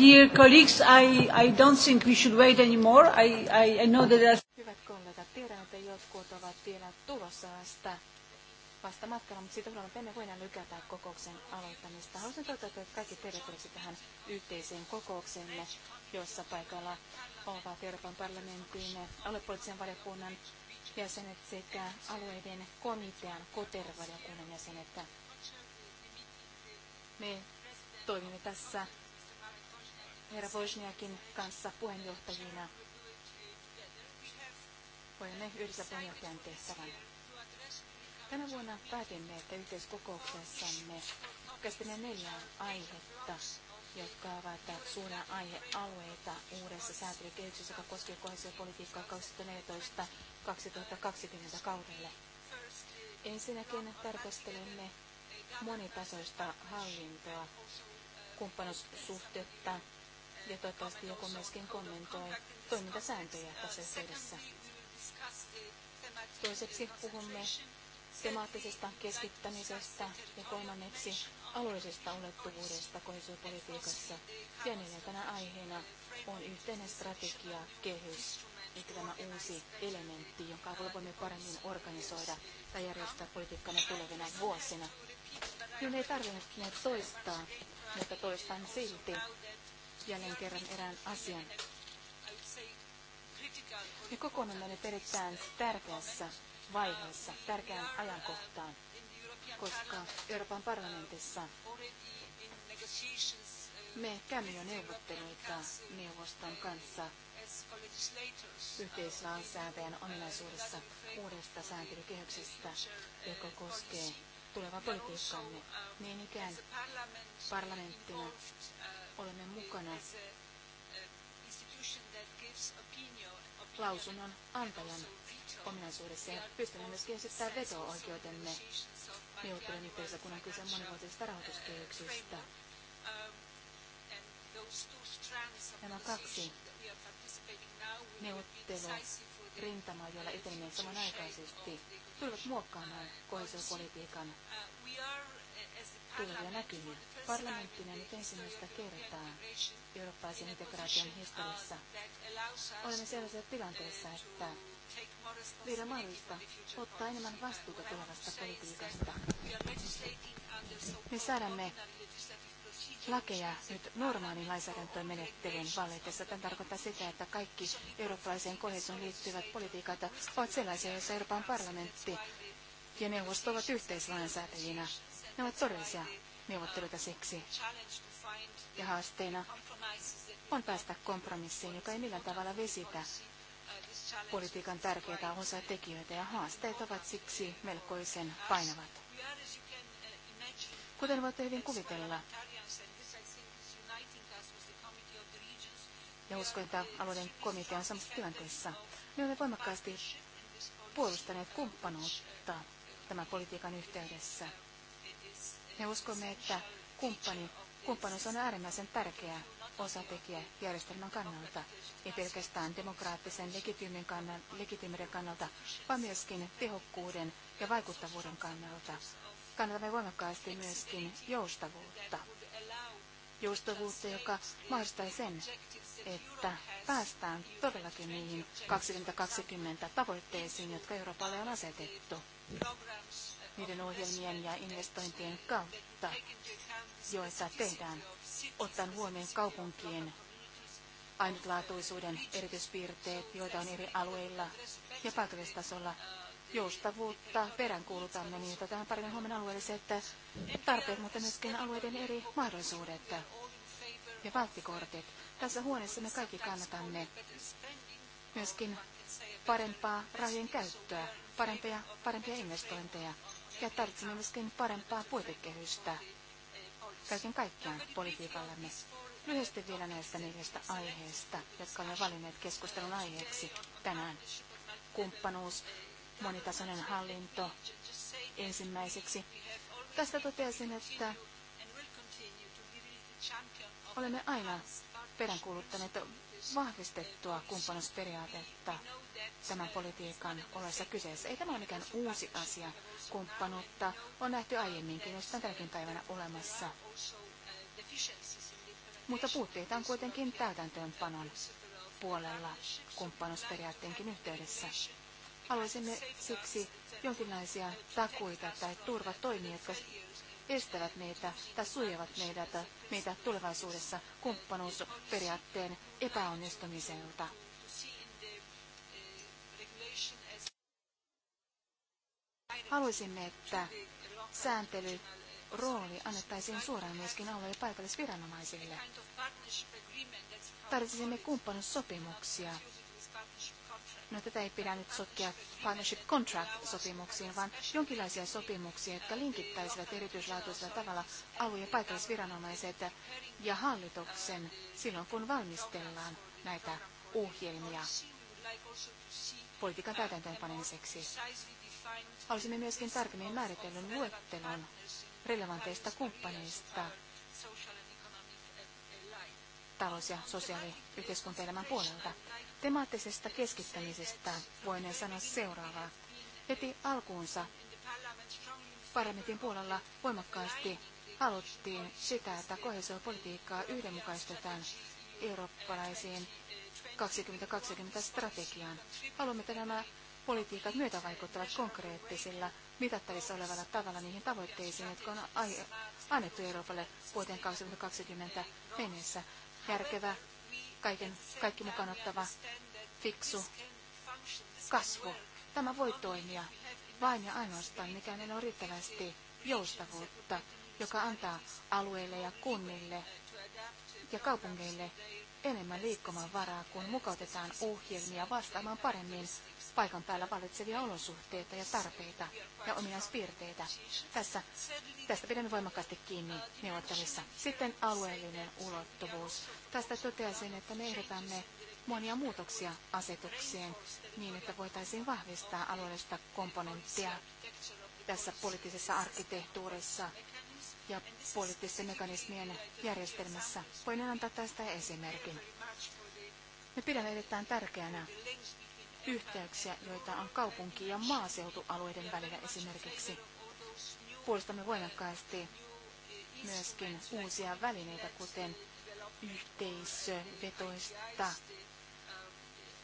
Dear colleagues, I, I don't think we should wait anymore. I, I, I know that Hyvät kollegat, tiedän, että jotkut ovat vielä tulossa vasta, vasta matkalla, mutta siitä huolimatta emme voidaan lykätä kokouksen aloittamista. Haluaisin toivottaa kaikki tervetulleeksi tähän yhteiseen kokouksemme, jossa paikalla ovat Euroopan parlamentin aluepoliittisen valiokunnan jäsenet sekä alueiden komitean kotervaliokunnan jäsenet. Me toimimme tässä herra Vojniakin kanssa puheenjohtajina. Voimme yhdessä puheenjohtajan tehtävän. Tänä vuonna päätimme, että yhteiskokouksessamme käsittelemme neljä aihetta, jotka ovat suuria aihealueita uudessa säätelykehyksessä, joka koskee kohesiopolitiikkaa 2014-2020 kaudelle. Ensinnäkin tarkastelemme monitasoista hallintoa, kumppanuussuhdetta ja toivottavasti joku myöskin kommentoi toimintasääntöjä tässä yhteydessä. Toiseksi puhumme temaattisesta keskittämisestä ja kolmanneksi alueellisesta ulottuvuudesta kohesiopolitiikassa. Ja neljäntenä aiheena on yhteinen strategia, kehys, eli tämä uusi elementti, jonka avulla voimme paremmin organisoida tai järjestää politiikkana tulevina vuosina. Minun niin ei tarvinnut toistaa, mutta toistan silti, jälleen kerran erään asian. Ja nyt erittäin tärkeässä vaiheessa, tärkeään ajankohtaan, koska Euroopan parlamentissa me käymme jo neuvotteluita neuvoston kanssa yhteislainsäätäjän ominaisuudessa uudesta sääntelykehyksestä, joka koskee tulevaa politiikkaamme. Niin ikään parlamenttina olemme mukana lausunnon antajan ominaisuudessa ja pystymme myöskin esittämään veto-oikeutemme neuvottelujen yhteydessä, kun on kyse monivuotisista rahoituskehyksistä. Nämä kaksi rintamaa, joilla etenemme samanaikaisesti, tulevat muokkaamaan kohesiopolitiikan tulevia näkymiä. Parlamenttina nyt ensimmäistä kertaa eurooppalaisen integraation historiassa olemme sellaisessa tilanteessa, että meidän mahdollista ottaa enemmän vastuuta tulevasta politiikasta. Me säädämme lakeja nyt normaalin lainsäädäntöön menettelyn valitessa. Tämä tarkoittaa sitä, että kaikki eurooppalaiseen kohesion liittyvät politiikat ovat sellaisia, joissa Euroopan parlamentti ja neuvosto ovat yhteislainsäätäjinä ne ovat todellisia neuvotteluita siksi. Ja haasteena on päästä kompromissiin, joka ei millään tavalla vesitä politiikan tärkeitä tekijöitä ja haasteet ovat siksi melkoisen painavat. Kuten voitte hyvin kuvitella, ja uskon, että alueiden komitea on samassa tilanteessa, me olemme voimakkaasti puolustaneet kumppanuutta tämän politiikan yhteydessä. Me uskomme, että kumppani, kumppanuus on äärimmäisen tärkeä osatekijä järjestelmän kannalta, ei pelkästään demokraattisen legitiimin kannan, legitiimiden kannalta, vaan myöskin tehokkuuden ja vaikuttavuuden kannalta. Kannatamme voimakkaasti myöskin joustavuutta. Joustavuutta, joka mahdollistaa sen, että päästään todellakin niihin 2020 tavoitteisiin, jotka Euroopalle on asetettu niiden ohjelmien ja investointien kautta, joita tehdään, ottaen huomioon kaupunkien ainutlaatuisuuden erityispiirteet, joita on eri alueilla ja paikallistasolla. Joustavuutta peräänkuulutamme niin, että tähän paremmin huomenna alueelliset tarpeet, mutta myöskin alueiden eri mahdollisuudet ja valttikortit. Tässä huoneessa me kaikki kannatamme myöskin parempaa rahojen käyttöä, parempia, parempia investointeja ja tarvitsemme myöskin parempaa puitekehystä kaiken kaikkiaan politiikallamme. Lyhyesti vielä näistä neljästä aiheesta, jotka olemme valinneet keskustelun aiheeksi tänään. Kumppanuus, monitasoinen hallinto ensimmäiseksi. Tästä totesin, että olemme aina peräänkuuluttaneet vahvistettua kumppanuusperiaatetta tämän politiikan ollessa kyseessä. Ei tämä ole mikään uusi asia. Kumppanuutta on nähty aiemminkin, jos tälläkin päivänä olemassa. Mutta puutteita on kuitenkin täytäntöönpanon puolella kumppanuusperiaatteenkin yhteydessä. Haluaisimme siksi jonkinlaisia takuita tai turvatoimia, jotka estävät meitä tai suojavat meitä, meitä tulevaisuudessa kumppanuusperiaatteen epäonnistumiselta. Haluaisimme, että sääntely rooli annettaisiin suoraan myöskin alueen paikallisviranomaisille. Tarvitsisimme kumppanussopimuksia. No tätä ei pidä nyt sotkea partnership contract-sopimuksiin, vaan jonkinlaisia sopimuksia, jotka linkittäisivät erityislaatuisella tavalla alueen paikallisviranomaiset ja hallituksen silloin, kun valmistellaan näitä ohjelmia politiikan täytäntöönpanemiseksi. Halusimme myöskin tarkemmin määritellyn luettelon relevanteista kumppaneista talous- ja sosiaali- puolelta. Temaattisesta keskittämisestä voinen sanoa seuraavaa. Heti alkuunsa parlamentin puolella voimakkaasti haluttiin sitä, että kohesiopolitiikkaa yhdenmukaistetaan eurooppalaisiin 2020 strategiaan. Haluamme, että nämä politiikat myötävaikuttavat konkreettisilla mitattavissa olevalla tavalla niihin tavoitteisiin, jotka on annettu Euroopalle vuoteen 2020 mennessä. Järkevä, kaiken, kaikki mukaan ottava, fiksu kasvu. Tämä voi toimia vain ja ainoastaan, mikä meillä on riittävästi joustavuutta, joka antaa alueille ja kunnille ja kaupungeille enemmän liikkumaan varaa, kun mukautetaan ohjelmia vastaamaan paremmin paikan päällä valitsevia olosuhteita ja tarpeita ja ominaispiirteitä. Tässä, tästä pidämme voimakkaasti kiinni neuvottelussa. Sitten alueellinen ulottuvuus. Tästä toteaisin, että me ehdotamme monia muutoksia asetuksiin niin, että voitaisiin vahvistaa alueellista komponenttia tässä poliittisessa arkkitehtuurissa ja poliittisten mekanismien järjestelmässä. Voin antaa tästä esimerkin. Me pidämme erittäin tärkeänä yhteyksiä, joita on kaupunki- ja maaseutualueiden välillä esimerkiksi. Puolustamme voimakkaasti myöskin uusia välineitä, kuten yhteisövetoista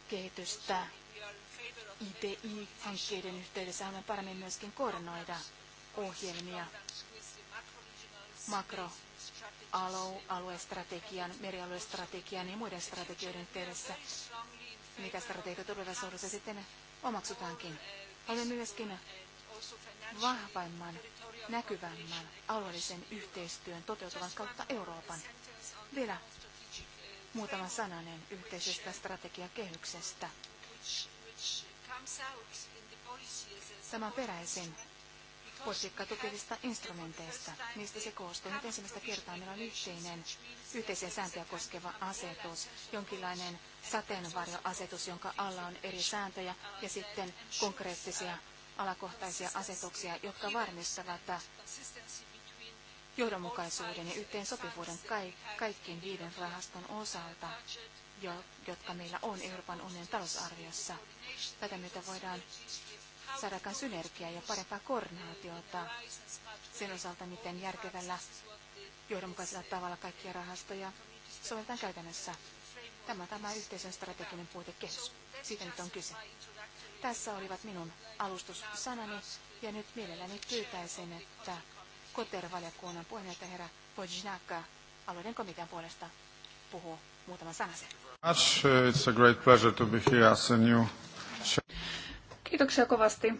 kehitystä. ipi hankkeiden yhteydessä haluamme paremmin myöskin koordinoida ohjelmia makroaluestrategian, merialuestrategian ja muiden strategioiden yhteydessä mikä strategia tulevaisuudessa sitten omaksutaankin. Olemme myöskin vahvemman, näkyvämmän alueellisen yhteistyön toteutuvan kautta Euroopan. Vielä muutama sananen yhteisestä strategiakehyksestä. Tämä peräisin politiikka tukevista instrumenteista. Niistä se koostuu. Nyt ensimmäistä kertaa meillä on yhteinen, yhteisen sääntöjä koskeva asetus, jonkinlainen sateenvarjoasetus, jonka alla on eri sääntöjä ja sitten konkreettisia alakohtaisia asetuksia, jotka varmistavat johdonmukaisuuden ja yhteensopivuuden kaikkien viiden rahaston osalta, jotka meillä on Euroopan unionin talousarviossa. Tätä myötä voidaan saadakaan synergiaa ja parempaa koordinaatiota sen osalta, miten järkevällä johdonmukaisella tavalla kaikkia rahastoja sovelletaan käytännössä. Tämä tämä yhteisen strateginen puitekehys. Siitä nyt on kyse. Tässä olivat minun alustussanani ja nyt mielelläni pyytäisin, että Koter-valiokunnan puheenjohtaja herra Bojnaka alueiden komitean puolesta puhuu muutaman sanasen. Uh, it's a great pleasure to be here as a new... Kiitoksia kovasti.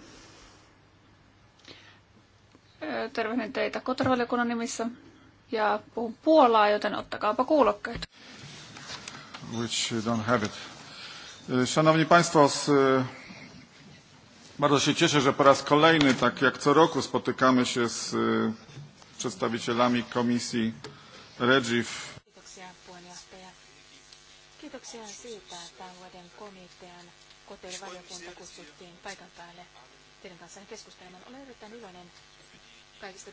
Tervehdin teitä kotorvaliokunnan nimissä ja puhun Puolaa, joten ottakaapa kuulokkeet which don't have it. E, szanowni Państwo, z, e, bardzo się cieszę, że po raz kolejny, tak jak co roku, spotykamy się z e, przedstawicielami Komisji REGIF. Kiitoksia siitä, että vuoden komitean kutsuttiin paikan päälle teidän keskustelemaan. Olen erittäin iloinen kaikista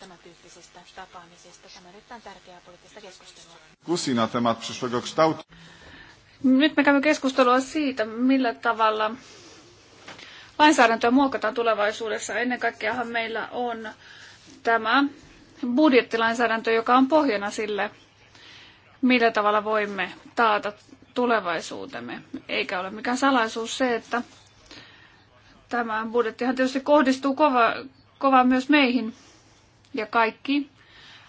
tämän tyyppisistä tapaamisista. Tämä on erittäin tärkeää poliittista keskustelua. Kusina tämä przyszłego Nyt me käymme keskustelua siitä, millä tavalla lainsäädäntöä muokataan tulevaisuudessa. Ennen kaikkeahan meillä on tämä budjettilainsäädäntö, joka on pohjana sille, millä tavalla voimme taata tulevaisuutemme. Eikä ole mikään salaisuus se, että tämä budjettihan tietysti kohdistuu kova, kovaa myös meihin. Ja kaikki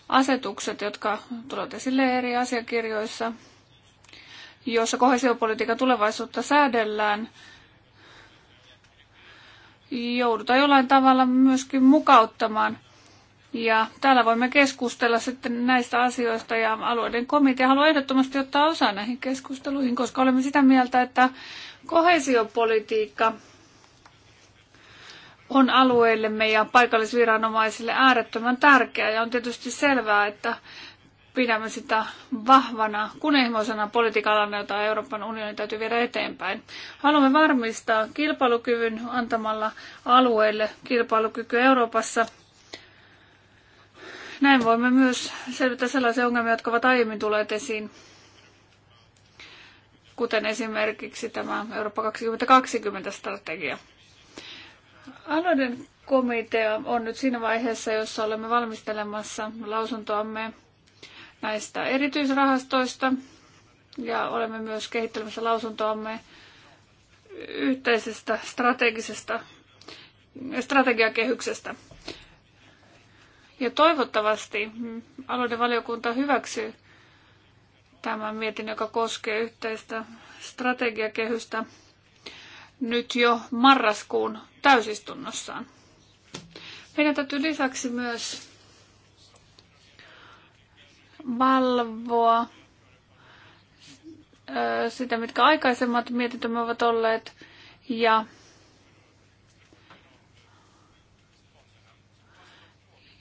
asetukset, jotka tulevat esille eri asiakirjoissa, joissa kohesiopolitiikan tulevaisuutta säädellään, joudutaan jollain tavalla myöskin mukauttamaan. Ja täällä voimme keskustella sitten näistä asioista ja alueiden komitea haluaa ehdottomasti ottaa osaa näihin keskusteluihin, koska olemme sitä mieltä, että kohesiopolitiikka on alueillemme ja paikallisviranomaisille äärettömän tärkeä ja on tietysti selvää, että pidämme sitä vahvana, kunnianhimoisena politiikalana, jota Euroopan unionin täytyy viedä eteenpäin. Haluamme varmistaa kilpailukyvyn antamalla alueille kilpailukyky Euroopassa. Näin voimme myös selvittää sellaisia ongelmia, jotka ovat aiemmin tulleet esiin, kuten esimerkiksi tämä Eurooppa 2020-strategia. Alueiden komitea on nyt siinä vaiheessa, jossa olemme valmistelemassa lausuntoamme näistä erityisrahastoista ja olemme myös kehittelemässä lausuntoamme yhteisestä strategisesta strategiakehyksestä. Ja toivottavasti aloiden valiokunta hyväksyy tämän mietin, joka koskee yhteistä strategiakehystä nyt jo marraskuun täysistunnossaan. Meidän täytyy lisäksi myös valvoa sitä, mitkä aikaisemmat mietintömme ovat olleet ja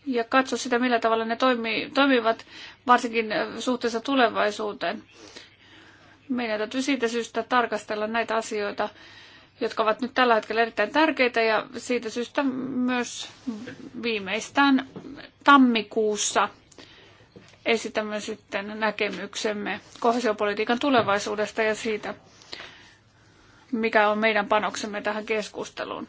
ja katso sitä, millä tavalla ne toimii, toimivat, varsinkin suhteessa tulevaisuuteen. Meidän täytyy siitä syystä tarkastella näitä asioita jotka ovat nyt tällä hetkellä erittäin tärkeitä ja siitä syystä myös viimeistään tammikuussa esitämme sitten näkemyksemme kohesiopolitiikan tulevaisuudesta ja siitä, mikä on meidän panoksemme tähän keskusteluun.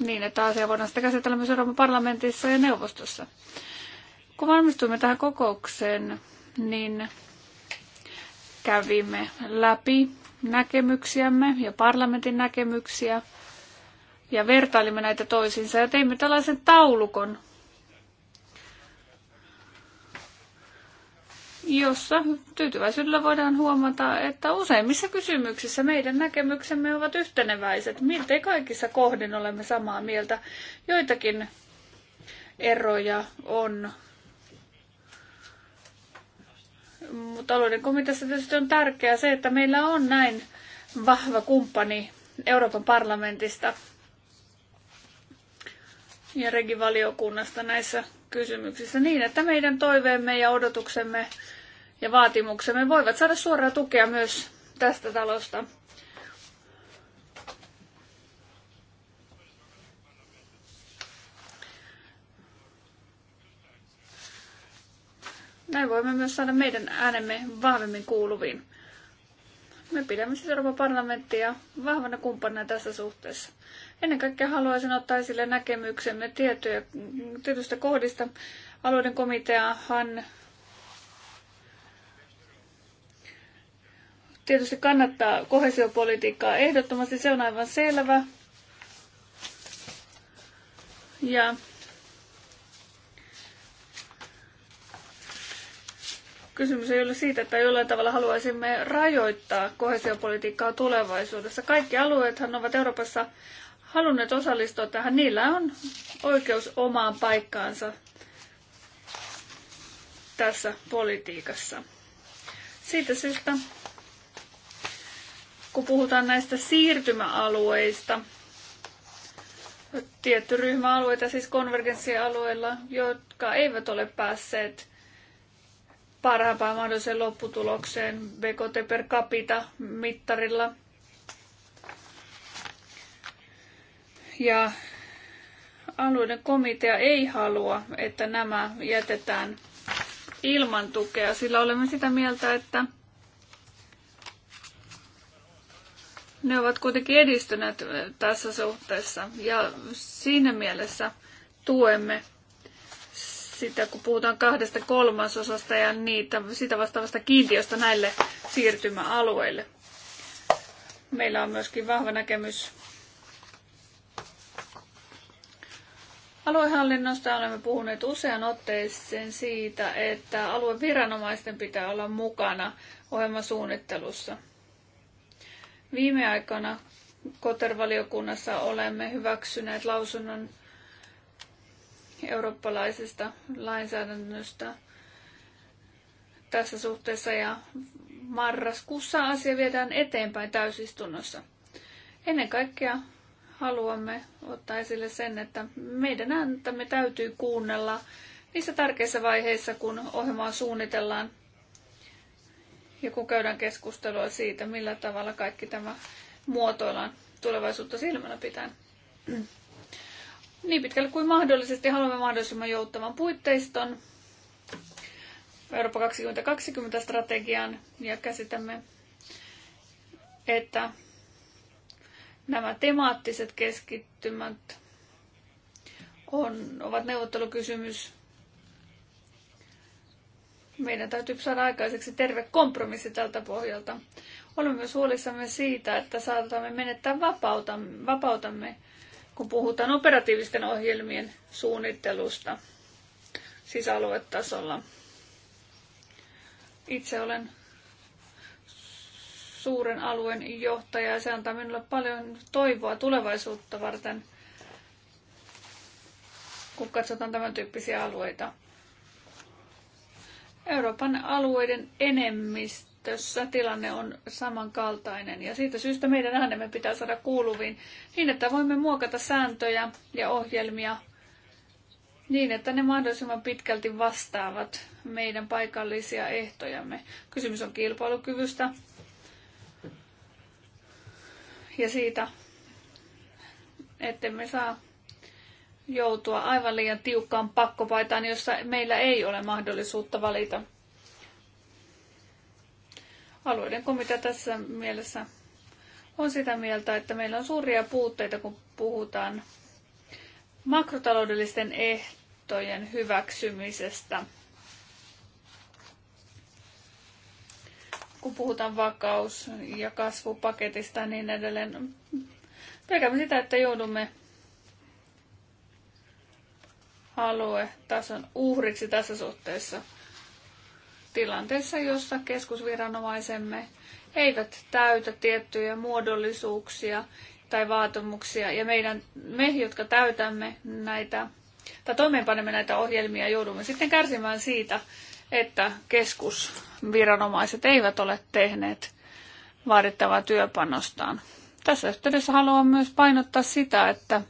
Niin, että asia voidaan sitten käsitellä myös Euroopan parlamentissa ja neuvostossa. Kun valmistuimme tähän kokoukseen, niin kävimme läpi näkemyksiämme ja parlamentin näkemyksiä ja vertailimme näitä toisiinsa ja teimme tällaisen taulukon, jossa tyytyväisyydellä voidaan huomata, että useimmissa kysymyksissä meidän näkemyksemme ovat yhteneväiset. Miltei kaikissa kohdin olemme samaa mieltä. Joitakin eroja on mutta alueiden komiteassa tietysti on tärkeää se, että meillä on näin vahva kumppani Euroopan parlamentista ja regivaliokunnasta näissä kysymyksissä niin, että meidän toiveemme ja odotuksemme ja vaatimuksemme voivat saada suoraa tukea myös tästä talosta. Näin voimme myös saada meidän äänemme vahvemmin kuuluviin. Me pidämme siis Euroopan parlamenttia vahvana kumppanina tässä suhteessa. Ennen kaikkea haluaisin ottaa esille näkemyksemme tietyä, tietystä kohdista. Alueiden komiteahan tietysti kannattaa kohesiopolitiikkaa ehdottomasti, se on aivan selvä. Ja Kysymys ei ole siitä, että jollain tavalla haluaisimme rajoittaa kohesiopolitiikkaa tulevaisuudessa. Kaikki alueethan ovat Euroopassa halunneet osallistua tähän. Niillä on oikeus omaan paikkaansa tässä politiikassa. Siitä syystä, kun puhutaan näistä siirtymäalueista, tietty ryhmä alueita, siis konvergenssialueilla, jotka eivät ole päässeet parhaimpaan mahdolliseen lopputulokseen BKT per capita mittarilla. Ja alueiden komitea ei halua, että nämä jätetään ilman tukea, sillä olemme sitä mieltä, että ne ovat kuitenkin edistyneet tässä suhteessa ja siinä mielessä tuemme sitä, kun puhutaan kahdesta kolmasosasta ja niitä, sitä vastaavasta kiintiöstä näille siirtymäalueille. Meillä on myöskin vahva näkemys Aluehallinnosta olemme puhuneet usean otteeseen siitä, että alueviranomaisten pitää olla mukana ohjelmasuunnittelussa. Viime aikana Kotervaliokunnassa olemme hyväksyneet lausunnon eurooppalaisesta lainsäädännöstä tässä suhteessa ja marraskuussa asia viedään eteenpäin täysistunnossa. Ennen kaikkea haluamme ottaa esille sen, että meidän ääntämme täytyy kuunnella niissä tärkeissä vaiheissa, kun ohjelmaa suunnitellaan ja kun käydään keskustelua siitä, millä tavalla kaikki tämä muotoillaan tulevaisuutta silmällä pitäen niin pitkälle kuin mahdollisesti haluamme mahdollisimman jouttavan puitteiston Eurooppa 2020 strategian ja käsitämme, että nämä temaattiset keskittymät on, ovat neuvottelukysymys. Meidän täytyy saada aikaiseksi terve kompromissi tältä pohjalta. Olemme myös huolissamme siitä, että saatamme menettää vapautamme, vapautamme kun puhutaan operatiivisten ohjelmien suunnittelusta siis aluetasolla. Itse olen suuren alueen johtaja ja se antaa minulle paljon toivoa tulevaisuutta varten, kun katsotaan tämän tyyppisiä alueita. Euroopan alueiden enemmistö käytössä. tilanne on samankaltainen. Ja siitä syystä meidän äänemme pitää saada kuuluviin niin, että voimme muokata sääntöjä ja ohjelmia niin, että ne mahdollisimman pitkälti vastaavat meidän paikallisia ehtojamme. Kysymys on kilpailukyvystä ja siitä, ettemme saa joutua aivan liian tiukkaan pakkopaitaan, jossa meillä ei ole mahdollisuutta valita. Alueiden komitea tässä mielessä on sitä mieltä, että meillä on suuria puutteita, kun puhutaan makrotaloudellisten ehtojen hyväksymisestä. Kun puhutaan vakaus- ja kasvupaketista ja niin edelleen, pelkäämme sitä, että joudumme aluetason uhriksi tässä suhteessa tilanteessa, jossa keskusviranomaisemme eivät täytä tiettyjä muodollisuuksia tai vaatimuksia. Ja meidän, me, jotka täytämme näitä tai toimeenpanemme näitä ohjelmia, joudumme sitten kärsimään siitä, että keskusviranomaiset eivät ole tehneet vaadittavaa työpanostaan. Tässä yhteydessä haluan myös painottaa sitä, että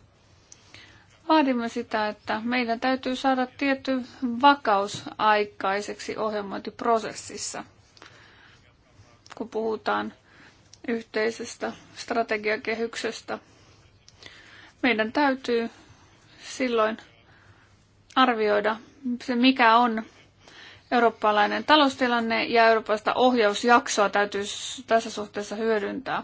Vaadimme sitä, että meidän täytyy saada tietty vakaus aikaiseksi ohjelmointiprosessissa, kun puhutaan yhteisestä strategiakehyksestä. Meidän täytyy silloin arvioida se, mikä on eurooppalainen taloustilanne ja eurooppalaista ohjausjaksoa täytyy tässä suhteessa hyödyntää.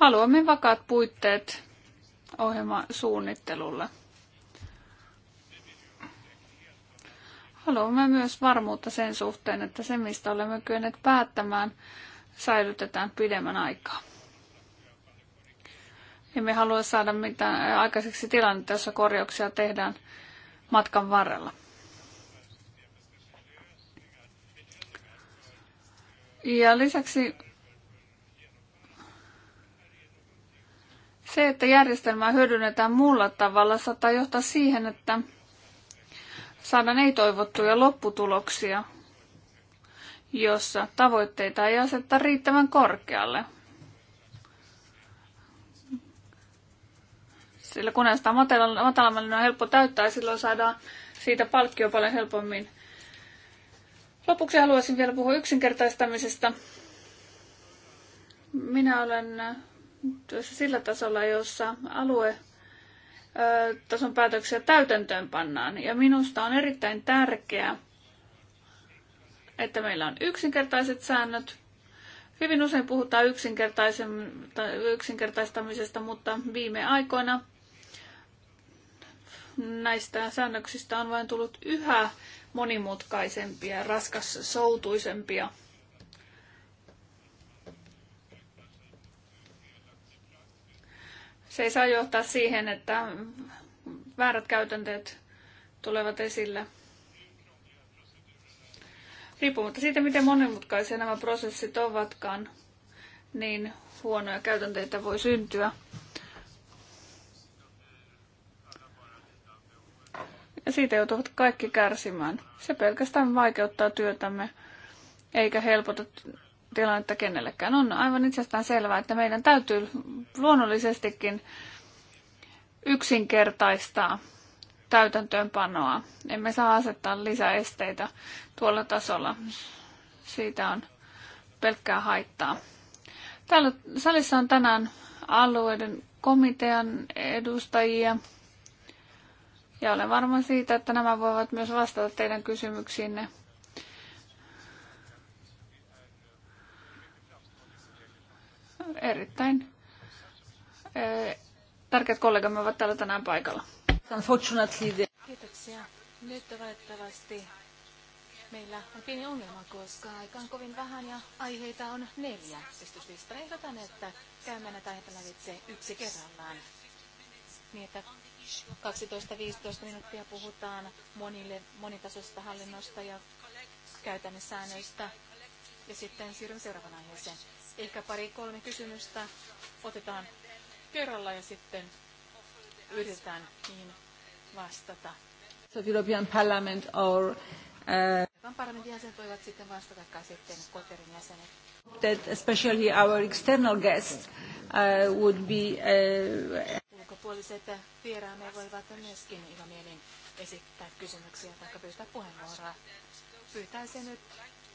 Haluamme vakaat puitteet ohjelmasuunnittelulle. Haluamme myös varmuutta sen suhteen, että se mistä olemme kyenneet päättämään säilytetään pidemmän aikaa. Emme halua saada mitään aikaiseksi tilannetta, jossa korjauksia tehdään matkan varrella. Ja lisäksi Se, että järjestelmää hyödynnetään muulla tavalla, saattaa johtaa siihen, että saadaan ei-toivottuja lopputuloksia, jossa tavoitteita ei aseta riittävän korkealle. Sillä kun näistä matalammalle on helppo täyttää, silloin saadaan siitä palkkio paljon helpommin. Lopuksi haluaisin vielä puhua yksinkertaistamisesta. Minä olen sillä tasolla, jossa alue tason päätöksiä täytäntöön pannaan. Ja minusta on erittäin tärkeää, että meillä on yksinkertaiset säännöt. Hyvin usein puhutaan yksinkertaistamisesta, mutta viime aikoina näistä säännöksistä on vain tullut yhä monimutkaisempia, raskas soutuisempia. Se ei saa johtaa siihen, että väärät käytänteet tulevat esille. Riippumatta siitä, miten monimutkaisia nämä prosessit ovatkaan, niin huonoja käytänteitä voi syntyä. Ja siitä joutuvat kaikki kärsimään. Se pelkästään vaikeuttaa työtämme, eikä helpota tilannetta kenellekään. On aivan itsestään selvää, että meidän täytyy luonnollisestikin yksinkertaistaa täytäntöönpanoa. Emme saa asettaa lisäesteitä tuolla tasolla. Siitä on pelkkää haittaa. Täällä salissa on tänään alueiden komitean edustajia. Ja olen varma siitä, että nämä voivat myös vastata teidän kysymyksiinne. erittäin eh, tärkeät kollegamme ovat täällä tänään paikalla. Kiitoksia. Nyt valitettavasti meillä on pieni ongelma, koska aika on kovin vähän ja aiheita on neljä. Esityslista ehdotan, että käymme näitä aiheita lävitse yksi kerrallaan. Niin, että 12-15 minuuttia puhutaan monille, monitasoisesta hallinnosta ja käytännön säännöistä. Ja sitten siirrymme seuraavaan aiheeseen. Ehkä pari-kolme kysymystä otetaan kerralla ja sitten yritetään niin vastata. So European Parliament or uh, parlamentin jäsenet voivat sitten vastata sitten Koterin jäsenet. That especially our external guests uh, would be... Uh, Ulkopuoliset vieraamme voivat myöskin ilomielin esittää kysymyksiä tai pyytää puheenvuoroa. Pyytäisin nyt,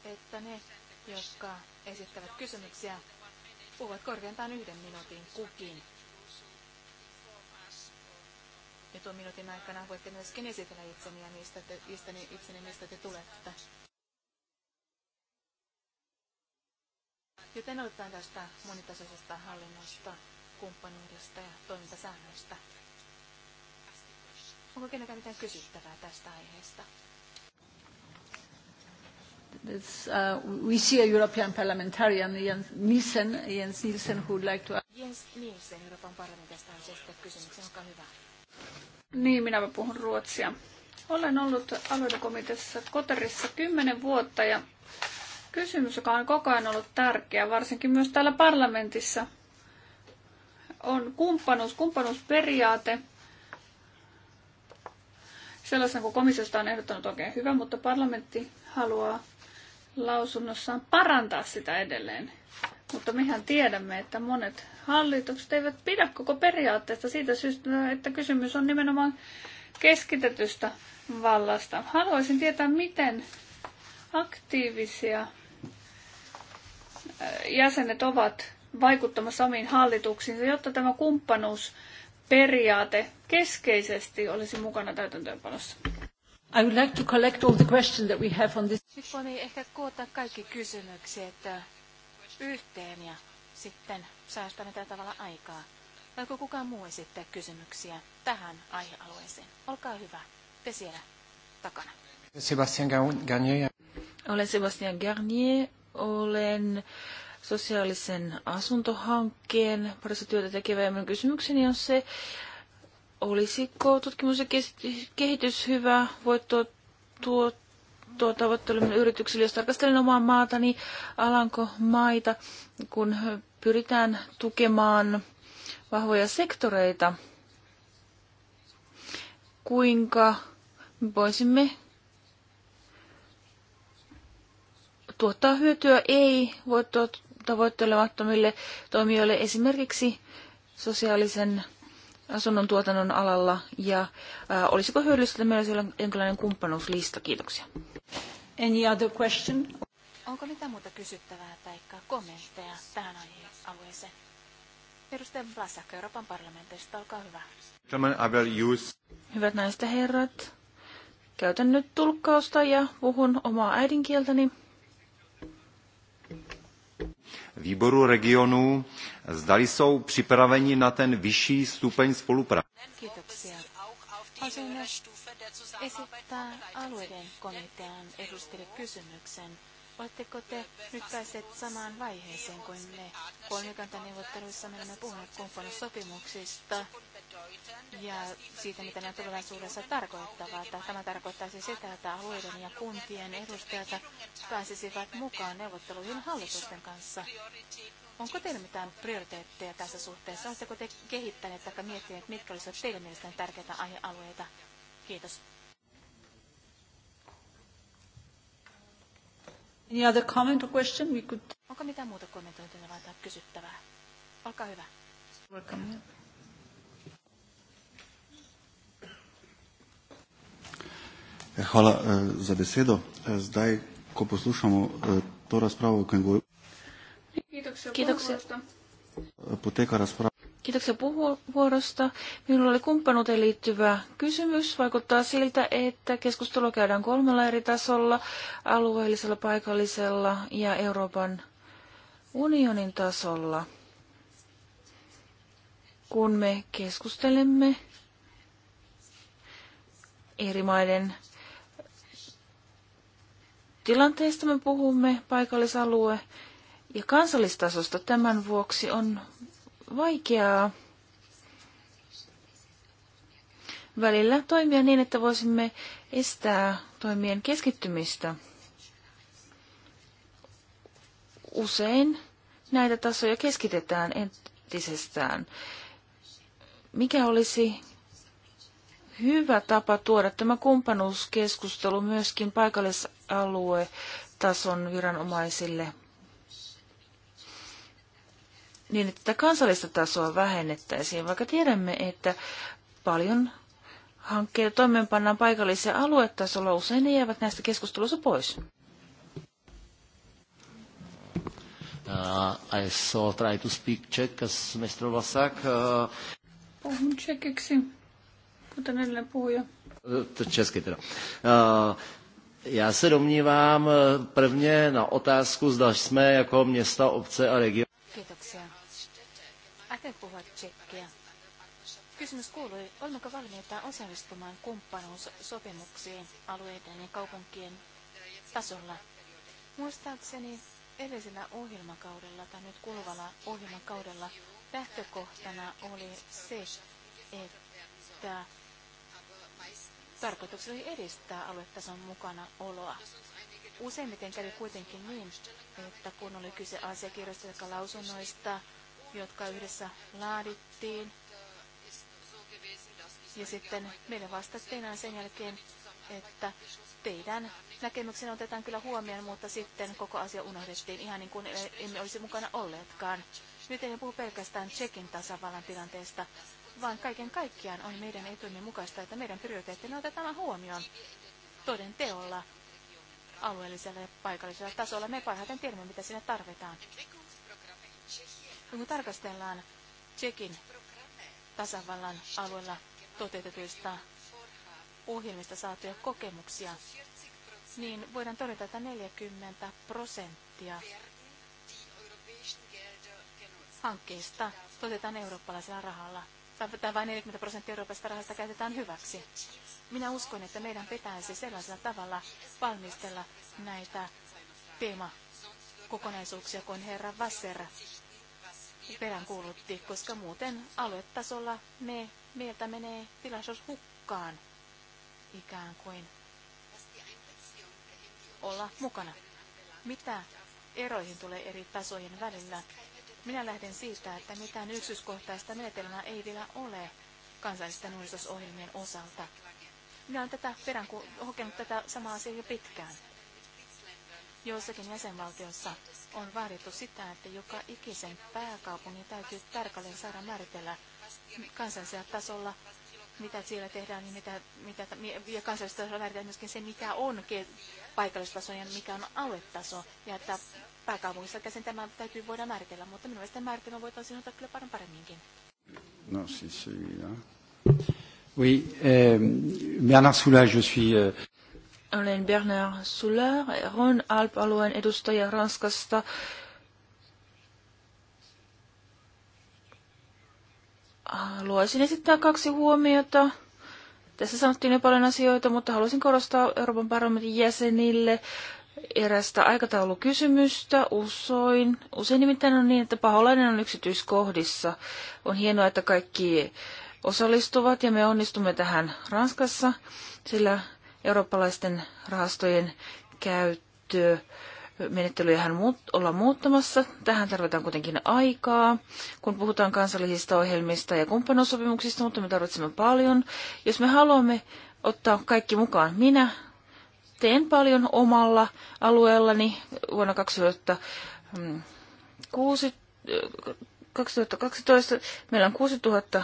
että ne jotka esittävät kysymyksiä, puhuvat korkeintaan yhden minuutin kukin. Ja tuon minuutin aikana voitte myöskin esitellä itseni ja niistä te, itseni, itseni, mistä te tulette. Joten otetaan tästä monitasoisesta hallinnosta, kumppanuudesta ja toimintasäännöistä. Onko kenenkään mitään kysyttävää tästä aiheesta? uh, we see a European parliamentarian, Jens Nielsen, Jens Nielsen, who would like to... Jens Nielsen, Euroopan parlamentista on esittää kysymyksen, olkaa hyvä. Niin, minä puhun ruotsia. Olen ollut aluekomiteassa Koterissa kymmenen vuotta ja kysymys, joka on koko ajan ollut tärkeä, varsinkin myös täällä parlamentissa, on kumppanuus, kumppanuusperiaate. Sellaisen kuin komissiosta on ehdottanut oikein hyvä, mutta parlamentti haluaa lausunnossaan parantaa sitä edelleen. Mutta mehän tiedämme, että monet hallitukset eivät pidä koko periaatteesta siitä syystä, että kysymys on nimenomaan keskitetystä vallasta. Haluaisin tietää, miten aktiivisia äh, jäsenet ovat vaikuttamassa omiin hallituksiinsa, jotta tämä kumppanuusperiaate keskeisesti olisi mukana täytäntöönpanossa. I would like to collect all the questions that we have on this. Nyt voimme ehkä koota kaikki kysymykset äh, yhteen ja sitten säästämme tällä tavalla aikaa. Voiko kukaan muu esittää kysymyksiä tähän aihealueeseen? Olkaa hyvä, te siellä takana. Sebastian Garnier. Olen Sebastian Garnier, olen sosiaalisen asuntohankkeen parissa työtä tekevä ja minun kysymykseni on se, Olisiko tutkimus ja kehitys hyvä voitto tuo, tuo tavoitteleminen yrityksille, jos tarkastelen omaa maatani, Alanko-maita, kun pyritään tukemaan vahvoja sektoreita, kuinka voisimme tuottaa hyötyä ei voittoa tavoittelemattomille toimijoille esimerkiksi sosiaalisen asunnon tuotannon alalla ja äh, olisiko hyödyllistä, että meillä olisi jonkinlainen kumppanuuslista? Kiitoksia. Any other question? Onko mitään muuta kysyttävää tai kommentteja tähän alueeseen? Edustaja Vlasak Euroopan parlamentista, olkaa hyvä. Hyvät naiset ja herrat, käytän nyt tulkkausta ja puhun omaa äidinkieltäni výboru regionů. Zdali jsou připraveni na ten vyšší stupeň spolupráce. esittää alueiden komitean edustajille kysymyksen Oletteko te nyt päässeet samaan vaiheeseen kuin me? Kolmikantaneuvotteluissa me olemme puhuneet sopimuksista ja siitä, mitä ne tulevaisuudessa tarkoittavat. Tämä tarkoittaisi sitä, että alueiden ja kuntien edustajat pääsisivät mukaan neuvotteluihin hallitusten kanssa. Onko teillä mitään prioriteetteja tässä suhteessa? Oletteko te kehittäneet tai miettineet, mitkä olisivat teidän mielestänne tärkeitä aihealueita? Kiitos. Any other comment or question? We could... Onko mitään muuta kommentointia vai tai kysyttävää? Olkaa hyvä. Welcome. Hvala e, za besedo. E, zdaj, ko poslušamo e, to razpravo, ko je govorila... Kiitoksia. Kiitoksia. Poteka razprava Kiitoksia puheenvuorosta. Minulla oli kumppanuuteen liittyvä kysymys. Vaikuttaa siltä, että keskustelu käydään kolmella eri tasolla, alueellisella, paikallisella ja Euroopan unionin tasolla. Kun me keskustelemme eri maiden tilanteesta, me puhumme paikallisalue ja kansallistasosta. Tämän vuoksi on vaikeaa välillä toimia niin, että voisimme estää toimien keskittymistä. Usein näitä tasoja keskitetään entisestään. Mikä olisi hyvä tapa tuoda tämä kumppanuuskeskustelu myöskin paikallisalue tason viranomaisille niin, että tätä kansallista tasoa vähennettäisiin, vaikka tiedämme, että paljon hankkeita toimeenpannaan paikallisia aluetasolla, usein ne jäävät näistä keskusteluista pois. Uh, I saw try to speak Czech as Mr. Vlasak. Uh, Puhun tsekiksi, kuten edellinen puhuja. Uh, česky teda. Uh, já se domnívám uh, prvně na otázku, zda jsme jako města, obce a region te puhua tsekkiä? Kysymys kuului, olemmeko valmiita osallistumaan kumppanuussopimuksiin alueiden ja kaupunkien tasolla? Muistaakseni edellisellä ohjelmakaudella tai nyt kuluvalla ohjelmakaudella lähtökohtana oli se, että tarkoitus oli edistää aluetason mukana oloa. Useimmiten kävi kuitenkin niin, että kun oli kyse asiakirjoista ja lausunnoista, jotka yhdessä laadittiin. Ja sitten meille vastattiin aina sen jälkeen, että teidän näkemyksenne otetaan kyllä huomioon, mutta sitten koko asia unohdettiin ihan niin kuin emme olisi mukana olleetkaan. Nyt ei puhu pelkästään Tsekin tasavallan tilanteesta, vaan kaiken kaikkiaan on meidän etumme mukaista, että meidän prioriteettimme otetaan huomioon toden teolla alueellisella ja paikallisella tasolla. Me parhaiten tiedämme, mitä sinne tarvitaan kun tarkastellaan Tsekin tasavallan alueella toteutetuista ohjelmista saatuja kokemuksia, niin voidaan todeta, että 40 prosenttia hankkeista toteutetaan eurooppalaisella rahalla. Tai vain 40 prosenttia eurooppalaisesta rahasta käytetään hyväksi. Minä uskon, että meidän pitäisi sellaisella tavalla valmistella näitä teemakokonaisuuksia kun herra Vasser peräänkuulutti, koska muuten aluetasolla me, meiltä menee tilaisuus hukkaan ikään kuin olla mukana. Mitä eroihin tulee eri tasojen välillä? Minä lähden siitä, että mitään yksityiskohtaista menetelmää ei vielä ole kansallisten uudistusohjelmien osalta. Minä olen tätä peräänku- hokenut tätä samaa asiaa jo pitkään. Joissakin jäsenvaltiossa on vaadittu sitä, että joka ikisen pääkaupungin täytyy tarkalleen saada määritellä kansallisella tasolla, mitä siellä tehdään, niin mitä, mitä, ja kansallisella tasolla määritellä myöskin se, mikä on paikallistaso ja mikä on aluetaso, ja että pääkaupungissa käsin tämä täytyy voida määritellä, mutta minun mielestäni määritelmä voitaisiin ottaa kyllä paljon paremminkin. No siis, oui, euh, Bernard Soula, je suis... Euh... Olen Bernard Suller, Ron Alp-alueen edustaja Ranskasta. Haluaisin esittää kaksi huomiota. Tässä sanottiin jo paljon asioita, mutta haluaisin korostaa Euroopan parlamentin jäsenille erästä aikataulukysymystä Usoin Usein nimittäin on niin, että paholainen on yksityiskohdissa. On hienoa, että kaikki osallistuvat ja me onnistumme tähän Ranskassa, sillä eurooppalaisten rahastojen käyttö. Menettelyjähän ollaan muuttamassa. Tähän tarvitaan kuitenkin aikaa, kun puhutaan kansallisista ohjelmista ja kumppanuussopimuksista, mutta me tarvitsemme paljon. Jos me haluamme ottaa kaikki mukaan, minä teen paljon omalla alueellani vuonna 2006, 2012. Meillä on 6000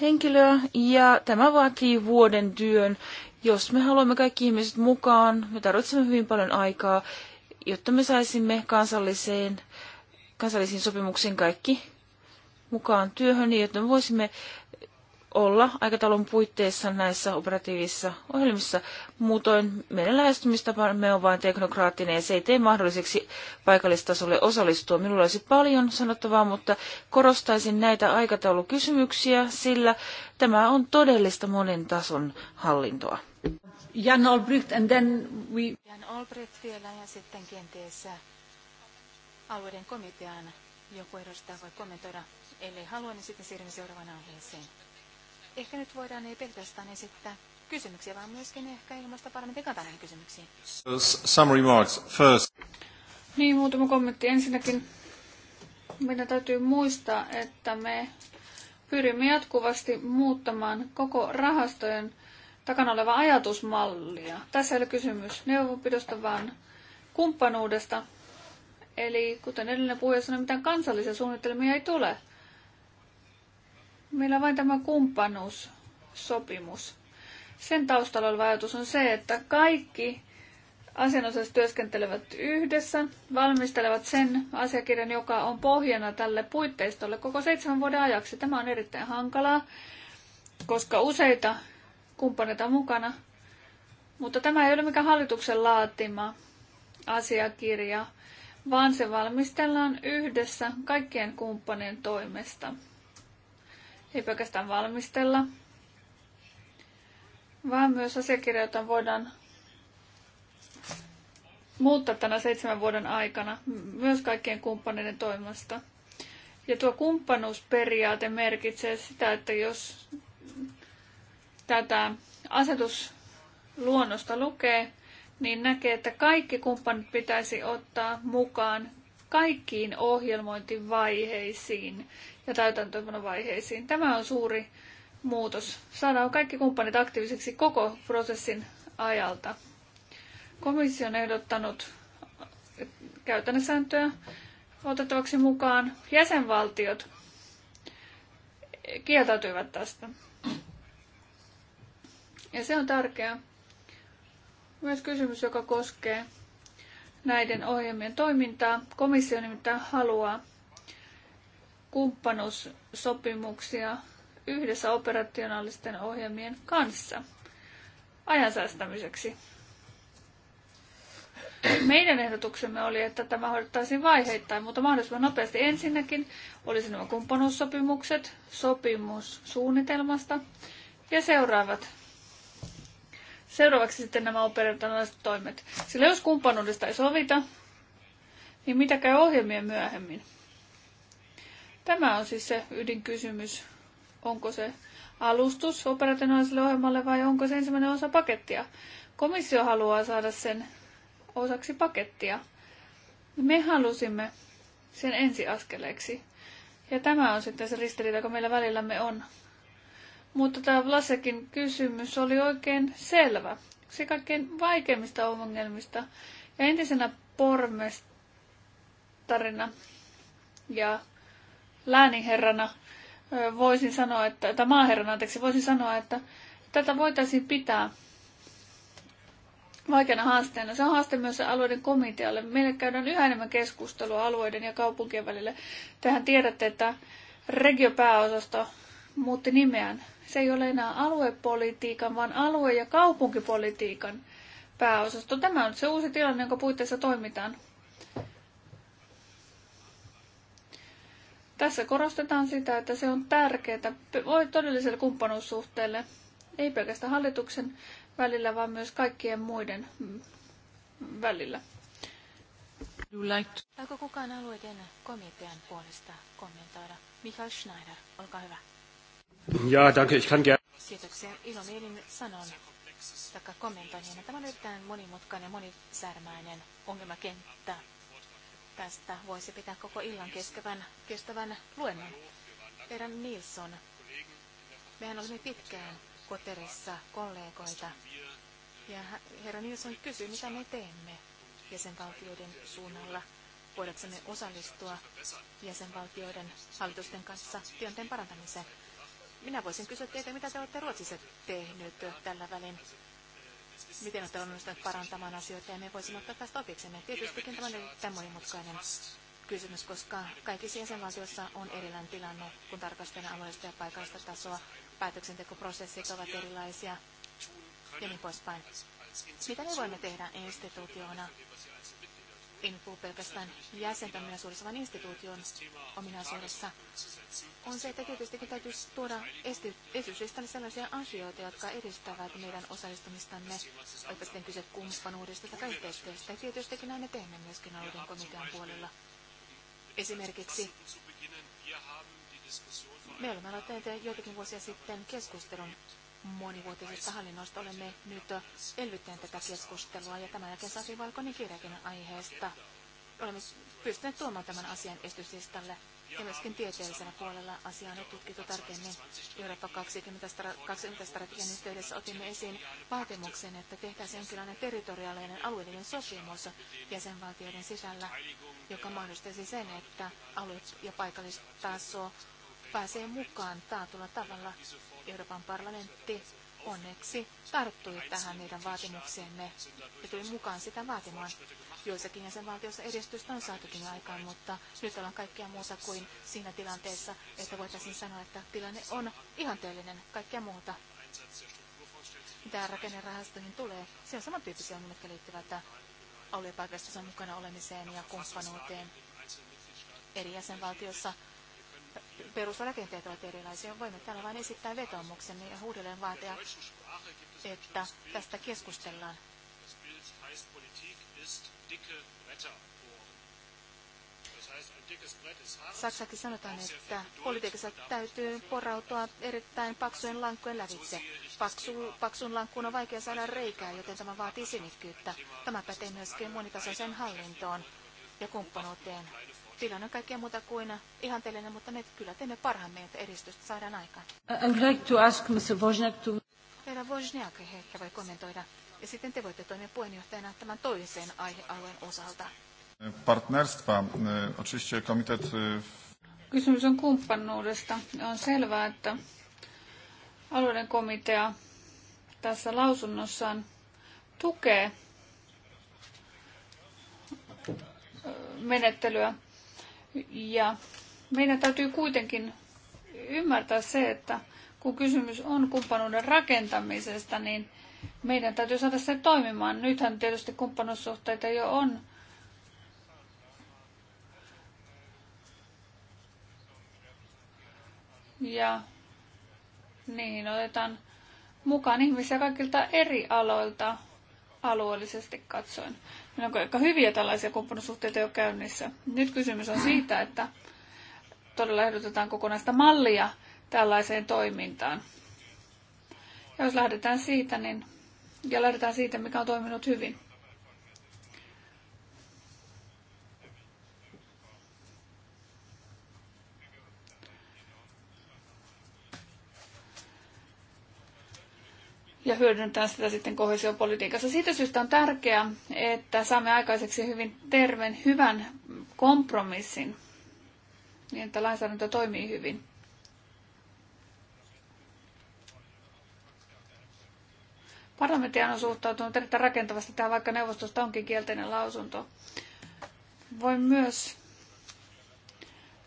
henkilöä ja tämä vaatii vuoden työn jos me haluamme kaikki ihmiset mukaan, me tarvitsemme hyvin paljon aikaa, jotta me saisimme kansalliseen, kansallisiin sopimuksiin kaikki mukaan työhön, niin jotta me voisimme olla aikataulun puitteissa näissä operatiivisissa ohjelmissa. Muutoin meidän lähestymistapamme on vain teknokraattinen ja se ei tee mahdolliseksi paikallistasolle osallistua. Minulla olisi paljon sanottavaa, mutta korostaisin näitä aikataulukysymyksiä, sillä tämä on todellista monen tason hallintoa. Jan Albrecht and then we... Jan Albrecht vielä ja sitten kenties alueiden komitean joku edustaja voi kommentoida. Ellei halua, niin sitten siirrymme seuraavaan aiheeseen. Ehkä nyt voidaan ei pelkästään esittää kysymyksiä, vaan myöskin ehkä ilmaista parlamentin kantaa näihin kysymyksiin. Some remarks first. Niin, muutama kommentti. Ensinnäkin meidän täytyy muistaa, että me pyrimme jatkuvasti muuttamaan koko rahastojen takana oleva ajatusmallia. Tässä ei ole kysymys neuvonpidosta, vaan kumppanuudesta. Eli kuten edellinen puhuja sanoi, mitään kansallisia suunnitelmia ei tule. Meillä on vain tämä kumppanuussopimus. Sen taustalla oleva ajatus on se, että kaikki asianosaiset työskentelevät yhdessä, valmistelevat sen asiakirjan, joka on pohjana tälle puitteistolle koko seitsemän vuoden ajaksi. Tämä on erittäin hankalaa, koska useita kumppaneita on mukana. Mutta tämä ei ole mikään hallituksen laatima asiakirja, vaan se valmistellaan yhdessä kaikkien kumppanien toimesta ei pelkästään valmistella, vaan myös asiakirjoita voidaan muuttaa tänä seitsemän vuoden aikana myös kaikkien kumppaneiden toimesta. Ja tuo kumppanuusperiaate merkitsee sitä, että jos tätä asetusluonnosta lukee, niin näkee, että kaikki kumppanit pitäisi ottaa mukaan kaikkiin ohjelmointivaiheisiin ja täytäntöönpanovaiheisiin. Tämä on suuri muutos. Saadaan kaikki kumppanit aktiivisiksi koko prosessin ajalta. Komissio on ehdottanut käytännössääntöjä otettavaksi mukaan. Jäsenvaltiot kieltäytyivät tästä. Ja se on tärkeää. Myös kysymys, joka koskee näiden ohjelmien toimintaa. Komissio nimittäin haluaa kumppanuussopimuksia yhdessä operationaalisten ohjelmien kanssa ajan säästämiseksi. Meidän ehdotuksemme oli, että tämä hoidettaisiin vaiheittain, mutta mahdollisimman nopeasti ensinnäkin olisi nämä kumppanuussopimukset, sopimus suunnitelmasta ja seuraavat Seuraavaksi sitten nämä operationaaliset toimet. Sillä jos kumppanuudesta ei sovita, niin mitä käy ohjelmien myöhemmin? Tämä on siis se ydinkysymys. Onko se alustus operationaaliselle ohjelmalle vai onko se ensimmäinen osa pakettia? Komissio haluaa saada sen osaksi pakettia. Me halusimme sen ensiaskeleeksi. Ja tämä on sitten se ristiriita, joka meillä välillämme on. Mutta tämä Vlasekin kysymys oli oikein selvä. Se kaikkein vaikeimmista ongelmista. Ja entisenä pormestarina ja lääniherrana voisin sanoa, että, tai maaherrana anteeksi, voisin sanoa, että tätä voitaisiin pitää vaikeana haasteena. Se on haaste myös alueiden komitealle. Meille käydään yhä enemmän keskustelua alueiden ja kaupunkien välille. Tähän tiedätte, että regiopääosasto muutti nimeään se ei ole enää aluepolitiikan, vaan alue- ja kaupunkipolitiikan pääosasto. Tämä on se uusi tilanne, jonka puitteissa toimitaan. Tässä korostetaan sitä, että se on tärkeää todelliselle kumppanuussuhteelle, ei pelkästään hallituksen välillä, vaan myös kaikkien muiden välillä. Haluaako kukaan alueiden komitean puolesta kommentoida? Michael Schneider, olkaa hyvä. Ja, danke, ich kann gerne. Kiitoksia. Ilomielin sanon, taikka kommentoin, niin, tämä on erittäin monimutkainen, monisärmäinen ongelmakenttä. Tästä voisi pitää koko illan kestävän, kestävän luennon. Herran Nilsson, mehän olimme pitkään koterissa kollegoita. Ja herra Nilsson kysyi, mitä me teemme jäsenvaltioiden suunnalla voidaksemme osallistua jäsenvaltioiden hallitusten kanssa työnteen parantamiseen. Minä voisin kysyä teitä, mitä te olette Ruotsissa tehnyt tällä välin. Miten olette onnistuneet parantamaan asioita ja me voisimme ottaa tästä opiksemme. Tietystikin tämä on erittäin monimutkainen kysymys, koska kaikissa jäsenvaltioissa on erilainen tilanne, kun tarkastellaan alueellista ja paikallista tasoa. Päätöksentekoprosessit ovat erilaisia ja niin poispäin. Mitä me voimme tehdä instituutiona en puhu pelkästään jäsentä ominaisuudessa, vaan instituution ominaisuudessa, on se, että tietystikin täytyy tuoda esityslistalle sellaisia asioita, jotka edistävät meidän osallistumistamme, olipa sitten kyse kumppanuudesta tai yhteistyöstä. Ja tietystikin näin me teemme myöskin alueen komitean puolella. Esimerkiksi me olemme aloittaneet joitakin vuosia sitten keskustelun monivuotisista hallinnosta olemme nyt elvyttäneet tätä keskustelua ja tämän jälkeen saatiin valkoinen kirjakin aiheesta. Olemme pystyneet tuomaan tämän asian esityslistalle ja myöskin tieteellisellä puolella asiaa on tutkittu tarkemmin. Eurooppa 20 strategian yhteydessä otimme esiin vaatimuksen, että tehtäisiin jonkinlainen territoriaalinen alueellinen sopimus jäsenvaltioiden sisällä, joka mahdollistaisi sen, että alue- ja paikallistaso pääsee mukaan taatulla tavalla Euroopan parlamentti onneksi tarttui tähän meidän vaatimukseemme ja tuli mukaan sitä vaatimaan. Joissakin jäsenvaltioissa edistystä on saatukin aikaan, mutta nyt ollaan kaikkea muuta kuin siinä tilanteessa, että voitaisiin sanoa, että tilanne on ihanteellinen, kaikkea muuta. Mitä rakennerahastoihin tulee, se on samantyyppisiä ongelmia, jotka liittyvät aluepaikallisessa mukana olemiseen ja kumppanuuteen eri jäsenvaltioissa perusrakenteet ovat erilaisia. Voimme täällä vain esittää vetoomuksen ja uudelleen vaatia, että tästä keskustellaan. Saksakin sanotaan, että politiikassa täytyy porautua erittäin paksujen lankkujen lävitse. Paksu, paksun lankkuun on vaikea saada reikää, joten tämä vaatii sinikkyyttä. Tämä pätee myöskin monitasoisen hallintoon ja kumppanuuteen Tilanne on kaikkea muuta kuin ihanteellinen, mutta me kyllä teemme parhaamme, että edistystä saadaan aikaan. I would like to ask Mr. Wozniak to... Herra Wozniak, ehkä voi kommentoida. Ja sitten te voitte toimia puheenjohtajana tämän toisen aihealueen osalta. Partnerstwa. E, oczywiście komitet... E, Kysymys on kumppanuudesta. On selvää, että alueiden komitea tässä lausunnossaan tukee e, menettelyä, ja meidän täytyy kuitenkin ymmärtää se, että kun kysymys on kumppanuuden rakentamisesta, niin meidän täytyy saada se toimimaan. Nythän tietysti kumppanuussuhteita jo on. Ja niin otetaan mukaan ihmisiä kaikilta eri aloilta alueellisesti katsoen. Meillä on aika hyviä tällaisia kumppanuussuhteita jo käynnissä. Nyt kysymys on siitä, että todella ehdotetaan kokonaista mallia tällaiseen toimintaan. Ja jos lähdetään siitä, niin, ja lähdetään siitä, mikä on toiminut hyvin. ja hyödynnetään sitä sitten kohesiopolitiikassa. Siitä syystä on tärkeää, että saamme aikaiseksi hyvin terveen, hyvän kompromissin, niin että lainsäädäntö toimii hyvin. Parlamentti on suhtautunut erittäin rakentavasti tähän, vaikka neuvostosta onkin kielteinen lausunto. Voin myös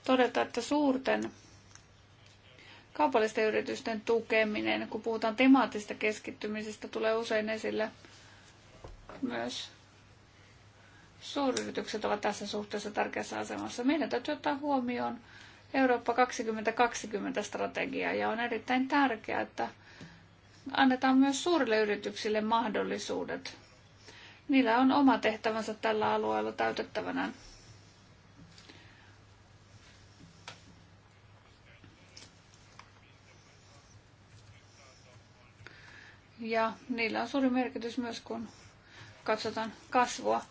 todeta, että suurten kaupallisten yritysten tukeminen, kun puhutaan temaattisesta keskittymisestä, tulee usein esille myös suuryritykset ovat tässä suhteessa tärkeässä asemassa. Meidän täytyy ottaa huomioon Eurooppa 2020 strategia ja on erittäin tärkeää, että annetaan myös suurille yrityksille mahdollisuudet. Niillä on oma tehtävänsä tällä alueella täytettävänä. Ja niillä on suuri merkitys myös, kun katsotaan kasvua.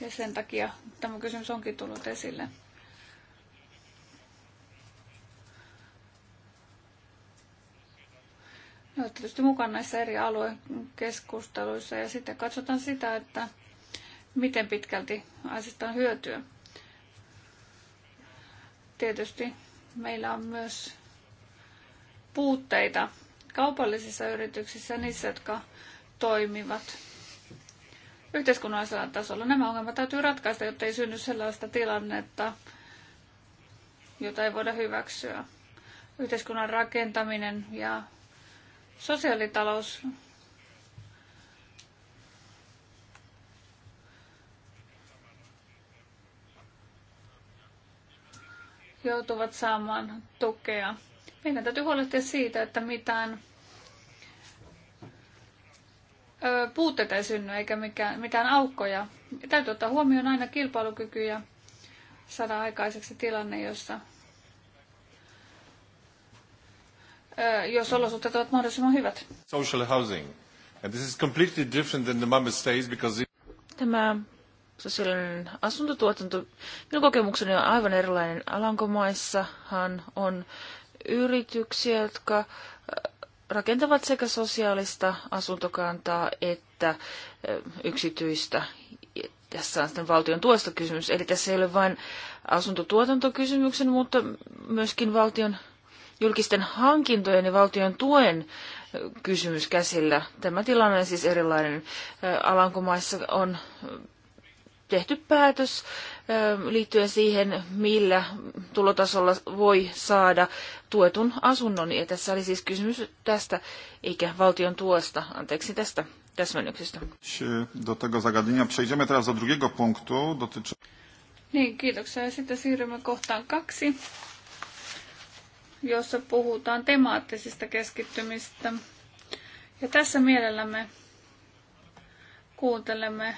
Ja sen takia tämä kysymys onkin tullut esille. Ne ovat tietysti mukana näissä eri aluekeskusteluissa ja sitten katsotaan sitä, että miten pitkälti asiasta on hyötyä. Tietysti meillä on myös puutteita kaupallisissa yrityksissä, niissä, jotka toimivat yhteiskunnallisella tasolla. Nämä ongelmat täytyy ratkaista, jotta ei synny sellaista tilannetta, jota ei voida hyväksyä. Yhteiskunnan rakentaminen ja sosiaalitalous joutuvat saamaan tukea. Meidän täytyy huolehtia siitä, että mitään puutteita ei synny eikä mikään, mitään aukkoja. Täytyy ottaa huomioon aina kilpailukyky ja saada aikaiseksi tilanne, jossa jos olosuhteet ovat mahdollisimman hyvät. Social housing. And this is completely different than the member states because it... Tämä sosiaalinen asuntotuotanto, minun kokemukseni on aivan erilainen. Alankomaissahan on yrityksiä, jotka äh, rakentavat sekä sosiaalista asuntokantaa että äh, yksityistä. Tässä on sitten valtion tuesta kysymys, eli tässä ei ole vain asuntotuotantokysymyksen, mutta myöskin valtion julkisten hankintojen ja valtion tuen äh, kysymys käsillä. Tämä tilanne on siis erilainen. Alankomaissa on tehty päätös liittyen siihen, millä tulotasolla voi saada tuetun asunnon. Ja tässä oli siis kysymys tästä, eikä valtion tuosta. Anteeksi tästä täsmennyksestä. Niin, kiitoksia. Ja sitten siirrymme kohtaan kaksi, jossa puhutaan temaattisista keskittymistä. Ja tässä mielellämme kuuntelemme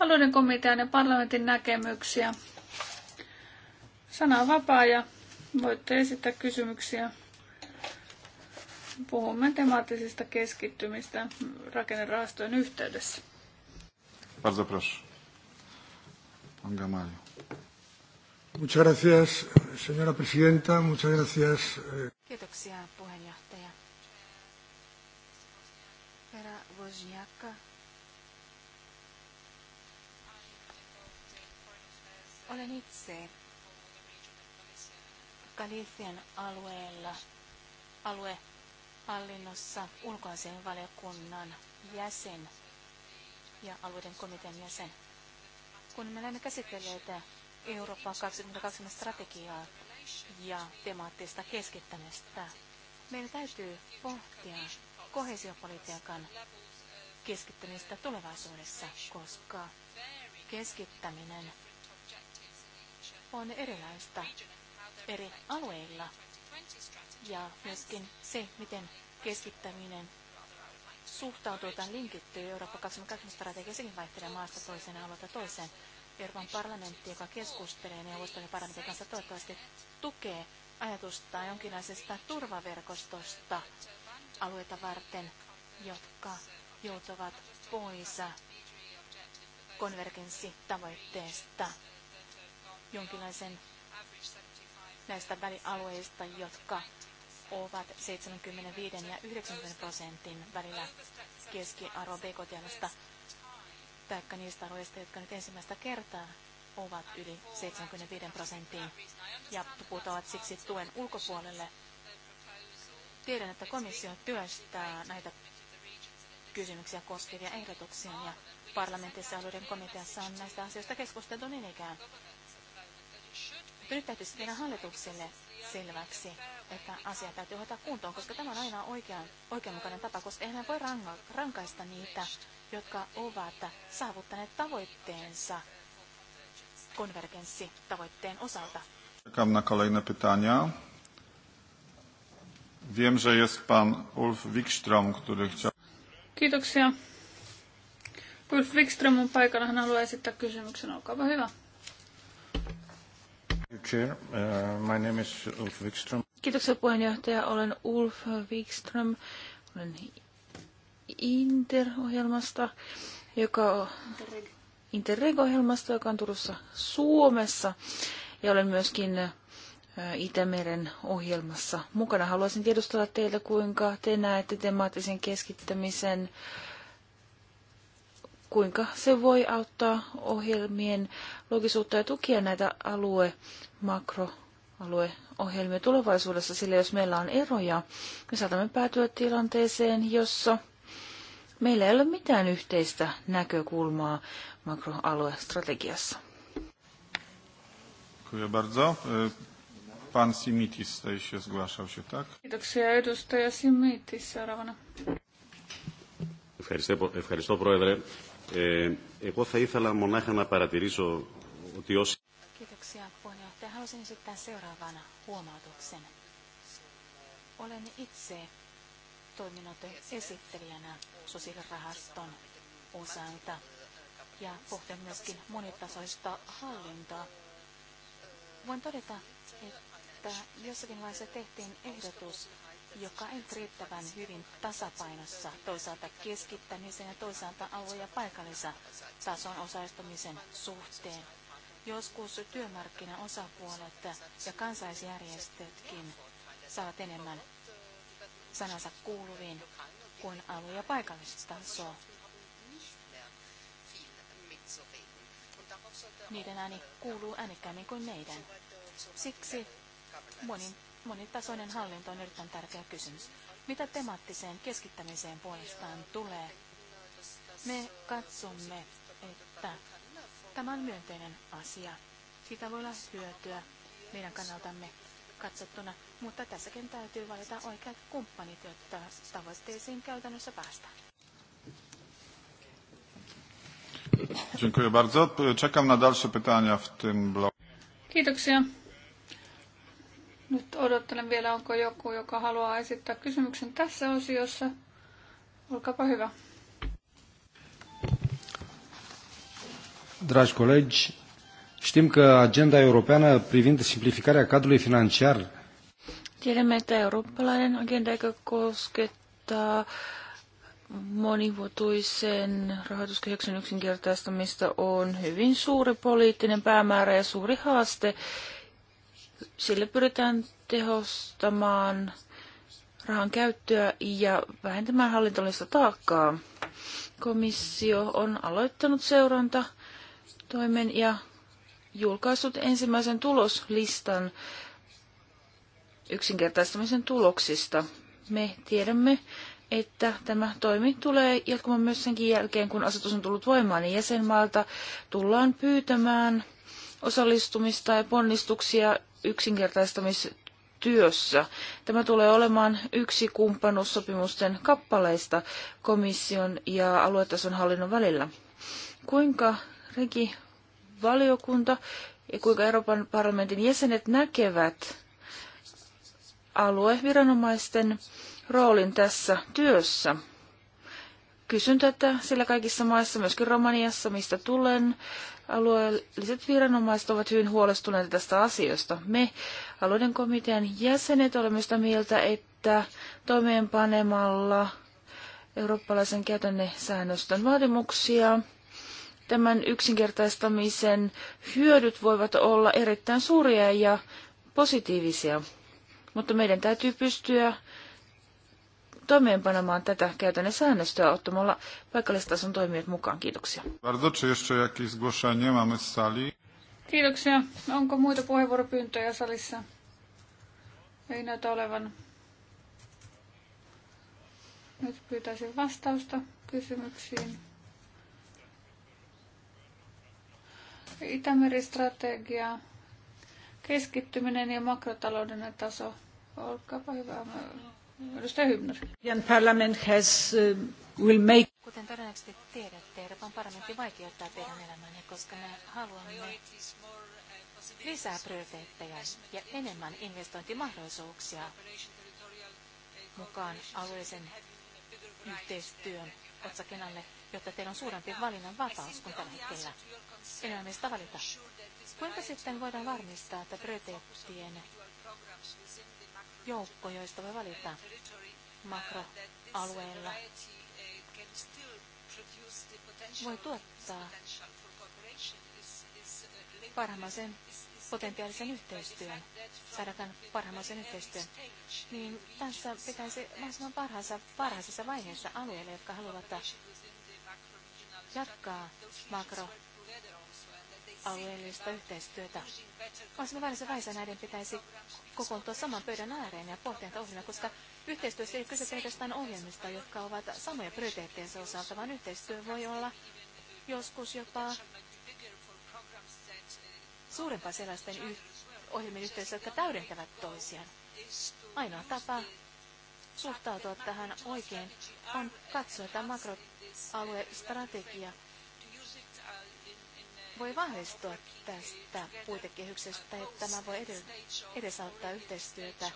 alueiden komitean ja parlamentin näkemyksiä. Sana on vapaa ja voitte esittää kysymyksiä. Puhumme temaattisista keskittymistä rakennerahastojen yhteydessä. Bardzo proszę. Pan Gamalio. Muchas gracias, señora presidenta. Muchas gracias. Eh. Kiitoksia, puheenjohtaja. Herra Wozniakka, Olen itse Galician alueella aluehallinnossa ulkoisen valiokunnan jäsen ja alueiden komitean jäsen. Kun me olemme käsitelleet Euroopan 2020 strategiaa ja temaattista keskittämistä, meidän täytyy pohtia kohesiopolitiikan keskittämistä tulevaisuudessa, koska keskittäminen on erilaista eri alueilla. Ja myöskin se, miten keskittäminen suhtautuu tai linkittyy Eurooppa 2020 strategia, sekin vaihtelee maasta toiseen ja alueelta toiseen. Euroopan parlamentti, joka keskustelee neuvoston ja parlamentin kanssa, toivottavasti tukee ajatusta jonkinlaisesta turvaverkostosta alueita varten, jotka joutuvat pois konvergenssitavoitteesta jonkinlaisen näistä välialueista, jotka ovat 75 ja 90 prosentin välillä keskiarvo bkt taikka niistä alueista, jotka nyt ensimmäistä kertaa ovat yli 75 prosentin ja putoavat siksi tuen ulkopuolelle. Tiedän, että komissio työstää näitä kysymyksiä koskevia ehdotuksia ja parlamentissa alueiden komiteassa on näistä asioista keskusteltu niin ikään. Mutta nyt täytyisi tehdä hallitukselle selväksi, että asia täytyy hoitaa kuntoon, koska tämä on aina oikean, oikeanmukainen tapa, koska eihän voi ranka, rankaista niitä, jotka ovat saavuttaneet tavoitteensa konvergenssitavoitteen osalta. Czekam na kolejne pytania. Wiem, że jest pan Ulf Wikström, który chciał... Kiitoksia. Ulf Wikström on paikalla. Hän haluaa esittää kysymyksen. Olkaapa hyvä. Uh, Kiitoksia puheenjohtaja. Olen Ulf Wikström. Olen Inter-ohjelmasta, joka Interreg-ohjelmasta, joka on Turussa Suomessa. Ja olen myöskin äh, Itämeren ohjelmassa mukana. Haluaisin tiedustella teiltä, kuinka te näette temaattisen keskittämisen, kuinka se voi auttaa ohjelmien loogisuutta ja tukia näitä alue, makro, alueohjelmia tulevaisuudessa, sillä jos meillä on eroja, me saatamme päätyä tilanteeseen, jossa meillä ei ole mitään yhteistä näkökulmaa makroaluestrategiassa. Dziękuję bardzo. E, pan Simitis się zgłaszał się, tak? Kiitoksia edustaja Simitis seuraavana. Ευχαριστώ, ευχαριστώ Πρόεδρε. Ε, εγώ θα ήθελα μονάχα να παρατηρήσω mutta jos... Kiitoksia puheenjohtaja. Haluaisin esittää seuraavana huomautuksen. Olen itse toiminut esittelijänä sosiaalirahaston osalta ja pohtin myöskin monitasoista hallintoa. Voin todeta, että jossakin vaiheessa tehtiin ehdotus, joka ei riittävän hyvin tasapainossa toisaalta keskittämisen ja toisaalta alue- ja paikallisen tason osallistumisen suhteen. Joskus työmarkkinaosapuolet ja kansaisjärjestötkin saavat enemmän sanansa kuuluviin kuin alue- ja paikallistaso. Niiden ääni kuuluu äänekkäämmin kuin meidän. Siksi monin, monitasoinen hallinto on erittäin tärkeä kysymys. Mitä temaattiseen keskittämiseen puolestaan tulee? Me katsomme, että Tämä on myönteinen asia. Siitä voi olla hyötyä meidän kannaltamme katsottuna, mutta tässäkin täytyy valita oikeat kumppanit, jotta tavoitteisiin käytännössä päästään. bardzo. Czekam na dalsze pytania w tym Kiitoksia. Nyt odottelen vielä, onko joku, joka haluaa esittää kysymyksen tässä osiossa. Olkaapa hyvä. dragi colegi, știm că agenda europeană privind simplificarea cadrului financiar Tiedämme, että eurooppalainen agenda, joka koskettaa monivuotuisen rahoituskehyksen yksinkertaistamista, on hyvin suuri poliittinen päämäärä ja suuri haaste. sille pyritään tehostamaan rahan käyttöä ja vähentämään hallintollista taakkaa. Komissio on aloittanut seuranta toimen ja julkaissut ensimmäisen tuloslistan yksinkertaistamisen tuloksista. Me tiedämme, että tämä toimi tulee jatkumaan myös senkin jälkeen, kun asetus on tullut voimaan, niin jäsenmaalta tullaan pyytämään osallistumista ja ponnistuksia yksinkertaistamistyössä. Tämä tulee olemaan yksi kumppanuussopimusten kappaleista komission ja aluetason hallinnon välillä. Kuinka regi valiokunta ja kuinka Euroopan parlamentin jäsenet näkevät alueviranomaisten roolin tässä työssä. Kysyn tätä, sillä kaikissa maissa, myöskin Romaniassa, mistä tulen, alueelliset viranomaiset ovat hyvin huolestuneita tästä asiasta. Me alueiden komitean jäsenet olemme sitä mieltä, että toimeenpanemalla eurooppalaisen käytänne säännöstön vaatimuksia tämän yksinkertaistamisen hyödyt voivat olla erittäin suuria ja positiivisia, mutta meidän täytyy pystyä toimeenpanemaan tätä käytännön säännöstöä ottamalla paikallistason toimijat mukaan. Kiitoksia. Kiitoksia. Onko muita puheenvuoropyyntöjä salissa? Ei näytä olevan. Nyt pyytäisin vastausta kysymyksiin. Itämeri-strategia, keskittyminen ja makrotalouden taso. Olkaapa hyvä. Edustaja Hymner. Parliament has, uh, will make... Kuten todennäköisesti tiedätte, Euroopan parlamentti vaikeuttaa teidän elämänne, koska me haluamme lisää prioriteetteja ja enemmän investointimahdollisuuksia mukaan alueellisen yhteistyön alle, jotta teillä on suurempi valinnan vapaus kuin tällä hetkellä enemmistä valita. Kuinka sitten voidaan varmistaa, että prioriteettien joukko, joista voi valita makroalueella, voi tuottaa parhaimmaisen potentiaalisen yhteistyön, saadaan parhaimmaisen yhteistyön, niin tässä pitäisi mahdollisimman parhaassa, parhaisessa vaiheessa alueille, jotka haluavat jatkaa makro alueellista yhteistyötä. Olisimme välissä väissä näiden pitäisi kokoontua saman pöydän ääreen ja pohtia ohjelmia, koska yhteistyössä ei kyse pelkästään ohjelmista, jotka ovat samoja prioriteetteensa osalta, vaan yhteistyö voi olla joskus jopa suurempaa sellaisten yh- ohjelmien yhteydessä, jotka täydentävät toisiaan. Ainoa tapa suhtautua tähän oikein on katsoa tämä makroaluestrategia voi vahvistua tästä puitekehyksestä, että tämä voi edesauttaa yhteistyötä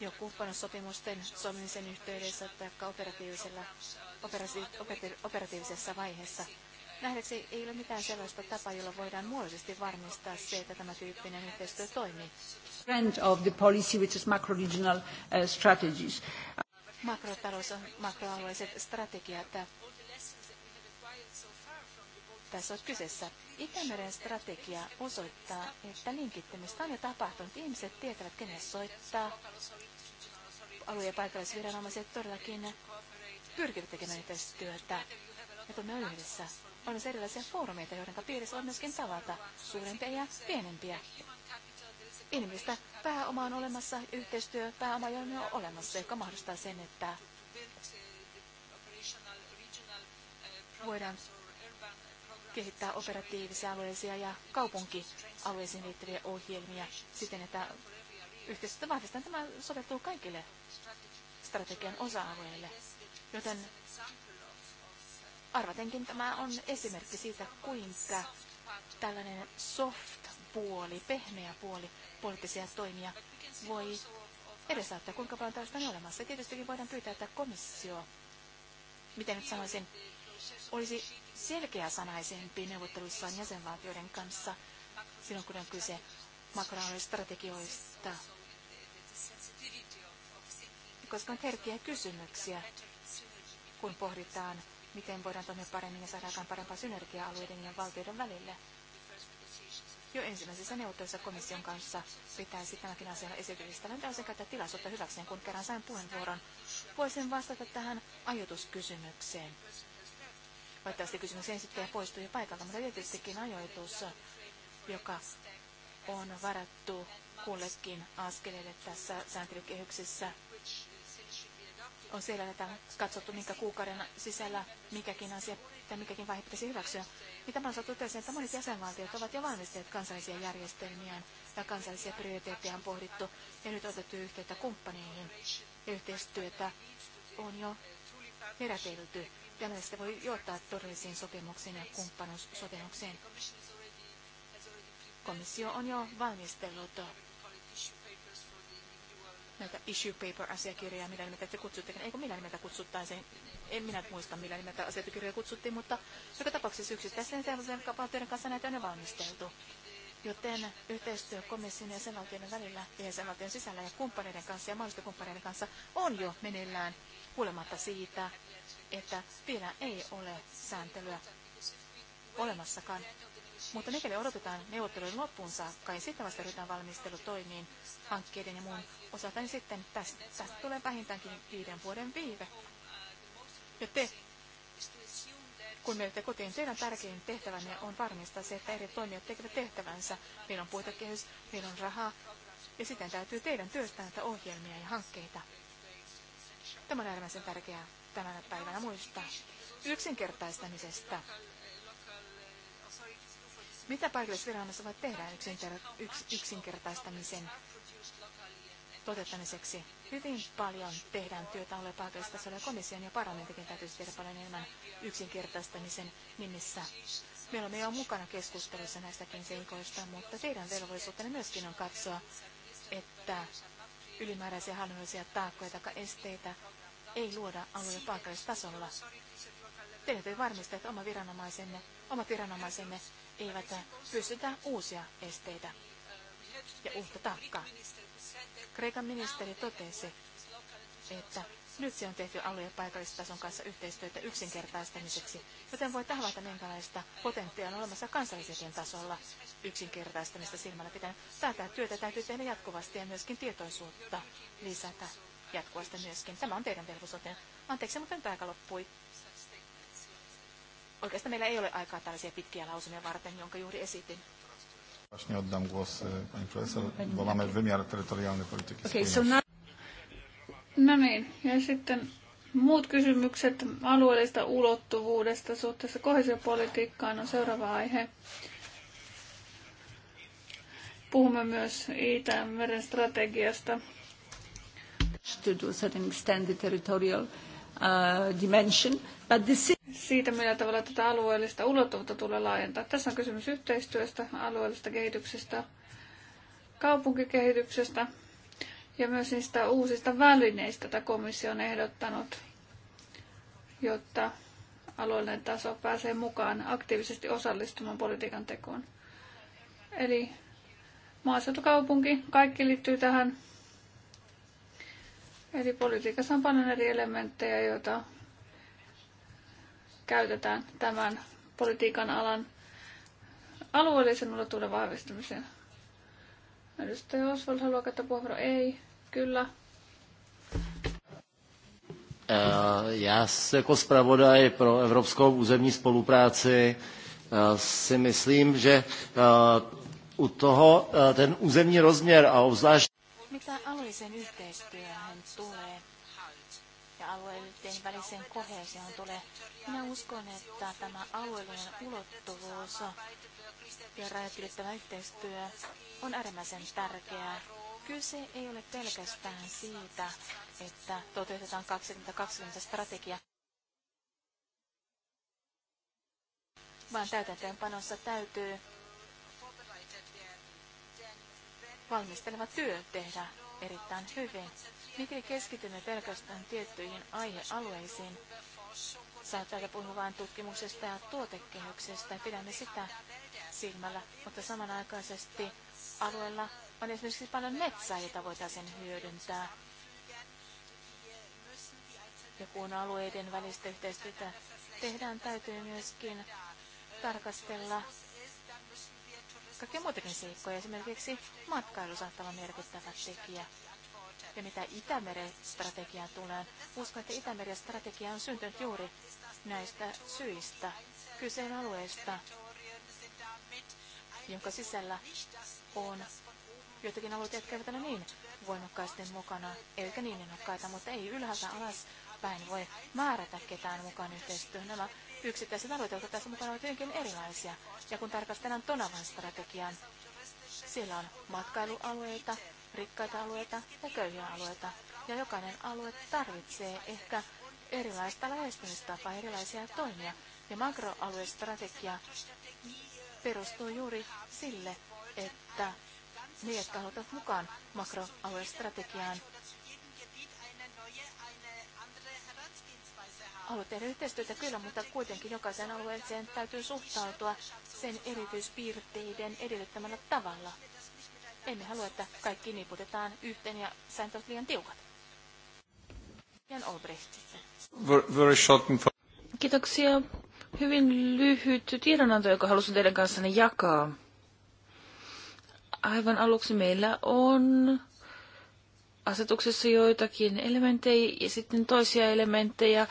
jo kumppanussopimusten sopimisen yhteydessä tai operatiivisella, operasi, operati, operatiivisessa vaiheessa. Nähdäksi ei ole mitään sellaista tapaa, jolla voidaan muodollisesti varmistaa se, että tämä tyyppinen yhteistyö toimii. Trend of the policy, which is macro-regional uh, strategies. Makrotalous on makroalueiset strategiat tässä on kyseessä. Itämeren strategia osoittaa, että linkittämistä on jo tapahtunut. Ihmiset tietävät, kenelle soittaa. Alue- ja paikallisviranomaiset todellakin pyrkivät tekemään yhteistyötä. ja tuomme yhdessä. On erilaisia foorumeita, joiden piirissä on myöskin tavata, suurempia ja pienempiä. Inhimillistä pääoma on olemassa, yhteistyö, pääoma on jo olemassa, joka mahdollistaa sen, että voidaan kehittää operatiivisia alueellisia ja kaupunkialueisiin liittyviä ohjelmia siten, että yhteistyötä vahvistetaan. Tämä soveltuu kaikille strategian osa-alueille, joten arvatenkin tämä on esimerkki siitä, kuinka tällainen soft-puoli, pehmeä puoli poliittisia toimia voi edesauttaa, kuinka paljon tällaista on olemassa. tietysti voidaan pyytää, että komissio, miten nyt sanoisin, olisi selkeäsanaisempi neuvotteluissaan jäsenvaltioiden kanssa silloin, kun on kyse strategioista, koska on herkkiä kysymyksiä, kun pohditaan, miten voidaan toimia paremmin ja saada aikaan parempaa synergiaa alueiden ja valtioiden välille. Jo ensimmäisessä neuvottelussa komission kanssa pitäisi tämäkin asian esitystä. Olen täysin käyttää tilaisuutta hyväkseen, kun kerran sain puheenvuoron. Voisin vastata tähän ajoituskysymykseen kysymys ensin esittäjä poistui jo paikalta, mutta tietystikin ajoitus, joka on varattu kullekin askeleelle tässä sääntelykehyksessä, on siellä, että katsottu, minkä kuukauden sisällä mikäkin asia tai mikäkin vaihe pitäisi hyväksyä. Mitä niin mä totesin, että monet jäsenvaltiot ovat jo valmistaneet kansallisia järjestelmiään ja kansallisia on pohdittu ja nyt otettu yhteyttä kumppaneihin ja yhteistyötä on jo herätelty ja näistä voi johtaa todellisiin sopimuksiin ja kumppanuussopimuksiin. Komissio on jo valmistellut näitä issue paper asiakirjaa, millä nimeltä te kutsuttekin, eikö millä nimeltä kutsuttaisiin, en minä muista millä nimeltä asiakirjaa kutsuttiin, mutta joka tapauksessa yksittäisen sellaisen valtioiden kanssa näitä on jo valmisteltu. Joten yhteistyö komission ja senvaltioiden välillä ja jäsenvaltion sisällä ja kumppaneiden kanssa ja mahdollisten kumppaneiden kanssa on jo meneillään kuulematta siitä, että vielä ei ole sääntelyä olemassakaan. Mutta mikäli odotetaan neuvottelujen loppuun saakka ja sitten vasta ryhdytään valmistelutoimiin hankkeiden ja muun osalta, niin sitten tästä, tästä tulee vähintäänkin viiden vuoden viive. Ja te, kun menette kotiin, teidän tärkein tehtävänne on varmistaa se, että eri toimijat tekevät tehtävänsä. Meillä on puitekehys, meillä on rahaa, ja sitten täytyy teidän työstää näitä ohjelmia ja hankkeita. Tämä on äärimmäisen tärkeää tänä päivänä muista yksinkertaistamisesta. Mitä paikallisviranomaiset voivat tehdä yksinkertaistamisen toteuttamiseksi? Hyvin paljon tehdään työtä alle paikallistasolla ja komission ja parlamentikin täytyisi tehdä paljon enemmän yksinkertaistamisen nimissä. Me olemme jo mukana keskustelussa näistäkin seikoista, mutta teidän velvollisuutenne myöskin on katsoa, että ylimääräisiä hallinnollisia taakkoja tai esteitä ei luoda alueen paikallistasolla. Teidän täytyy varmistaa, että oma viranomaisenne, omat viranomaisenne eivät pystytä uusia esteitä ja uutta taakkaa. Kreikan ministeri totesi, että nyt se on tehty alueen paikallistason kanssa yhteistyötä yksinkertaistamiseksi, joten voi tavata minkälaista potentiaalia on olemassa kansallisen tasolla yksinkertaistamista silmällä pitäen. Tätä työtä täytyy tehdä jatkuvasti ja myöskin tietoisuutta lisätä jatkua sitä myöskin. Tämä on teidän velvollisuutenne. Anteeksi, mutta nyt aika loppui. Oikeastaan meillä ei ole aikaa tällaisia pitkiä lausumia varten, jonka juuri esitin. E, no niin, ja sitten muut kysymykset alueellista ulottuvuudesta suhteessa kohesiopolitiikkaan on seuraava aihe. Puhumme myös Itämeren strategiasta to a certain extent the territorial uh, dimension, but this siitä, millä tavalla tätä alueellista ulottuvuutta tulee laajentaa. Tässä on kysymys yhteistyöstä, alueellisesta kehityksestä, kaupunkikehityksestä ja myös niistä uusista välineistä, joita komissio on ehdottanut, jotta alueellinen taso pääsee mukaan aktiivisesti osallistumaan politiikan tekoon. Eli maaseutukaupunki, kaikki liittyy tähän Eli politiikassa on paljon eri elementtejä, joita käytetään tämän politiikan alan alueellisen ulottuvuuden vahvistamiseen. Edustaja Oswald, haluaa käyttää puheenvuoro? Ei. Kyllä. Eh, já jako zpravodaj pro evropskou územní spolupráci eh, si myslím, že eh, u toho ten územní rozměr a obzvlášť mitä alueelliseen yhteistyöhön tulee ja alueiden väliseen koheeseen tulee, minä uskon, että tämä alueellinen ulottuvuus ja rajat yhteistyö on äärimmäisen tärkeää. Kyse ei ole pelkästään siitä, että toteutetaan 2020 strategia, vaan täytäntöönpanossa täytyy valmisteleva työ tehdä erittäin hyvin. Mikäli keskitymme pelkästään tiettyihin aihealueisiin, saattaa puhua vain tutkimuksesta ja tuotekehyksestä ja pidämme sitä silmällä, mutta samanaikaisesti alueella on esimerkiksi paljon metsää, jota voitaisiin hyödyntää. Ja kun alueiden välistä yhteistyötä tehdään, täytyy myöskin tarkastella kaikkea muitakin seikkoja, esimerkiksi matkailu saattaa olla merkittävä tekijä. Ja mitä Itämeren strategiaan tulee, uskon, että Itämeren strategia on syntynyt juuri näistä syistä, kyseen alueesta, jonka sisällä on joitakin alueita, jotka eivät ole niin voimakkaasti mukana, eikä niin innokkaita, mutta ei ylhäältä alas päin voi määrätä ketään mukaan yhteistyöhön. Nämä yksittäiset alueet, jotka tässä mukana ovat hyvinkin erilaisia. Ja kun tarkastellaan Tonavan strategian, siellä on matkailualueita, rikkaita alueita ja köyhiä alueita. Ja jokainen alue tarvitsee ehkä erilaista lähestymistapaa, erilaisia toimia. Ja makroaluestrategia perustuu juuri sille, että ne, jotka haluavat mukaan makroaluestrategiaan, haluat tehdä yhteistyötä kyllä, mutta kuitenkin jokaisen alueeseen täytyy suhtautua sen erityispiirteiden edellyttämällä tavalla. Emme halua, että kaikki niputetaan yhteen ja sääntö liian tiukat. Jan Olbrecht. Very Kiitoksia. Hyvin lyhyt tiedonanto, joka halusin teidän kanssanne jakaa. Aivan aluksi meillä on asetuksessa joitakin elementtejä ja sitten toisia elementtejä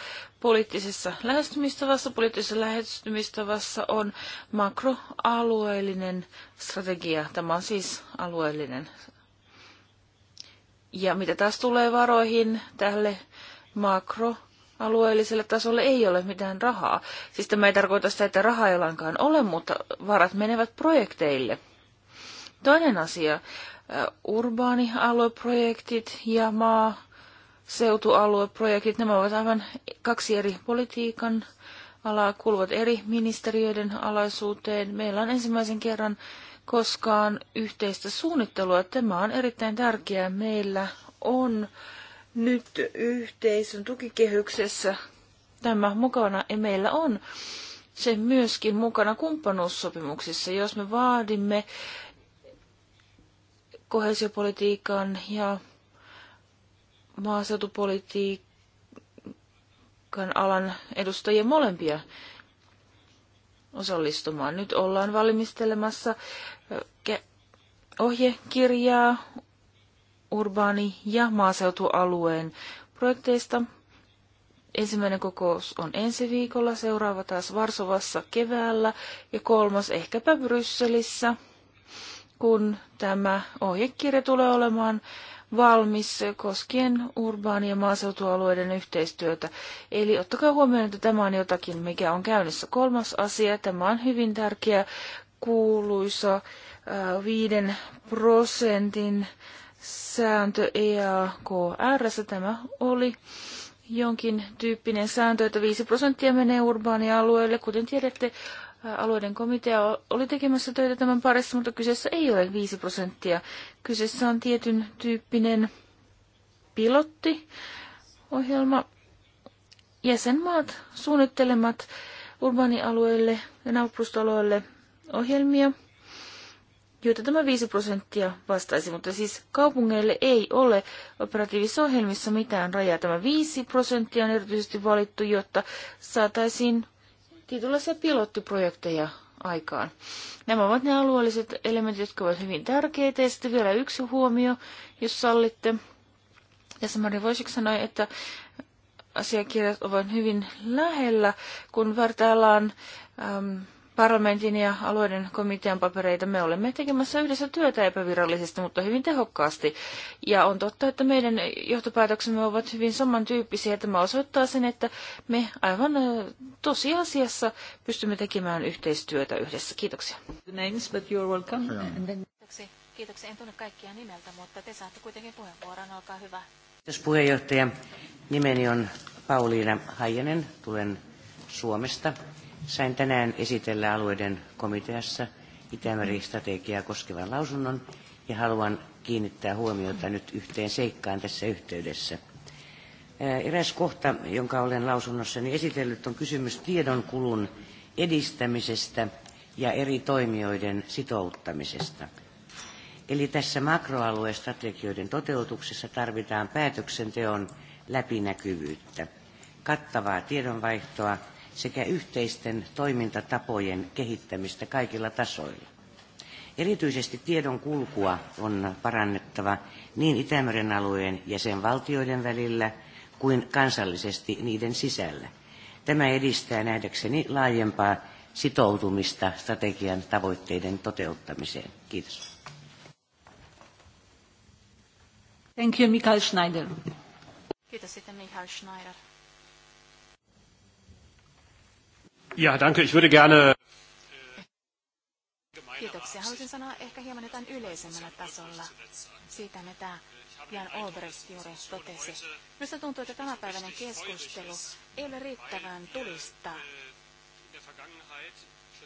poliittisessa lähestymistavassa. Poliittisessa lähestymistavassa on makroalueellinen strategia. Tämä on siis alueellinen. Ja mitä taas tulee varoihin tälle makro alueelliselle tasolle ei ole mitään rahaa. Siis tämä ei tarkoita sitä, että rahaa ei lainkaan ole, mutta varat menevät projekteille. Toinen asia, urbaanialueprojektit ja maa seutualueprojektit, nämä ovat aivan kaksi eri politiikan alaa, kuuluvat eri ministeriöiden alaisuuteen. Meillä on ensimmäisen kerran koskaan yhteistä suunnittelua. Tämä on erittäin tärkeää. Meillä on nyt yhteisön tukikehyksessä tämä mukana ja meillä on se myöskin mukana kumppanuussopimuksissa. Jos me vaadimme kohesiopolitiikan ja maaseutupolitiikan alan edustajia molempia osallistumaan. Nyt ollaan valmistelemassa ohjekirjaa urbaani- ja maaseutualueen projekteista. Ensimmäinen kokous on ensi viikolla, seuraava taas Varsovassa keväällä ja kolmas ehkäpä Brysselissä, kun tämä ohjekirja tulee olemaan äh, valmis koskien urbaani- ja maaseutualueiden yhteistyötä. Eli ottakaa huomioon, että tämä on jotakin, mikä on käynnissä. Kolmas asia, tämä on hyvin tärkeä, kuuluisa äh, viiden prosentin sääntö EAKR. Tämä oli jonkin tyyppinen sääntö, että 5 prosenttia menee urbaanialueelle. Kuten tiedätte, alueiden komitea oli tekemässä töitä tämän parissa, mutta kyseessä ei ole 5 prosenttia. Kyseessä on tietyn tyyppinen pilottiohjelma. Jäsenmaat suunnittelemat urbaanialueille ja naapurustoalueille ohjelmia, joita tämä 5 prosenttia vastaisi, mutta siis kaupungeille ei ole operatiivisissa ohjelmissa mitään rajaa. Tämä 5 prosenttia on erityisesti valittu, jotta saataisiin tietynlaisia pilottiprojekteja aikaan. Nämä ovat ne alueelliset elementit, jotka ovat hyvin tärkeitä. Ja sitten vielä yksi huomio, jos sallitte. Tässä Mari voisiko sanoa, että asiakirjat ovat hyvin lähellä, kun vertaillaan Ähm, parlamentin ja alueiden komitean papereita. Me olemme tekemässä yhdessä työtä epävirallisesti, mutta hyvin tehokkaasti. Ja on totta, että meidän johtopäätöksemme ovat hyvin samantyyppisiä. Tämä osoittaa sen, että me aivan tosiasiassa pystymme tekemään yhteistyötä yhdessä. Kiitoksia. Names, but you're welcome. Kiitoksia. Kiitoksia. En tunne kaikkia nimeltä, mutta te saatte kuitenkin puheenvuoron. Olkaa hyvä. Kiitos puheenjohtaja. Nimeni on Pauliina Haijanen. Tulen Suomesta Sain tänään esitellä alueiden komiteassa Itämeri-strategiaa koskevan lausunnon ja haluan kiinnittää huomiota nyt yhteen seikkaan tässä yhteydessä. Eräs kohta, jonka olen lausunnossani esitellyt, on kysymys tiedonkulun edistämisestä ja eri toimijoiden sitouttamisesta. Eli tässä makroaluestrategioiden toteutuksessa tarvitaan päätöksenteon läpinäkyvyyttä, kattavaa tiedonvaihtoa sekä yhteisten toimintatapojen kehittämistä kaikilla tasoilla. Erityisesti tiedon kulkua on parannettava niin Itämeren alueen jäsenvaltioiden välillä kuin kansallisesti niiden sisällä. Tämä edistää nähdäkseni laajempaa sitoutumista strategian tavoitteiden toteuttamiseen. Kiitos. Thank you, Michael Schneider. Kiitos sitten Michael Schneider. Ja, danke. Ich würde gerne... Kiitoksia. Haluaisin sanoa ehkä hieman jotain yleisemmällä tasolla siitä, mitä Jan Olbrecht juuri totesi. Minusta tuntuu, että tämänpäiväinen keskustelu ei ole riittävän tulista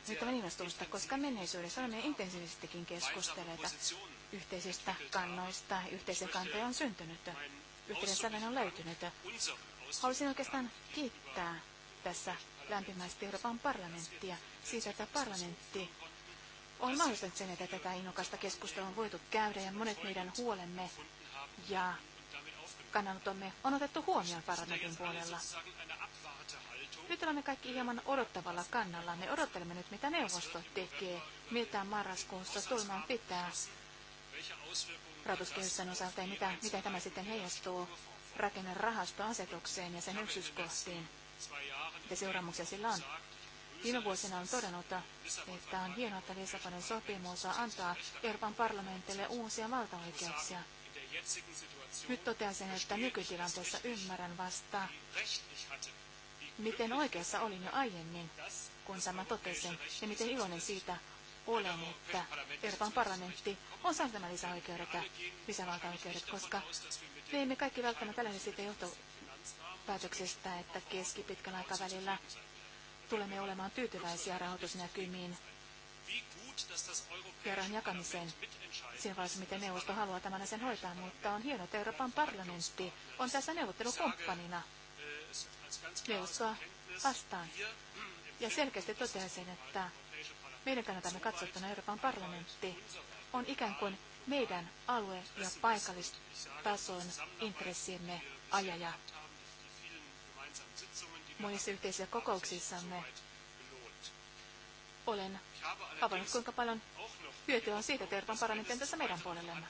riittävän innostusta, koska menneisyydessä olemme intensiivisestikin keskustelleet yhteisistä kannoista. yhteisen kantoja on syntynyt. Yhteinen säven on löytynyt. Haluaisin oikeastaan kiittää tässä lämpimästi Euroopan parlamenttia siitä, että parlamentti on mahdollistanut sen, että tätä innokasta keskustelua on voitu käydä ja monet meidän huolemme ja kannanotomme on otettu huomioon parlamentin puolella. Nyt olemme kaikki hieman odottavalla kannalla. Me odottelemme nyt, mitä neuvosto tekee, mitä marraskuussa tulman pitää rahoituskehysten osalta ja mitä, mitä tämä sitten heijastuu rakennerahastoasetukseen ja sen yksityiskohtiin ja seuraamuksia sillä on. Viime vuosina on todennut, että on hienoa, että Lissabonin sopimus antaa Euroopan parlamentille uusia valtaoikeuksia. Nyt toteaisin, että nykytilanteessa ymmärrän vasta, miten oikeassa olin jo aiemmin, kun tämä totesin, ja miten iloinen siitä olen, että Euroopan parlamentti on saanut nämä lisäoikeudet ja lisävaltaoikeudet, koska me emme kaikki välttämättä lähde siitä johto, päätöksestä, että keskipitkän aikavälillä tulemme olemaan tyytyväisiä rahoitusnäkymiin ja rahan jakamiseen siinä vaiheessa, miten neuvosto haluaa tämän sen hoitaa, mutta on hienoa, että Euroopan parlamentti on tässä neuvottelukumppanina neuvostoa vastaan. Ja selkeästi totean sen, että meidän kannatamme katsottuna Euroopan parlamentti on ikään kuin meidän alue- ja paikallistason intressiemme ajaja monissa yhteisissä kokouksissamme olen havainnut, kuinka paljon hyötyä on siitä, että Euroopan parlamentti on tässä meidän puolellemme.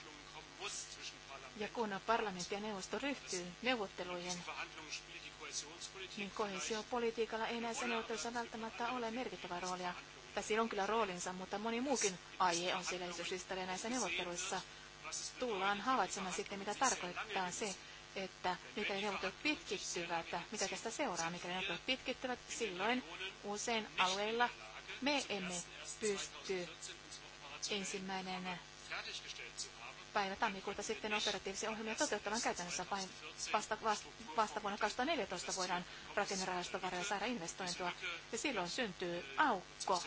Ja kun parlamentti ja neuvosto ryhtyy neuvotteluihin, niin kohesiopolitiikalla ei näissä neuvotteluissa välttämättä ole merkittävää roolia. Tai sillä on kyllä roolinsa, mutta moni muukin aihe on siellä esityslistalla näissä neuvotteluissa tullaan havaitsemaan sitten, mitä tarkoittaa se, että mikäli neuvottelut pitkittyvät, mitä tästä seuraa, mikäli neuvottelut pitkittyvät, silloin usein alueilla me emme pysty ensimmäinen päivä tammikuuta sitten operatiivisia ohjelmia toteuttavan käytännössä vain vasta, vasta, vasta vuonna 2014 voidaan rakennerahaston varoja saada investointua. Ja silloin syntyy aukko.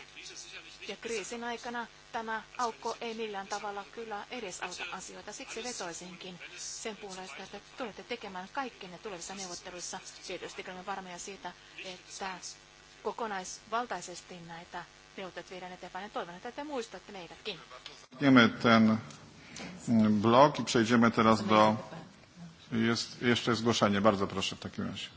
Ja kriisin aikana tämä aukko ei millään tavalla kyllä edesauta asioita. Siksi vetoisinkin sen puolesta, että tulette tekemään kaikkenne tulevissa neuvotteluissa. Tietysti olemme varmoja siitä, että kokonaisvaltaisesti näitä neuvottelut viedään eteenpäin. Ja toivon, että te muistatte meidätkin. Tämän blok i przejdziemy teraz do... Jest jeszcze zgłoszenie. Bardzo proszę w takim razie.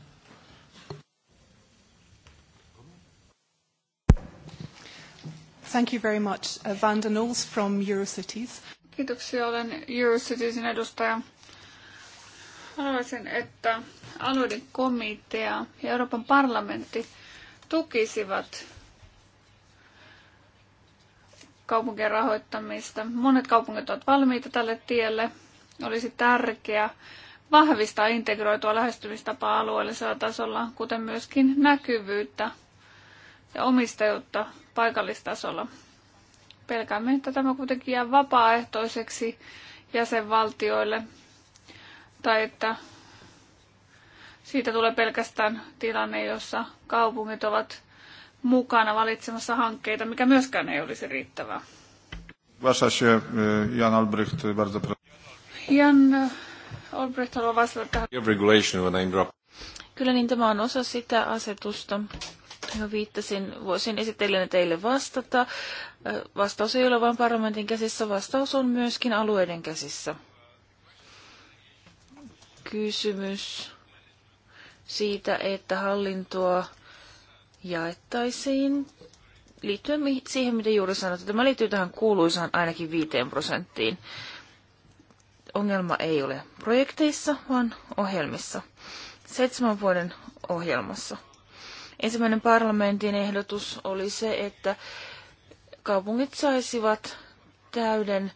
Thank you very much. Uh, Van from Eurocities. Kiitoksia, olen Eurocitiesin edustaja. Haluaisin, että alueiden komitea ja Euroopan parlamentti tukisivat kaupunkien rahoittamista. Monet kaupungit ovat valmiita tälle tielle. Olisi tärkeää vahvistaa integroitua lähestymistapaa alueellisella tasolla, kuten myöskin näkyvyyttä ja omistajuutta paikallistasolla. Pelkäämme, että tämä kuitenkin jää vapaaehtoiseksi jäsenvaltioille tai että siitä tulee pelkästään tilanne, jossa kaupungit ovat mukana valitsemassa hankkeita, mikä myöskään ei olisi riittävää. Vastaa się Jan Albrecht, bardzo proszę. Jan Albrecht haluaa vastata tähän. Regulation Kyllä niin, tämä on osa sitä asetusta. Jo viittasin, voisin esittelijänä teille vastata. Vastaus ei ole vain parlamentin käsissä, vastaus on myöskin alueiden käsissä. Kysymys siitä, että hallintoa jaettaisiin liittyen siihen, mitä juuri sanoit. Tämä liittyy tähän kuuluisaan ainakin 5 prosenttiin. Ongelma ei ole projekteissa, vaan ohjelmissa. Seitsemän vuoden ohjelmassa. Ensimmäinen parlamentin ehdotus oli se, että kaupungit saisivat täyden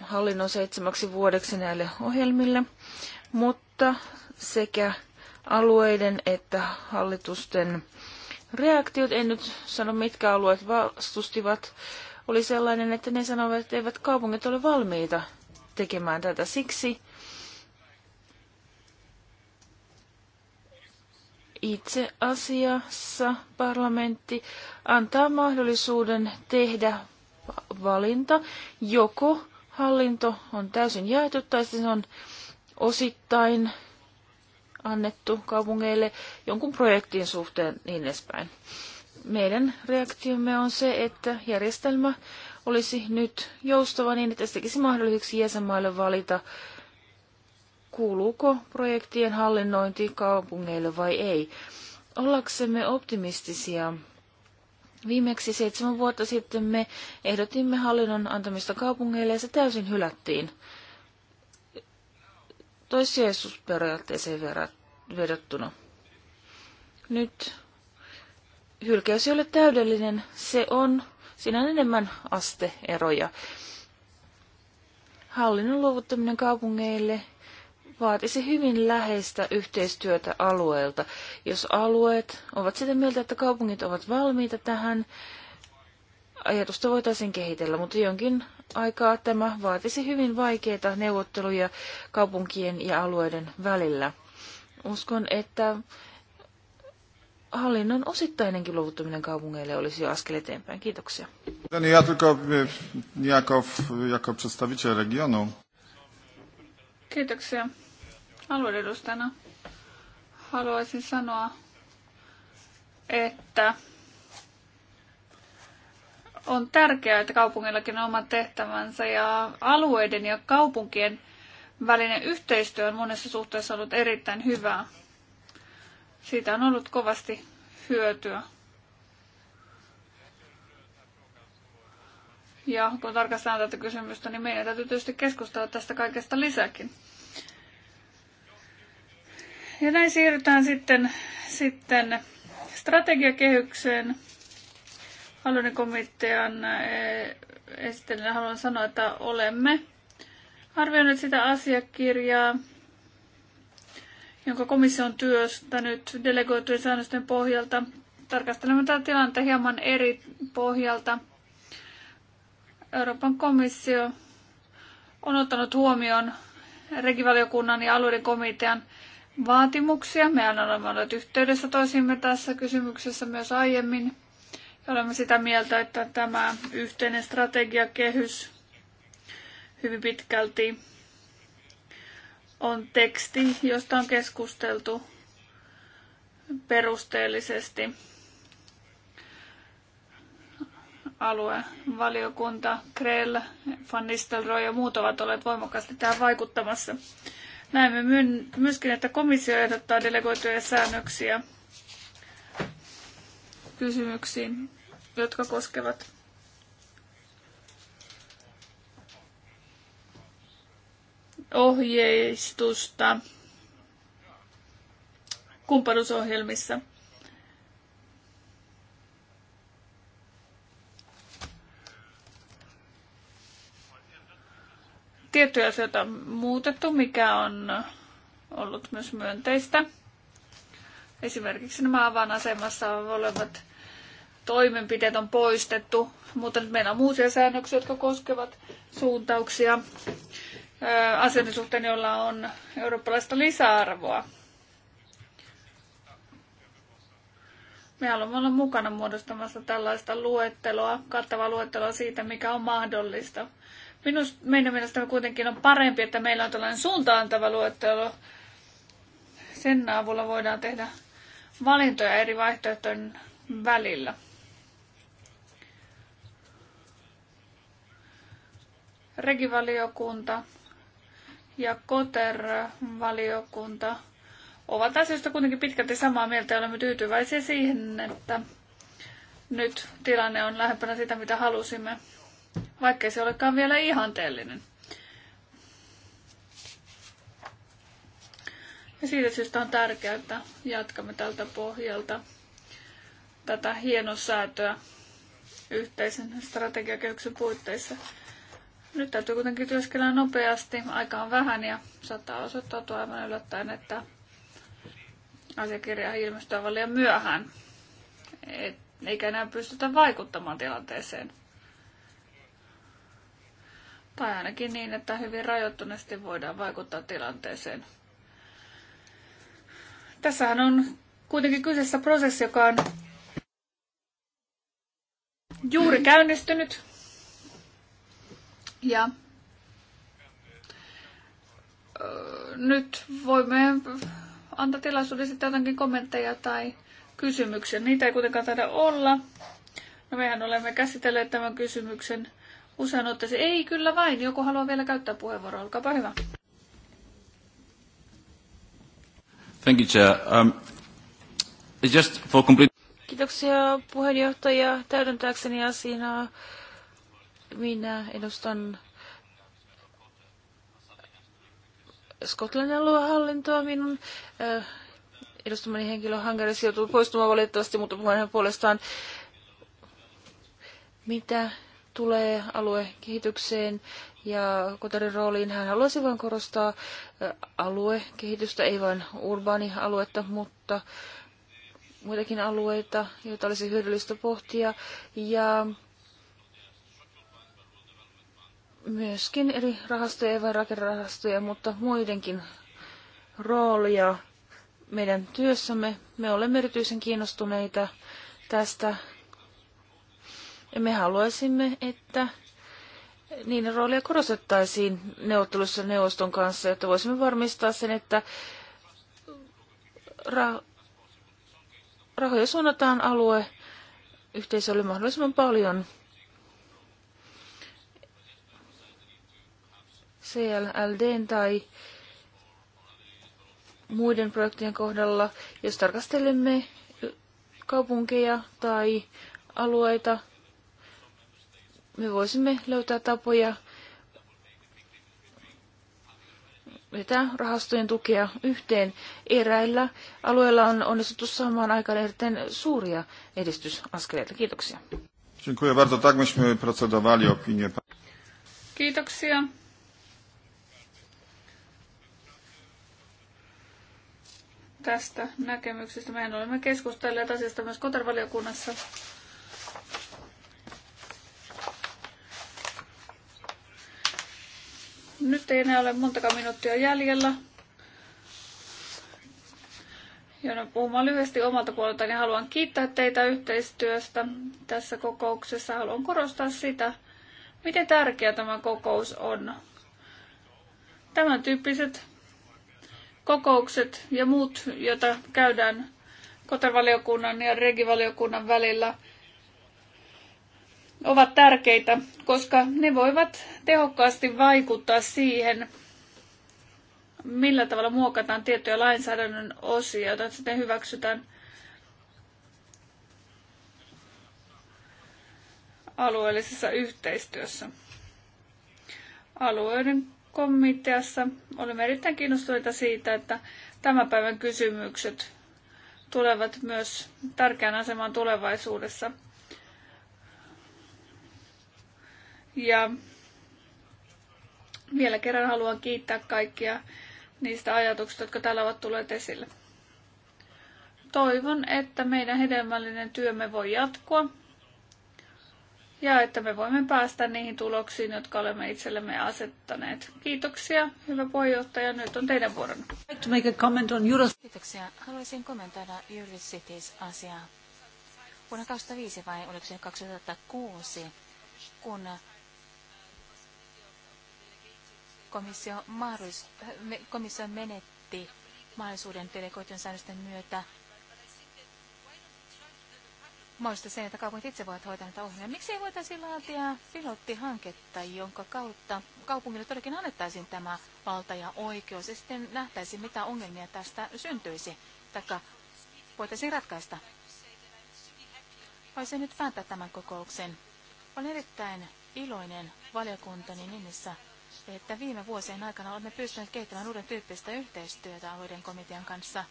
hallinnon seitsemäksi vuodeksi näille ohjelmille, mutta sekä alueiden että hallitusten reaktiot, en nyt sano mitkä alueet vastustivat, oli sellainen, että ne sanoivat, että eivät kaupungit ole valmiita tekemään tätä siksi. Itse asiassa parlamentti antaa mahdollisuuden tehdä valinta. Joko hallinto on täysin jaettu tai se on osittain annettu kaupungeille jonkun projektin suhteen niin edespäin. Meidän reaktiomme on se, että järjestelmä olisi nyt joustava niin, että se tekisi mahdolliseksi jäsenmaille valita, kuuluuko projektien hallinnointi kaupungeille vai ei. Ollaksemme optimistisia, Viimeksi seitsemän vuotta sitten me ehdotimme hallinnon antamista kaupungeille ja se täysin hylättiin periaatteeseen vedottuna. Nyt hylkäys ei ole täydellinen, se on, siinä on enemmän asteeroja. Hallinnon luovuttaminen kaupungeille vaatisi hyvin läheistä yhteistyötä alueelta. Jos alueet ovat sitä mieltä, että kaupungit ovat valmiita tähän, ajatusta voitaisiin kehitellä, mutta jonkin aikaa tämä vaatisi hyvin vaikeita neuvotteluja kaupunkien ja alueiden välillä. Uskon, että hallinnon osittainenkin luovuttaminen kaupungeille olisi jo askel eteenpäin. Kiitoksia. Ja tylko e, jako, jako regionu. Kiitoksia. Alueen edustajana haluaisin sanoa, että on tärkeää, että kaupungillakin on omat tehtävänsä ja alueiden ja kaupunkien välinen yhteistyö on monessa suhteessa ollut erittäin hyvää. Siitä on ollut kovasti hyötyä. Ja kun tarkastetaan tätä kysymystä, niin meidän täytyy tietysti keskustella tästä kaikesta lisäkin. Ja näin siirrytään sitten, sitten strategiakehykseen. Alueiden komitean eh, esittelijänä haluan sanoa, että olemme arvioineet sitä asiakirjaa, jonka komissio on työstänyt delegoitujen säännösten pohjalta. Tarkastelemme tätä tilannetta hieman eri pohjalta. Euroopan komissio on ottanut huomioon regivaliokunnan ja alueiden komitean vaatimuksia. Me olemme olleet yhteydessä toisiimme tässä kysymyksessä myös aiemmin. Olemme sitä mieltä, että tämä yhteinen strategiakehys hyvin pitkälti on teksti, josta on keskusteltu perusteellisesti. Aluevaliokunta, Krell, Van Nistelrooy ja muut ovat olleet voimakkaasti tähän vaikuttamassa. Näemme myöskin, että komissio ehdottaa delegoituja säännöksiä kysymyksiin, jotka koskevat ohjeistusta kumppanuusohjelmissa. Tiettyjä asioita on muutettu, mikä on ollut myös myönteistä. Esimerkiksi nämä avainasemassa olevat toimenpiteet on poistettu, mutta nyt meillä on uusia säännöksiä, jotka koskevat suuntauksia asioiden suhteen, joilla on eurooppalaista lisäarvoa. Me haluamme olla mukana muodostamassa tällaista luetteloa, kattavaa luetteloa siitä, mikä on mahdollista. Minus, meidän mielestämme kuitenkin on parempi, että meillä on tällainen suuntaantava luettelo. Sen avulla voidaan tehdä valintoja eri vaihtoehtojen välillä. regivaliokunta ja Koter-valiokunta ovat asioista kuitenkin pitkälti samaa mieltä ja olemme tyytyväisiä siihen, että nyt tilanne on lähempänä sitä, mitä halusimme, vaikkei se olekaan vielä ihanteellinen. Ja siitä syystä on tärkeää, että jatkamme tältä pohjalta tätä hienosäätöä yhteisen strategiakehyksen puitteissa. Nyt täytyy kuitenkin työskennellä nopeasti. Aika on vähän ja saattaa osoittautua aivan yllättäen, että asiakirja ilmestyy aivan liian myöhään. Et, eikä enää pystytä vaikuttamaan tilanteeseen. Tai ainakin niin, että hyvin rajoittuneesti voidaan vaikuttaa tilanteeseen. Tässähän on kuitenkin kyseessä prosessi, joka on juuri käynnistynyt ja nyt voimme antaa tilaisuuden sitten jotakin kommentteja tai kysymyksiä. Niitä ei kuitenkaan taida olla. No mehän olemme käsitelleet tämän kysymyksen usein ottaisi. Ei, kyllä vain. Joku haluaa vielä käyttää puheenvuoroa. Olkaapa hyvä. Thank you, Chair. Um, just for complete... Kiitoksia puheenjohtaja. Täydentääkseni asiaa minä edustan Skotlannin aluehallintoa. Minun äh, edustamani henkilö Hankarissa joutuu poistumaan valitettavasti, mutta puhun hänen puolestaan. Mitä tulee aluekehitykseen ja Kotarin rooliin, hän haluaisi vain korostaa äh, aluekehitystä, ei vain urbaanialuetta, mutta muitakin alueita, joita olisi hyödyllistä pohtia. Ja myöskin eri rahastoja, ei vain mutta muidenkin roolia meidän työssämme. Me olemme erityisen kiinnostuneita tästä. Me haluaisimme, että niiden roolia korostettaisiin neuvottelussa neuvoston kanssa, että voisimme varmistaa sen, että ra- rahoja suunnataan alue yhteisölle mahdollisimman paljon CLLDn tai muiden projektien kohdalla, jos tarkastelemme kaupunkeja tai alueita, me voisimme löytää tapoja vetää rahastojen tukea yhteen. Eräillä alueilla on onnistuttu saamaan aikaan erittäin suuria edistysaskeleita. Kiitoksia. Kiitoksia. tästä näkemyksestä. Mehän olemme keskustelleet asiasta myös kotervaliokunnassa. Nyt ei enää ole montakaan minuuttia jäljellä. no, puhumaan lyhyesti omalta puoleltani. Niin haluan kiittää teitä yhteistyöstä tässä kokouksessa. Haluan korostaa sitä, miten tärkeä tämä kokous on. Tämän tyyppiset kokoukset ja muut, joita käydään kotavaliokunnan ja regivaliokunnan välillä, ovat tärkeitä, koska ne voivat tehokkaasti vaikuttaa siihen, millä tavalla muokataan tiettyjä lainsäädännön osia, joita sitten hyväksytään alueellisessa yhteistyössä. Alueiden komiteassa olimme erittäin kiinnostuneita siitä, että tämän päivän kysymykset tulevat myös tärkeän asemaan tulevaisuudessa. Ja vielä kerran haluan kiittää kaikkia niistä ajatuksista, jotka täällä ovat tulleet esille. Toivon, että meidän hedelmällinen työmme voi jatkua ja että me voimme päästä niihin tuloksiin, jotka olemme itsellemme asettaneet. Kiitoksia, hyvä puheenjohtaja. Nyt on teidän vuoronne. To make a comment on Kiitoksia. Haluaisin kommentoida Cities asiaa Vuonna 2005 vai oliko se 2006, kun komissio, komissio menetti mahdollisuuden delegoitujen säännösten myötä mahdollista sen, että kaupungit itse voivat hoitaa näitä ohjelmia. Miksi ei voitaisi laatia pilottihanketta, jonka kautta kaupungille todellakin annettaisiin tämä valta ja oikeus, ja sitten nähtäisiin, mitä ongelmia tästä syntyisi, taikka voitaisiin ratkaista. Voisin nyt päättää tämän kokouksen. Olen erittäin iloinen valiokuntani nimissä, että viime vuosien aikana olemme pystyneet kehittämään uuden tyyppistä yhteistyötä alueiden komitean kanssa,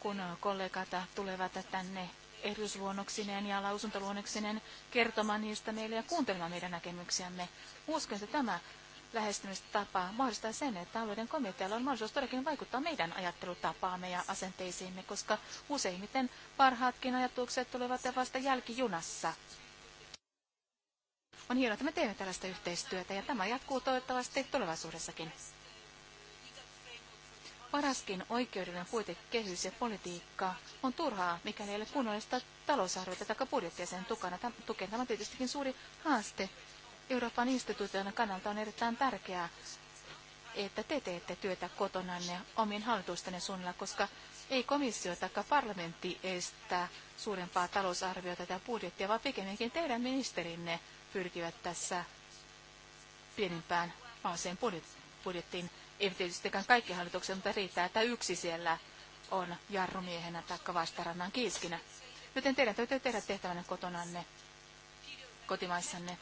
kun kollegat tulevat tänne erityisluonnoksineen ja lausuntoluonnoksineen kertomaan niistä meille ja kuuntelemaan meidän näkemyksiämme. Uskon, että tämä lähestymistapa mahdollistaa sen, että alueiden komitealla on mahdollisuus todellakin vaikuttaa meidän ajattelutapaamme ja asenteisiimme, koska useimmiten parhaatkin ajatukset tulevat vasta jälkijunassa. On hienoa, että me teemme tällaista yhteistyötä ja tämä jatkuu toivottavasti tulevaisuudessakin. Paraskin oikeudellinen puitekehys ja politiikka on turhaa, mikäli ei ole kunnollista talousarvioita tai budjettia sen tukana. Tukeen tämä on tietystikin suuri haaste. Euroopan instituutioiden kannalta on erittäin tärkeää, että te teette työtä kotonanne omien hallitustenne suunnilla, koska ei komissio tai parlamentti estää suurempaa talousarviota tai budjettia, vaan pikemminkin teidän ministerinne pyrkivät tässä pienimpään maaseen budjettiin. Ei tietystikään kaikki hallitukset, mutta riittää, että yksi siellä on jarrumiehenä tai vastarannan kiiskinä. Joten teidän täytyy tehdä tehtävänä kotonanne, kotimaissanne.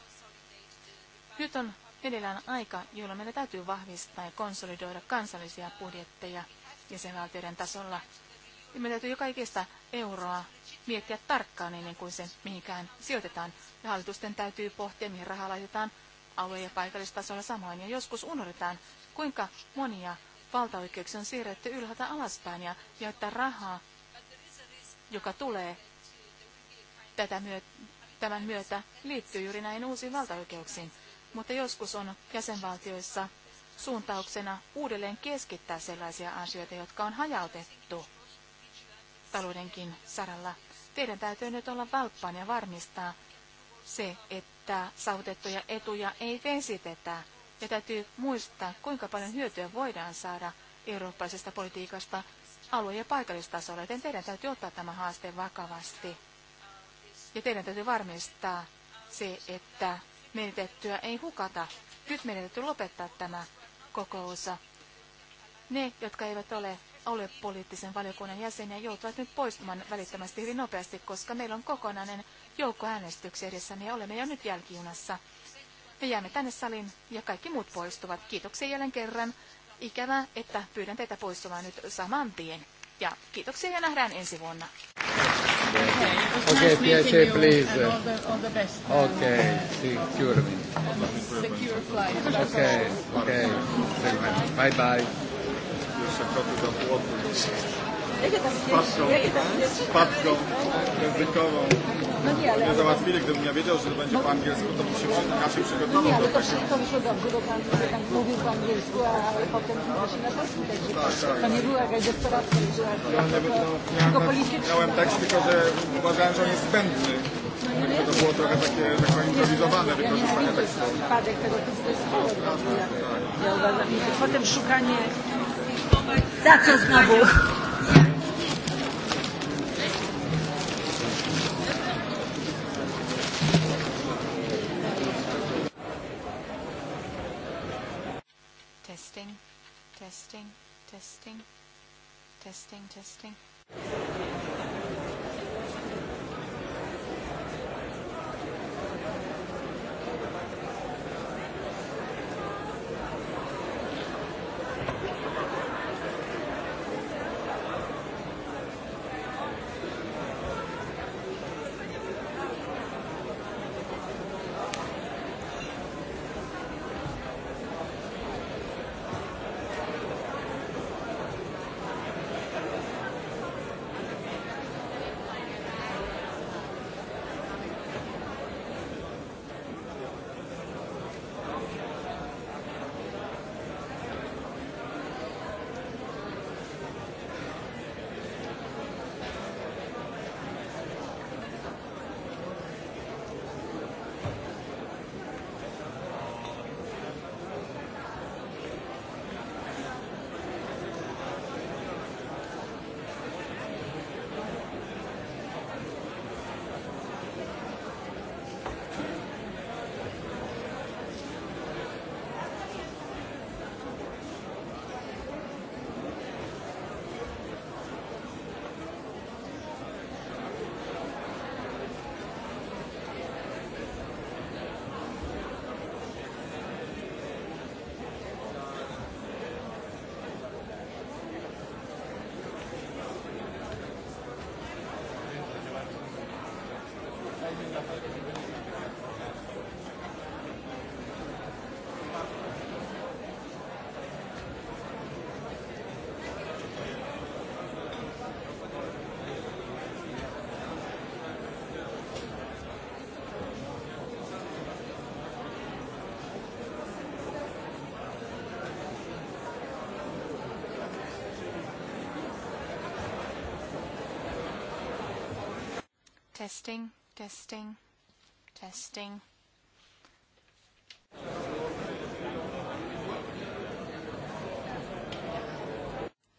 Nyt on edellään aika, jolloin meidän täytyy vahvistaa ja konsolidoida kansallisia budjetteja jäsenvaltioiden tasolla. Ja meidän täytyy joka ikistä euroa miettiä tarkkaan ennen kuin se mihinkään sijoitetaan. Ja hallitusten täytyy pohtia, mihin rahaa laitetaan alue- ja paikallistasolla samoin. Ja joskus unohdetaan Kuinka monia valtaoikeuksia on siirretty ylhäältä alaspäin ja että rahaa, joka tulee tätä myötä, tämän myötä, liittyy juuri näihin uusiin valtaoikeuksiin. Mutta joskus on jäsenvaltioissa suuntauksena uudelleen keskittää sellaisia asioita, jotka on hajautettu taloudenkin saralla. Teidän täytyy nyt olla valppaan ja varmistaa se, että saavutettuja etuja ei vesitetä ja täytyy muistaa, kuinka paljon hyötyä voidaan saada eurooppalaisesta politiikasta alue- ja paikallistasolla, joten teidän täytyy ottaa tämä haaste vakavasti. Ja teidän täytyy varmistaa se, että menetettyä ei hukata. Nyt meidän täytyy lopettaa tämä kokous. Ne, jotka eivät ole ole poliittisen valiokunnan jäseniä, joutuvat nyt poistumaan välittömästi hyvin nopeasti, koska meillä on kokonainen joukko äänestyksiä edessä. ja olemme jo nyt jälkijunassa. Me jäämme tänne salin ja kaikki muut poistuvat. Kiitoksia jälleen kerran. Ikävää, että pyydän teitä poistumaan nyt saman tien. Ja kiitoksia ja nähdään ensi vuonna. Okay, PSA, please. Okei, Okay, secure me. Secure flight. Okay, okay. Bye bye paczką, spadką językową. No nie załatwili, gdybym ja wiedział, że będzie po angielsku, to by się przy, inaczej przygotował. No Nie, ale to wszystko wyszło dobrze, bo pan, pan mówił po angielsku, a potem się na polsku, także tak, tak. to nie było jakaś desperacja, że ja, ja, no, miałem, miałem tekst, tylko że uważałem, że on jest zbędny. Także no to było trochę takie, tak improwizowane wykorzystanie tekstu. Spadek tego tekstu jest potem szukanie... Za co znowu? testing, testing, testing, testing. Testing, testing, testing.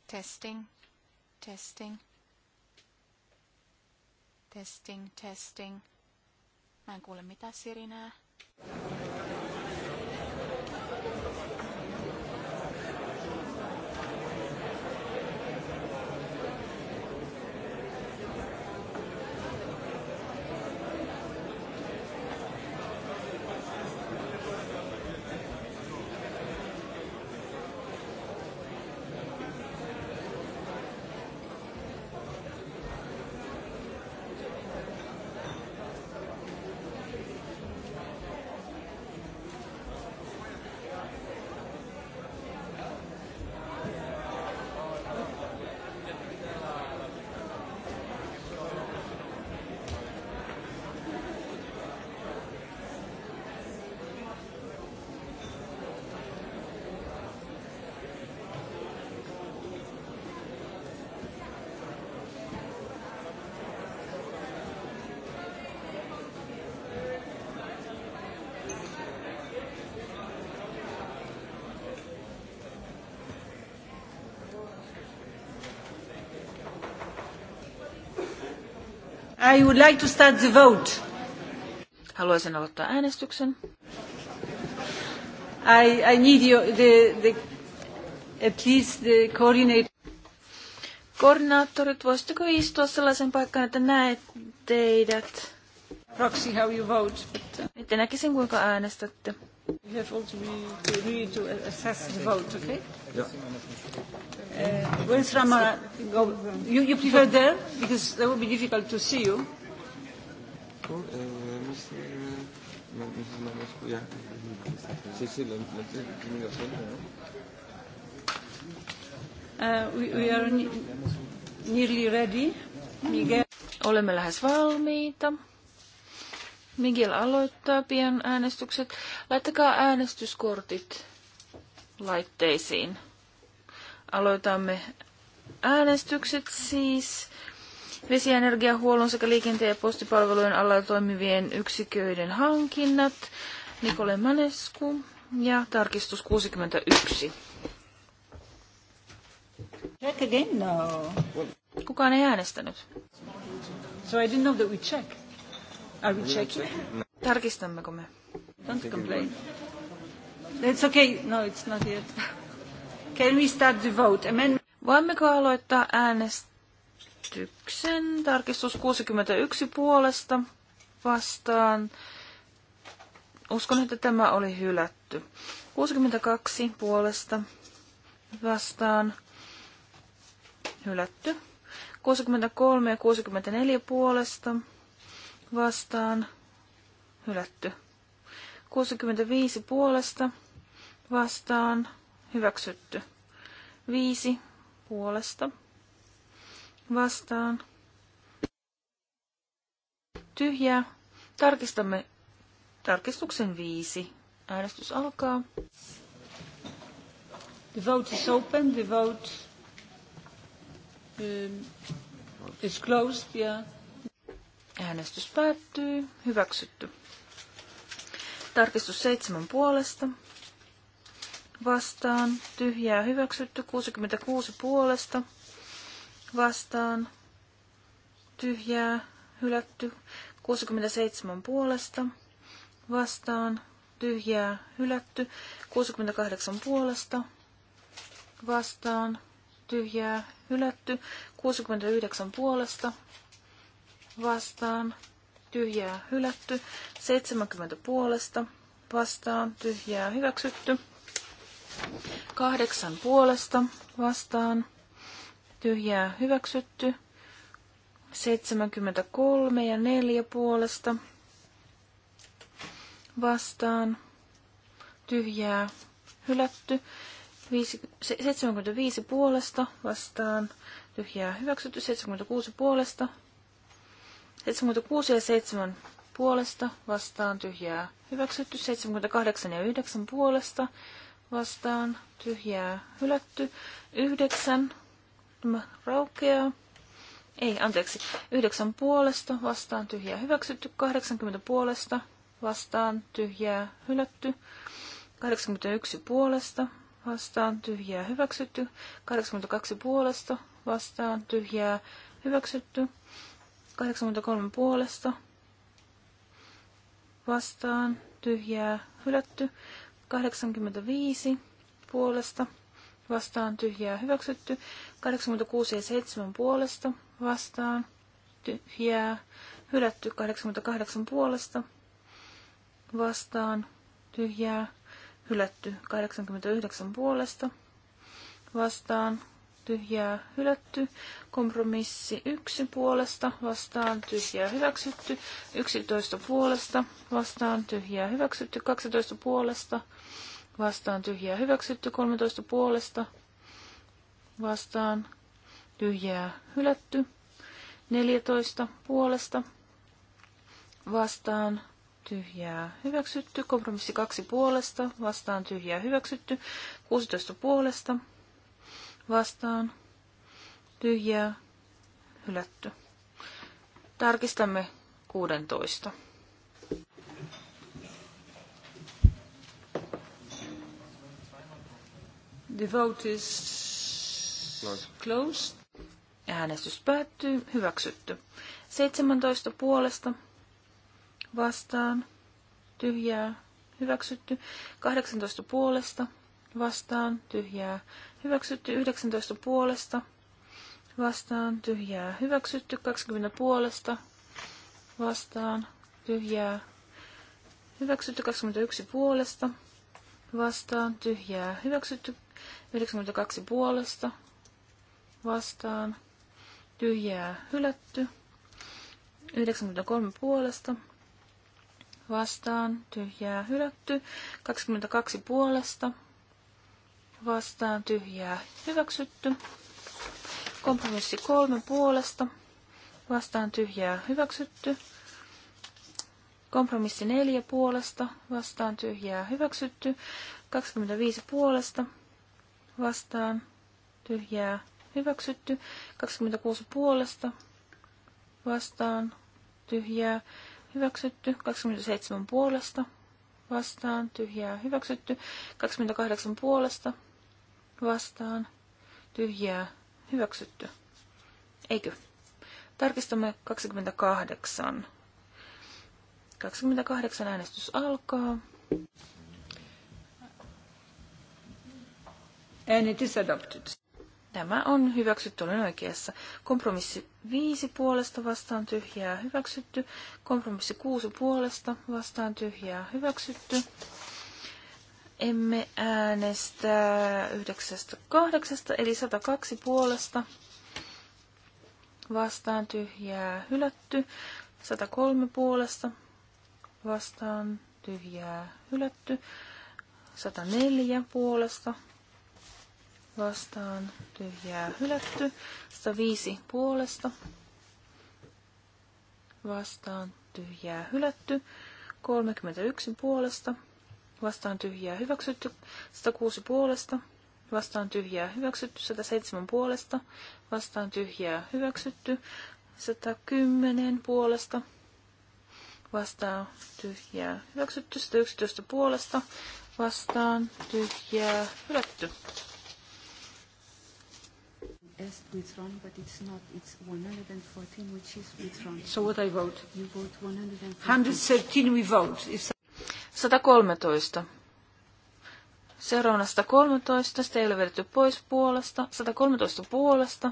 Testing, testing, testing, testing. Mä en kuule mitään sirinää. I would like to start the vote. Haluaisin aloittaa äänestyksen. I, I need you, the, the, at least the coordinator. Koordinaattorit, voisitteko istua sellaisen paikkaan, että näet teidät? Proxy how you vote. But... Miten uh, näkisin, kuinka äänestätte. You have also to, to assess the vote, okay? Yeah. Uh, when Sramara go, you, you prefer there because that would be difficult to see you. Uh, we, we are nearly ready. Miguel. Olemme lähes valmiita. Miguel aloittaa pian äänestykset. Laittakaa äänestyskortit laitteisiin aloitamme äänestykset siis Vesienergiahuollon ja sekä liikenteen ja postipalvelujen alla toimivien yksiköiden hankinnat. Nikole Manesku ja tarkistus 61. Check again? No. Kukaan ei äänestänyt. So I didn't know that we check. Are we checking? Tarkistammeko me? Don't complain. It's okay. No, it's not yet. Can we start the vote? Amendment... Voimmeko aloittaa äänestyksen? Tarkistus 61 puolesta vastaan. Uskon, että tämä oli hylätty. 62 puolesta vastaan. Hylätty. 63 ja 64 puolesta vastaan. Hylätty. 65 puolesta vastaan Hyväksytty. Viisi puolesta. Vastaan. Tyhjää. Tarkistamme tarkistuksen viisi. Äänestys alkaa. The vote is open. The vote um, is closed. Yeah. Äänestys päättyy. Hyväksytty. Tarkistus seitsemän puolesta vastaan, tyhjää hyväksytty, 66 puolesta vastaan, tyhjää hylätty, 67 puolesta vastaan, tyhjää hylätty, 68 puolesta vastaan, tyhjää hylätty, 69 puolesta vastaan, tyhjää hylätty, 70 puolesta vastaan, tyhjää hyväksytty. Kahdeksan puolesta vastaan. Tyhjää hyväksytty. 73 ja 4 puolesta vastaan. Tyhjää hylätty. 75 puolesta vastaan. Tyhjää hyväksytty. 76 puolesta. 76 ja 7 puolesta vastaan. Tyhjää hyväksytty. 78 ja 9 puolesta vastaan tyhjää hylätty. Yhdeksän tämä raukeaa. Ei, anteeksi. Yhdeksän puolesta vastaan tyhjää hyväksytty. 80 puolesta vastaan tyhjää hylätty. 81 puolesta vastaan tyhjää hyväksytty. 82 puolesta vastaan tyhjää hyväksytty. 83 puolesta vastaan tyhjää hylätty. 85 puolesta vastaan tyhjää hyväksytty. 86 ja 7 puolesta vastaan tyhjää hylätty. 88 puolesta vastaan tyhjää hylätty. 89 puolesta vastaan tyhjää hylätty. Kompromissi 1 puolesta vastaan tyhjää hyväksytty. 11 puolesta vastaan tyhjää hyväksytty. 12 puolesta vastaan tyhjää hyväksytty. 13 puolesta vastaan tyhjää hylätty. 14 puolesta vastaan tyhjää hyväksytty. Kompromissi 2 puolesta vastaan tyhjää hyväksytty. 16 puolesta vastaan, tyhjää, hylätty. Tarkistamme 16. The vote is closed. Äänestys päättyy. Hyväksytty. 17 puolesta vastaan. Tyhjää. Hyväksytty. 18 puolesta vastaan tyhjää hyväksytty 19 puolesta, vastaan tyhjää hyväksytty 20 puolesta, vastaan tyhjää hyväksytty 21 puolesta, vastaan tyhjää hyväksytty 92 puolesta, vastaan tyhjää hylätty 93 puolesta, vastaan tyhjää hylätty 22 puolesta, vastaan tyhjää hyväksytty. Kompromissi kolme puolesta vastaan tyhjää hyväksytty. Kompromissi neljä puolesta vastaan tyhjää hyväksytty. 25 puolesta vastaan tyhjää hyväksytty. 26 puolesta vastaan tyhjää hyväksytty. 27 puolesta vastaan tyhjää hyväksytty. 28 puolesta vastaan, tyhjää, hyväksytty. Eikö? Tarkistamme 28. 28 äänestys alkaa. And it is adopted. Tämä on hyväksytty, olen oikeassa. Kompromissi 5 puolesta vastaan tyhjää hyväksytty. Kompromissi 6 puolesta vastaan tyhjää hyväksytty emme äänestä 9.8. eli 102 puolesta. Vastaan tyhjää hylätty. 103 puolesta. Vastaan tyhjää hylätty. 104 puolesta. Vastaan tyhjää hylätty. 105 puolesta. Vastaan tyhjää hylätty. 31 puolesta vastaan tyhjää hyväksytty, 106 puolesta, vastaan tyhjää hyväksytty, 107 puolesta, vastaan tyhjää hyväksytty, 110 puolesta, vastaan tyhjää hyväksytty, 111 puolesta, vastaan tyhjää hylätty. Est withdrawn, but it's not. It's 114, which is withdrawn. So what I vote? You vote 114. 113 we vote. If 113. Seuraavana 113, sitä ei ole vedetty pois puolesta. 113 puolesta,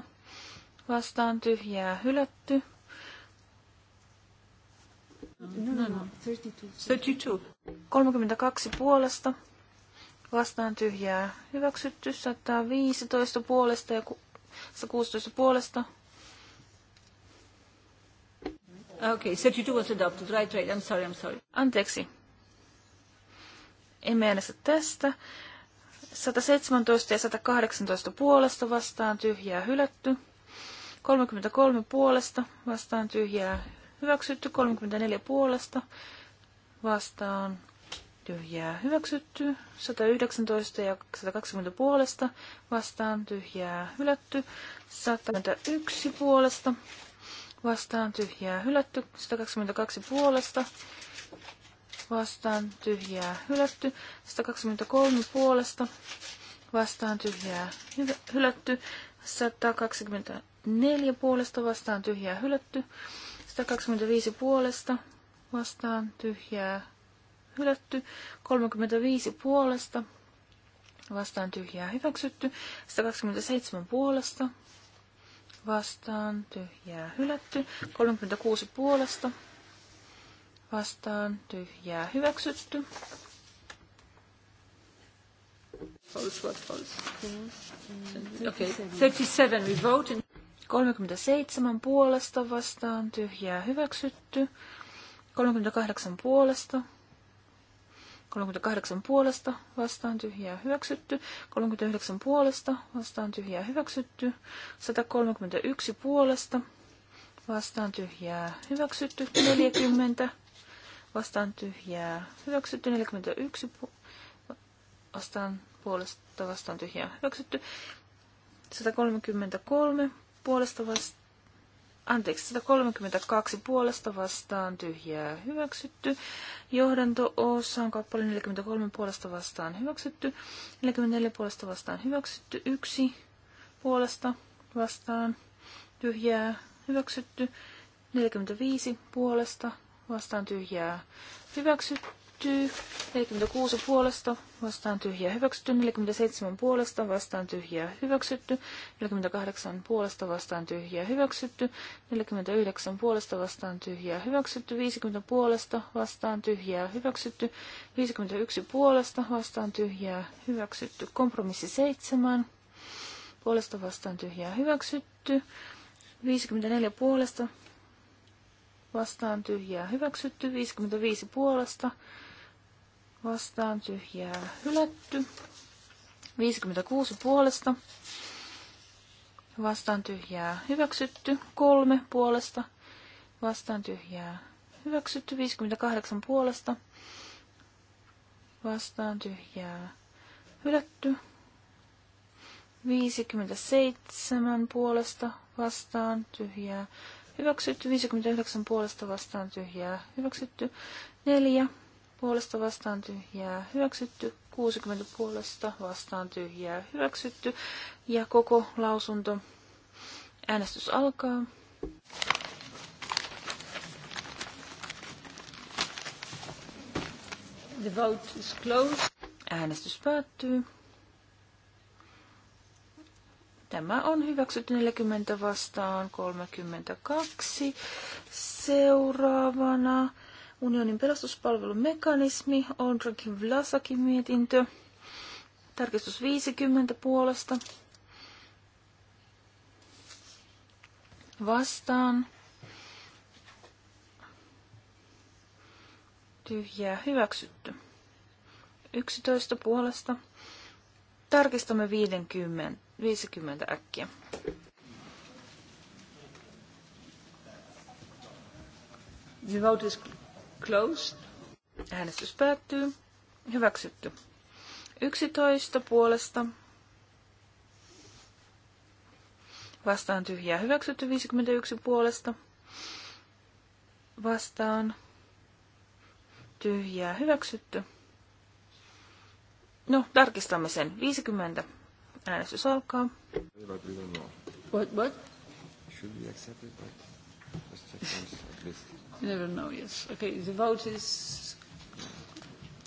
vastaan tyhjää hylätty. No, no, no. 32. 32 puolesta, vastaan tyhjää hyväksytty. 115 puolesta ja 116 puolesta. Okay, 32 was adopted. Right, right. I'm sorry, I'm sorry. Anteeksi. Emme tästä. 117 ja 118 puolesta vastaan tyhjää hylätty. 33 puolesta vastaan tyhjää hyväksytty. 34 puolesta vastaan tyhjää hyväksytty. 119 ja 120 puolesta vastaan tyhjää hylätty. 121 puolesta vastaan tyhjää hylätty. 122 puolesta vastaan tyhjää hylätty, 123 puolesta vastaan tyhjää hylätty, 124 puolesta vastaan tyhjää hylätty, 125 puolesta vastaan tyhjää hylätty, 35 puolesta vastaan tyhjää hyväksytty, 127 puolesta vastaan tyhjää hylätty, 36 puolesta vastaan tyhjää hyväksytty. False, what false? Okay. 37 we vote. 37 puolesta vastaan tyhjää hyväksytty. 38 puolesta 38 puolesta vastaan tyhjää hyväksytty. 39 puolesta vastaan tyhjää hyväksytty. 131 puolesta vastaan tyhjää hyväksytty. 40 vastaan tyhjää hyväksytty. 41 vastaan puolesta vastaan tyhjää hyväksytty. 133 puolesta vastaan. Anteeksi, 132 puolesta vastaan tyhjää hyväksytty. Johdanto osa on kappale 43 puolesta vastaan hyväksytty. 44 puolesta vastaan hyväksytty. 1 puolesta vastaan tyhjää hyväksytty. 45 puolesta vastaan tyhjää hyväksytty. 46 puolesta vastaan tyhjää hyväksytty. 47 puolesta vastaan tyhjää hyväksytty. 48 puolesta vastaan tyhjää hyväksytty. 49 puolesta vastaan tyhjää hyväksytty. 50 puolesta vastaan tyhjää hyväksytty. 51 puolesta vastaan tyhjää hyväksytty. Kompromissi 7 puolesta vastaan tyhjää hyväksytty. 54 puolesta vastaan tyhjää hyväksytty, 55 puolesta vastaan tyhjää hylätty, 56 puolesta vastaan tyhjää hyväksytty, 3 puolesta vastaan tyhjää hyväksytty, 58 puolesta vastaan tyhjää hylätty, 57 puolesta vastaan tyhjää Hyväksytty 59 puolesta vastaan tyhjää. Hyväksytty 4 puolesta vastaan tyhjää. Hyväksytty 60 puolesta vastaan tyhjää. Hyväksytty. Ja koko lausunto. Äänestys alkaa. The vote is closed. Äänestys päättyy. Tämä on hyväksytty 40 vastaan 32. Seuraavana unionin pelastuspalvelun mekanismi on Rankin Vlasakin mietintö. Tarkistus 50 puolesta. Vastaan. Tyhjää hyväksytty. 11 puolesta. Tarkistamme 50. 50 äkkiä. The vote is closed. Äänestys päättyy. Hyväksytty. 11 puolesta. Vastaan tyhjää hyväksytty 51 puolesta. Vastaan tyhjää hyväksytty. No, tarkistamme sen. 50 Äänestys alkaa. What, what? Should we accept it, but let's check once at least. You never know, yes. Okay, the vote is...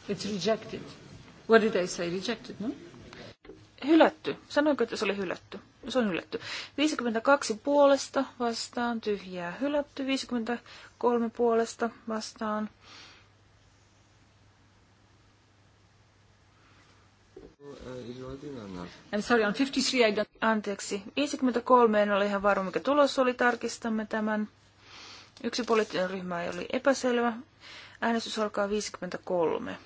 It's rejected. What did I say? Rejected, no? Hylätty. Sanoinko, että se oli hylätty? Se on hylätty. 52 puolesta vastaan, tyhjää hylätty. 53 puolesta vastaan, I'm sorry, on 53 I don't... Anteeksi, 53 en ole ihan varma, mikä tulos oli. Tarkistamme tämän. Yksi poliittinen ryhmä ei oli epäselvä. Äänestys alkaa 53.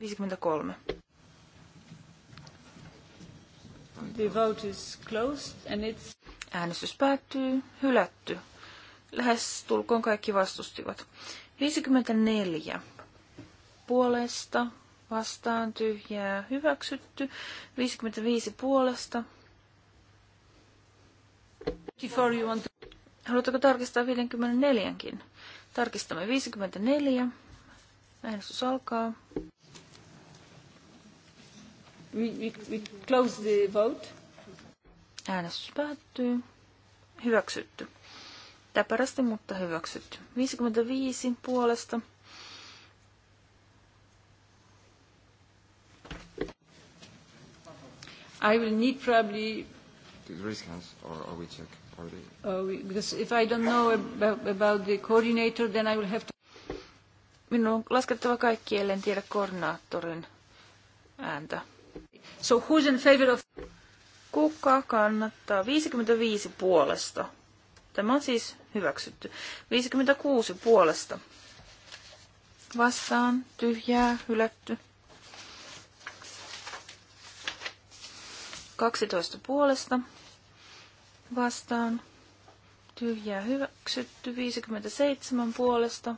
53. The vote is closed and it's... Äänestys päättyy. Hylätty. Lähes tulkoon kaikki vastustivat. 54. Puolesta vastaan tyhjää hyväksytty. 55 puolesta. Haluatteko tarkistaa 54kin? Tarkistamme 54. Äänestys alkaa. We, we, we close the vote. Äänestys päättyy. Hyväksytty. Täpärästi, mutta hyväksytty. 55 puolesta I will need probably... The raise hands or, or we check. Or the... oh, we, because if I don't know about, about the coordinator, then I will have to... Minun on laskettava kaikki, ellen tiedä koordinaattorin ääntä. So who's in favor of... Kuka kannattaa 55 puolesta? Tämä on siis hyväksytty. 56 puolesta. Vastaan, tyhjää, hylätty. 12 puolesta vastaan. Tyhjää hyväksytty 57 puolesta.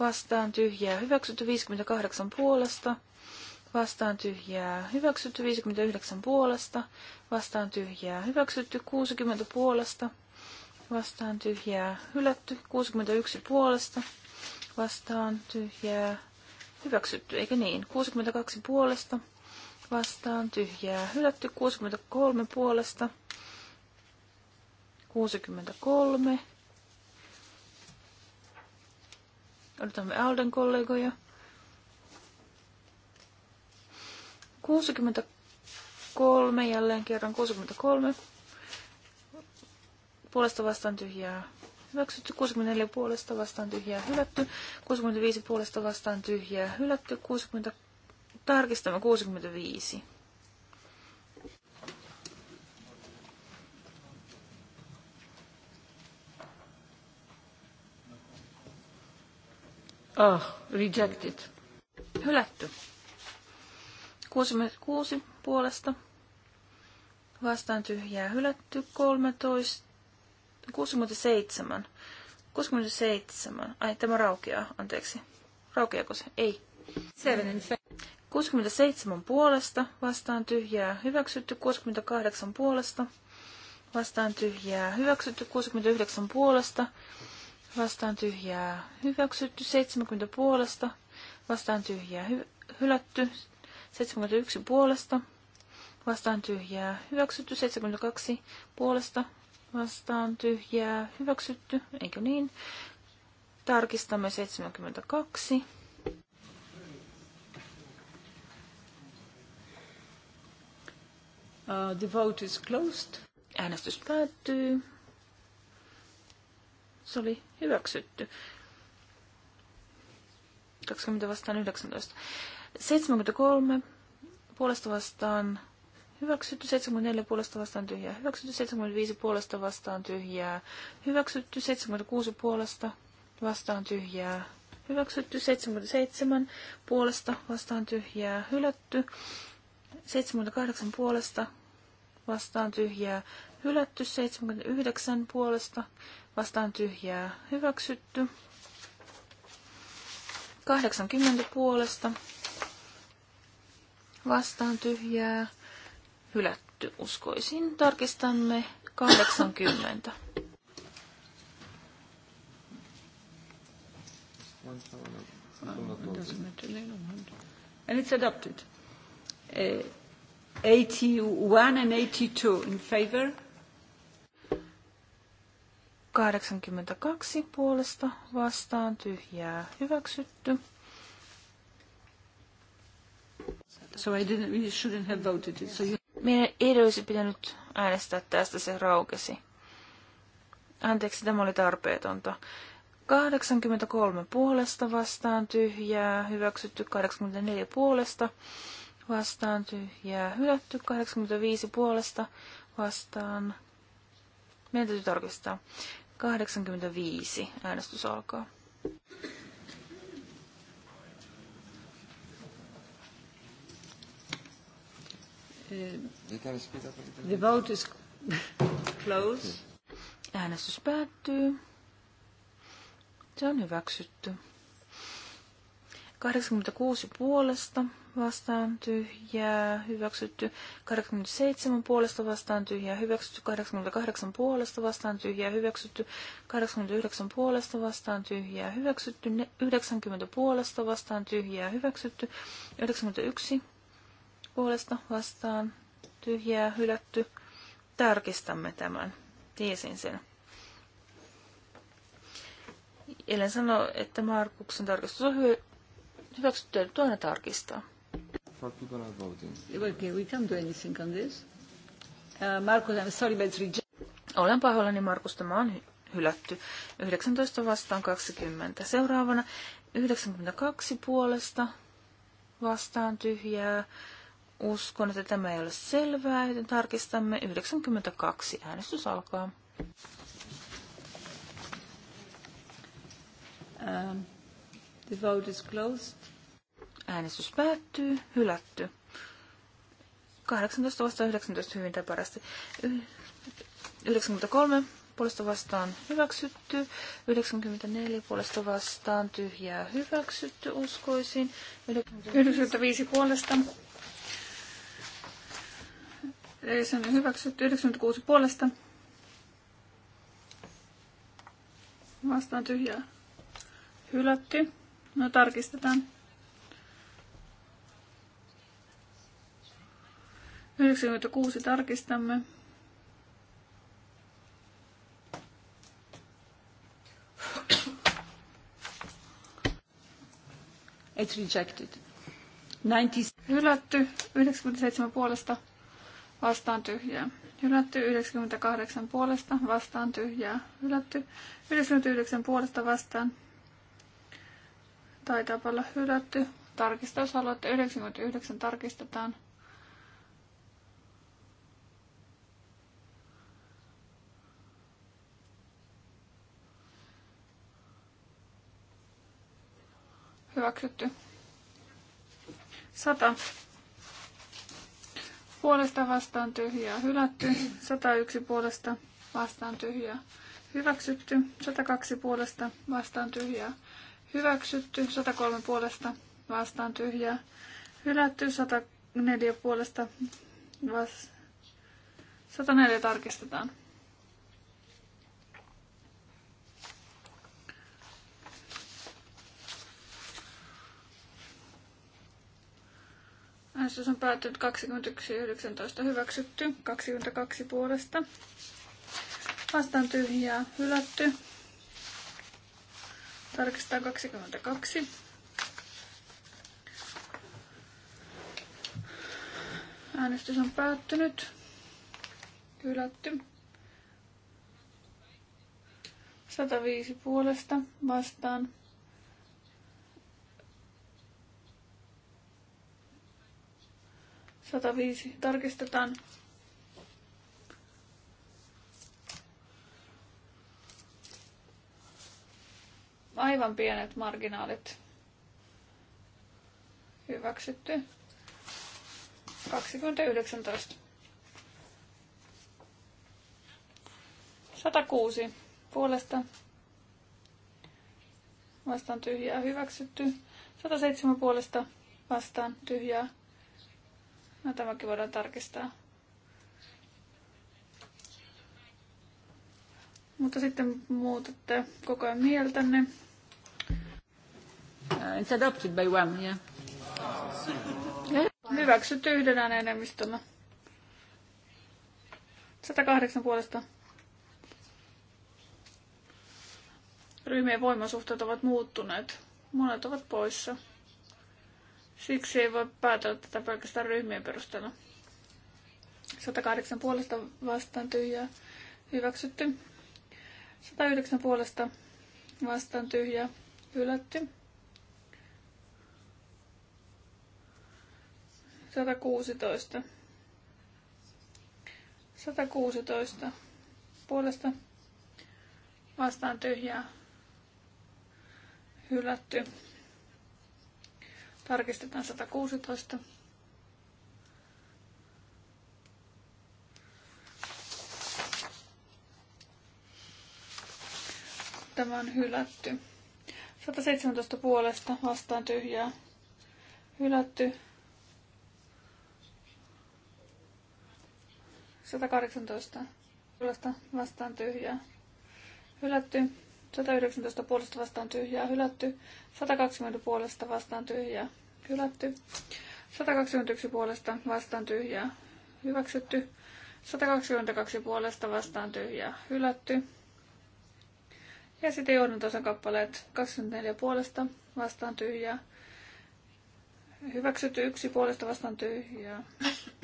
Vastaan tyhjää hyväksytty 58 puolesta. Vastaan tyhjää hyväksytty 59 puolesta. Vastaan tyhjää hyväksytty 60 puolesta. Vastaan tyhjää hylätty 61 puolesta. Vastaan tyhjää hyväksytty, eikä niin, 62 puolesta vastaan tyhjää hylätty. 63 puolesta. 63. Odotamme Alden kollegoja. 63, jälleen kerran 63. Puolesta vastaan tyhjää hyväksytty, 64 puolesta vastaan tyhjää hylätty, 65 puolesta vastaan tyhjää hylätty, 66 Tarkistamme 65. Ah, oh, rejected. Hylätty. 66 puolesta. Vastaan tyhjää hylätty. 13. 67. 67. Ai, tämä raukeaa. Anteeksi. Raukeako se? Ei. 67 puolesta vastaan tyhjää hyväksytty, 68 puolesta vastaan tyhjää hyväksytty, 69 puolesta vastaan tyhjää hyväksytty, 70 puolesta vastaan tyhjää hy- hylätty, 71 puolesta vastaan tyhjää hyväksytty, 72 puolesta vastaan tyhjää hyväksytty, eikö niin? Tarkistamme 72. Uh, the vote is closed. Äänestys päättyy. Se oli hyväksytty. 20 vastaan 19. 73 puolesta vastaan hyväksytty, 74 puolesta vastaan tyhjää, hyväksytty, 75 puolesta vastaan tyhjää, hyväksytty, 76 puolesta vastaan tyhjää, hyväksytty, 77 puolesta vastaan tyhjää, hylätty, 78 puolesta vastaan tyhjää hylätty, 79 puolesta vastaan tyhjää hyväksytty, 80 puolesta vastaan tyhjää hylätty, uskoisin. Tarkistamme 80. And it's adopted. 81 uh, and 82 in favor. 82 puolesta vastaan tyhjää hyväksytty. So I didn't, you shouldn't have voted it. So you... Meidän ei olisi pitänyt äänestää tästä, se raukesi. Anteeksi, tämä oli tarpeetonta. 83 puolesta vastaan tyhjää, hyväksytty 84 puolesta vastaan tyhjää hylätty, 85 puolesta vastaan. Meidän täytyy tarkistaa. 85 äänestys alkaa. The vote is closed. Äänestys päättyy. Se on hyväksytty. 86 puolesta vastaan tyhjää, hyväksytty 87 puolesta vastaan tyhjää, hyväksytty 88 puolesta vastaan tyhjää, hyväksytty 89 puolesta vastaan tyhjää, hyväksytty 90 puolesta vastaan tyhjää, hyväksytty 91 puolesta vastaan tyhjää, hylätty. Tarkistamme tämän. Tiesin sen. Eilen sanoi, että Markuksen tarkistus on hyväksytty, toinen tarkistaa for people not voting. Okay, we can't do anything on this. Uh, Markus, I'm sorry, but it's rejected. Olen pahoillani, Markus, tämä on hylätty. 19 vastaan 20. Seuraavana 92 puolesta vastaan tyhjää. Uskon, että tämä ei ole selvää, joten tarkistamme. 92 äänestys alkaa. Um, the vote is closed. Äänestys päättyy. Hylätty. 18 vastaan 19 hyvin tai parasti, 93 puolesta vastaan hyväksytty, 94 puolesta vastaan tyhjää hyväksytty uskoisin. 95 puolesta. Ei sen hyväksytty, 96 puolesta. Vastaan tyhjää hylätty. No tarkistetaan. 96 tarkistamme. It's rejected. 90... Hylätty 97 puolesta vastaan tyhjää. Hylätty 98 puolesta vastaan tyhjää. Hylätty 99 puolesta vastaan. Taitaa olla hylätty. Tarkistaus Tarkistusaloite 99 tarkistetaan. Hyväksytty. Sata. Puolesta vastaan tyhjää. Hylätty. 101 puolesta vastaan tyhjää. Hyväksytty. 102 puolesta vastaan tyhjää. Hyväksytty. 103 puolesta vastaan tyhjää. Hylätty. 104 puolesta vastaan. 104 tarkistetaan. Äänestys on päättynyt 21.19. Hyväksytty. 22 puolesta. Vastaan tyhjää. Hylätty. Tarkistetaan 22. Äänestys on päättynyt. Hylätty. 105 puolesta vastaan 105 tarkistetaan. Aivan pienet marginaalit. Hyväksytty. 2019. 106 puolesta. Vastaan tyhjää hyväksytty. 107 puolesta vastaan tyhjää No tämäkin voidaan tarkistaa. Mutta sitten muutatte koko ajan mieltänne. Uh, it's adopted by one, yeah. Hyväksyt yhden äänen enemmistöllä. 108 puolesta. Ryhmien voimasuhteet ovat muuttuneet. Monet ovat poissa. Siksi ei voi päätellä tätä pelkästään ryhmien perusteella. 108 puolesta vastaan tyhjää hyväksytty. 109 puolesta vastaan tyhjää hylätty. 116. 116 puolesta vastaan tyhjää hylätty. Tarkistetaan 116. Tämä on hylätty. 117 puolesta vastaan tyhjää. Hylätty. 118 puolesta vastaan tyhjää. Hylätty. 119 puolesta vastaan tyhjää hylätty. 120 puolesta vastaan tyhjää hylätty. 121 puolesta vastaan tyhjää hyväksytty. 122 puolesta vastaan tyhjää hylätty. Ja sitten joudun johdantosan kappaleet 24 puolesta vastaan tyhjää. Hyväksytty yksi puolesta vastaan tyhjää.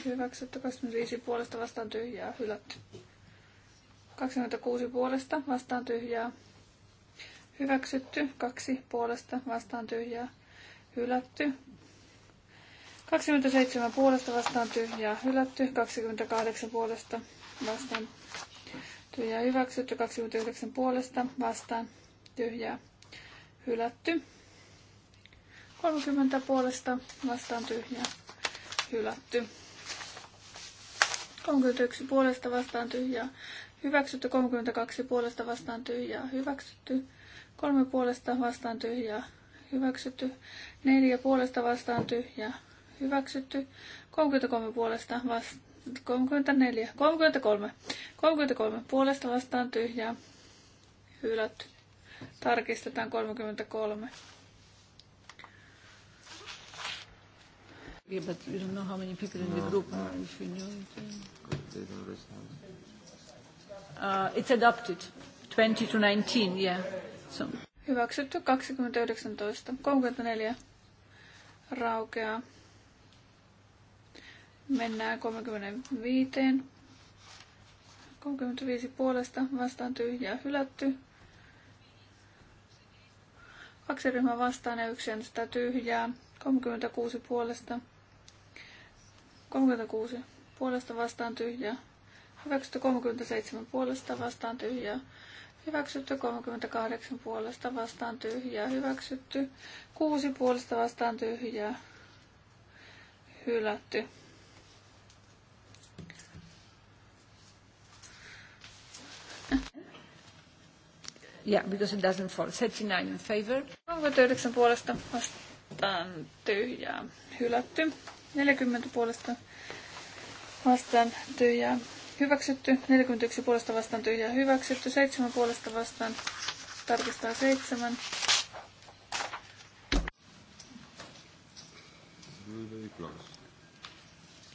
Hyväksytty 25 puolesta vastaan tyhjää. Hylätty. 26 puolesta vastaan tyhjää. Hyväksytty. Kaksi puolesta vastaan tyhjää. Hylätty. 27 puolesta vastaan tyhjää. Hylätty. 28 puolesta vastaan tyhjää. Hyväksytty. 29 puolesta vastaan tyhjää. Hylätty. 30 puolesta vastaan tyhjää. Hylätty. 31 puolesta vastaan tyhjää. Hyväksytty 32 puolesta vastaan tyhjää. Hyväksytty Kolme puolesta vastaan tyhjä, hyväksytty. Neljä puolesta vastaan tyhjä, hyväksytty. 33 puolesta vastaan 34, 33, 33 puolesta vastaan tyhjä, hylätty. Tarkistetaan 33. Yeah, but we don't know how many people in the group are, no, no, if you no, know it. Uh, uh, it's adopted. 20 to 19, yeah on. Hyväksytty 2019. 34 raukeaa. Mennään 35. 35 puolesta vastaan tyhjää hylätty. Kaksi ryhmää vastaan ja yksi sitä tyhjää. 36 puolesta. 36 puolesta vastaan tyhjää. Hyväksytty 37 puolesta vastaan tyhjää. Hyväksytty 38 puolesta vastaan tyhjää. Hyväksytty 6 puolesta vastaan tyhjää. Hylätty. Yeah, because it doesn't fall. 79 in favor. 39 puolesta vastaan tyhjää? Hylätty. 40 puolesta vastaan tyhjää hyväksytty, 41 puolesta vastaan tyhjää hyväksytty, 7 puolesta vastaan tarkistaa 7.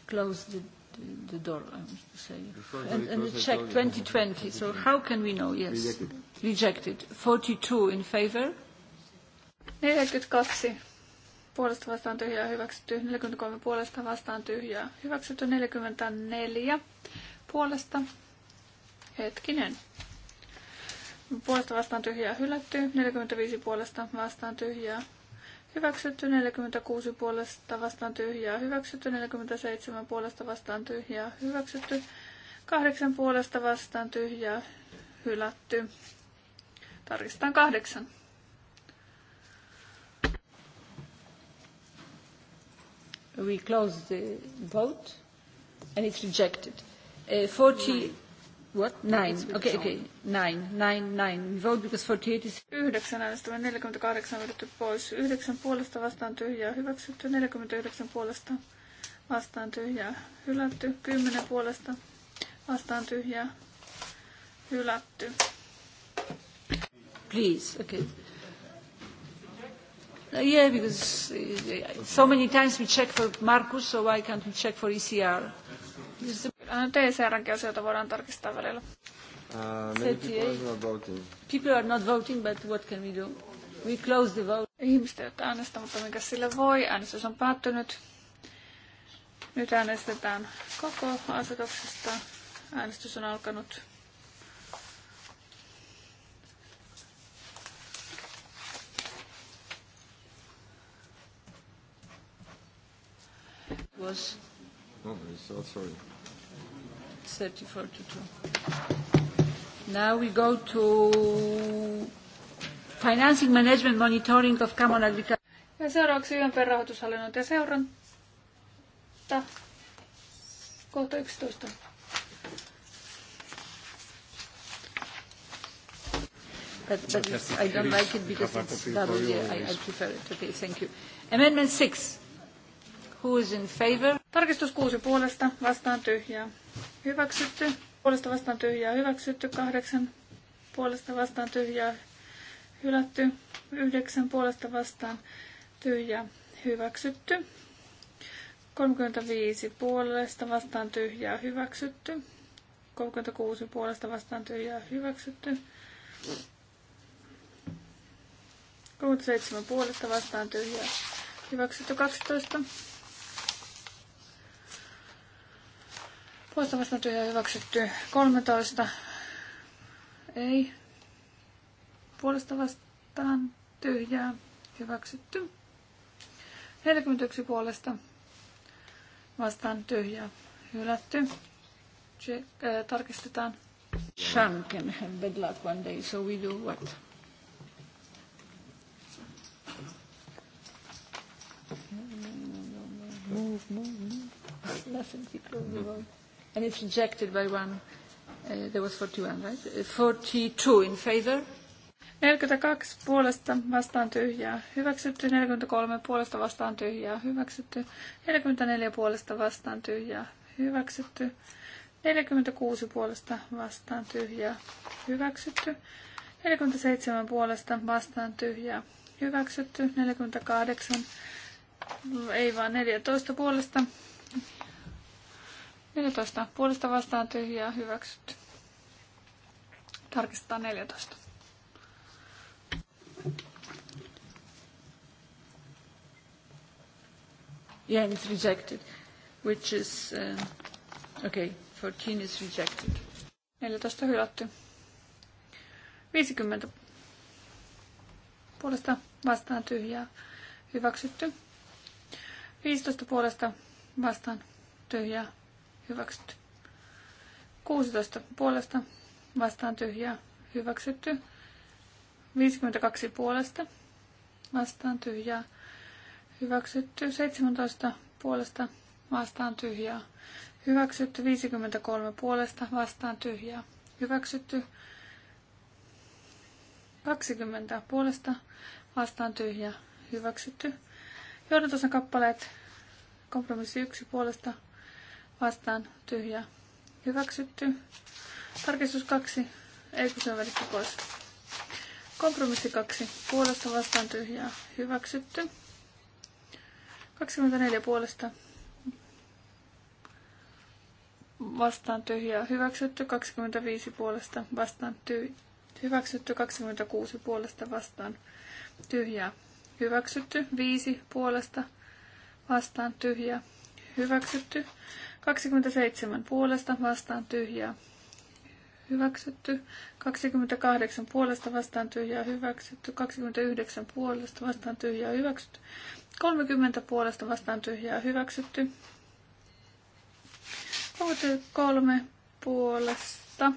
Close. the, the, the door, I must to say. And, and the check 2020, so how can we know? Yes. Rejected. Rejected. 42 in favor. 42 puolesta vastaan tyhjää hyväksytty, 43 puolesta vastaan tyhjää hyväksytty, 44 puolesta. Hetkinen. Puolesta vastaan tyhjää hylätty. 45 puolesta vastaan tyhjää hyväksytty. 46 puolesta vastaan tyhjää hyväksytty. 47 puolesta vastaan tyhjää hyväksytty. 8 puolesta vastaan tyhjää hylätty. Tarkistetaan kahdeksan. We close the vote and it's rejected. Uh, 40, what? Nine. Okay, okay. Nine, nine, nine. 48 on Yhdeksän äänestävä, 48 vedetty pois. Yhdeksän puolesta vastaan tyhjää hyväksytty, 49 puolesta vastaan tyhjää hylätty, 10 puolesta vastaan tyhjää hylätty. Please, okay. Uh, yeah, because uh, so many times we check for Marcus, so why can't we check for ECR? TCRnkin äh, asioita voidaan tarkistaa välillä. Uh, people are not voting. People are not voting, but what can we do? We close the vote. Ihmiset eivät äänestä, mutta mikä sille voi? Äänestys on päättynyt. Nyt äänestetään koko asetuksesta. Äänestys on alkanut. Was. Oh, sorry. 34 to 2. Now we go to financing management monitoring of common agriculture. Ja seuraavaksi YMP rahoitushallinnon ja seuranta. Kohta 11. But, but I don't like it because it's double. I, I prefer it. Okay, thank you. Amendment 6. Who is in favor? Tarkistus 6 puolesta. Vastaan tyhjää hyväksytty. Puolesta vastaan tyhjää hyväksytty. Kahdeksan puolesta vastaan tyhjää hylätty. Yhdeksän puolesta vastaan tyhjää hyväksytty. 35 puolesta vastaan tyhjää hyväksytty. 36 puolesta vastaan tyhjää hyväksytty. 37 puolesta vastaan tyhjää hyväksytty 12. Puolesta vastaan tyhjää hyväksytty 13. Ei. Puolesta vastaan tyhjää hyväksytty. 41 puolesta vastaan tyhjää hylätty. Check, äh, tarkistetaan. Sean can have bad luck one day, so we do what? move, move, move. Nothing to close the and it's rejected by one. Uh, there was 41, right? 42 uh, in favor. 42 puolesta vastaan tyhjää, hyväksytty. 43 puolesta vastaan tyhjää, hyväksytty. 44 puolesta vastaan tyhjää, hyväksytty. 46 puolesta vastaan tyhjää, hyväksytty. 47 puolesta vastaan tyhjää, hyväksytty. 48, ei vaan 14 puolesta 14. Puolesta vastaan tyhjää hyväksytty. Tarkistetaan 14. Yeah, it's rejected, which is, uh, okay, 14 is rejected. 14 hylätty. 50 puolesta vastaan tyhjää hyväksytty. 15 puolesta vastaan tyhjää hyväksytty. 16 puolesta vastaan tyhjää, hyväksytty. 52 puolesta vastaan tyhjää, hyväksytty. 17 puolesta vastaan tyhjää, hyväksytty. 53 puolesta vastaan tyhjää, hyväksytty. 20 puolesta vastaan tyhjää, hyväksytty. Johdatusen kappaleet kompromissi 1 puolesta vastaan tyhjä hyväksytty. Tarkistus 2, ei kun se on vedetty pois. Kompromissi 2, puolesta vastaan tyhjää hyväksytty. 24 puolesta vastaan tyhjää hyväksytty, 25 puolesta vastaan tyhjää hyväksytty, 26 puolesta vastaan tyhjää hyväksytty, 5 puolesta vastaan tyhjää hyväksytty, 27 puolesta vastaan tyhjää hyväksytty. 28 puolesta vastaan tyhjää hyväksytty. 29 puolesta vastaan tyhjää hyväksytty. 30 puolesta vastaan tyhjää hyväksytty. 33 puolesta.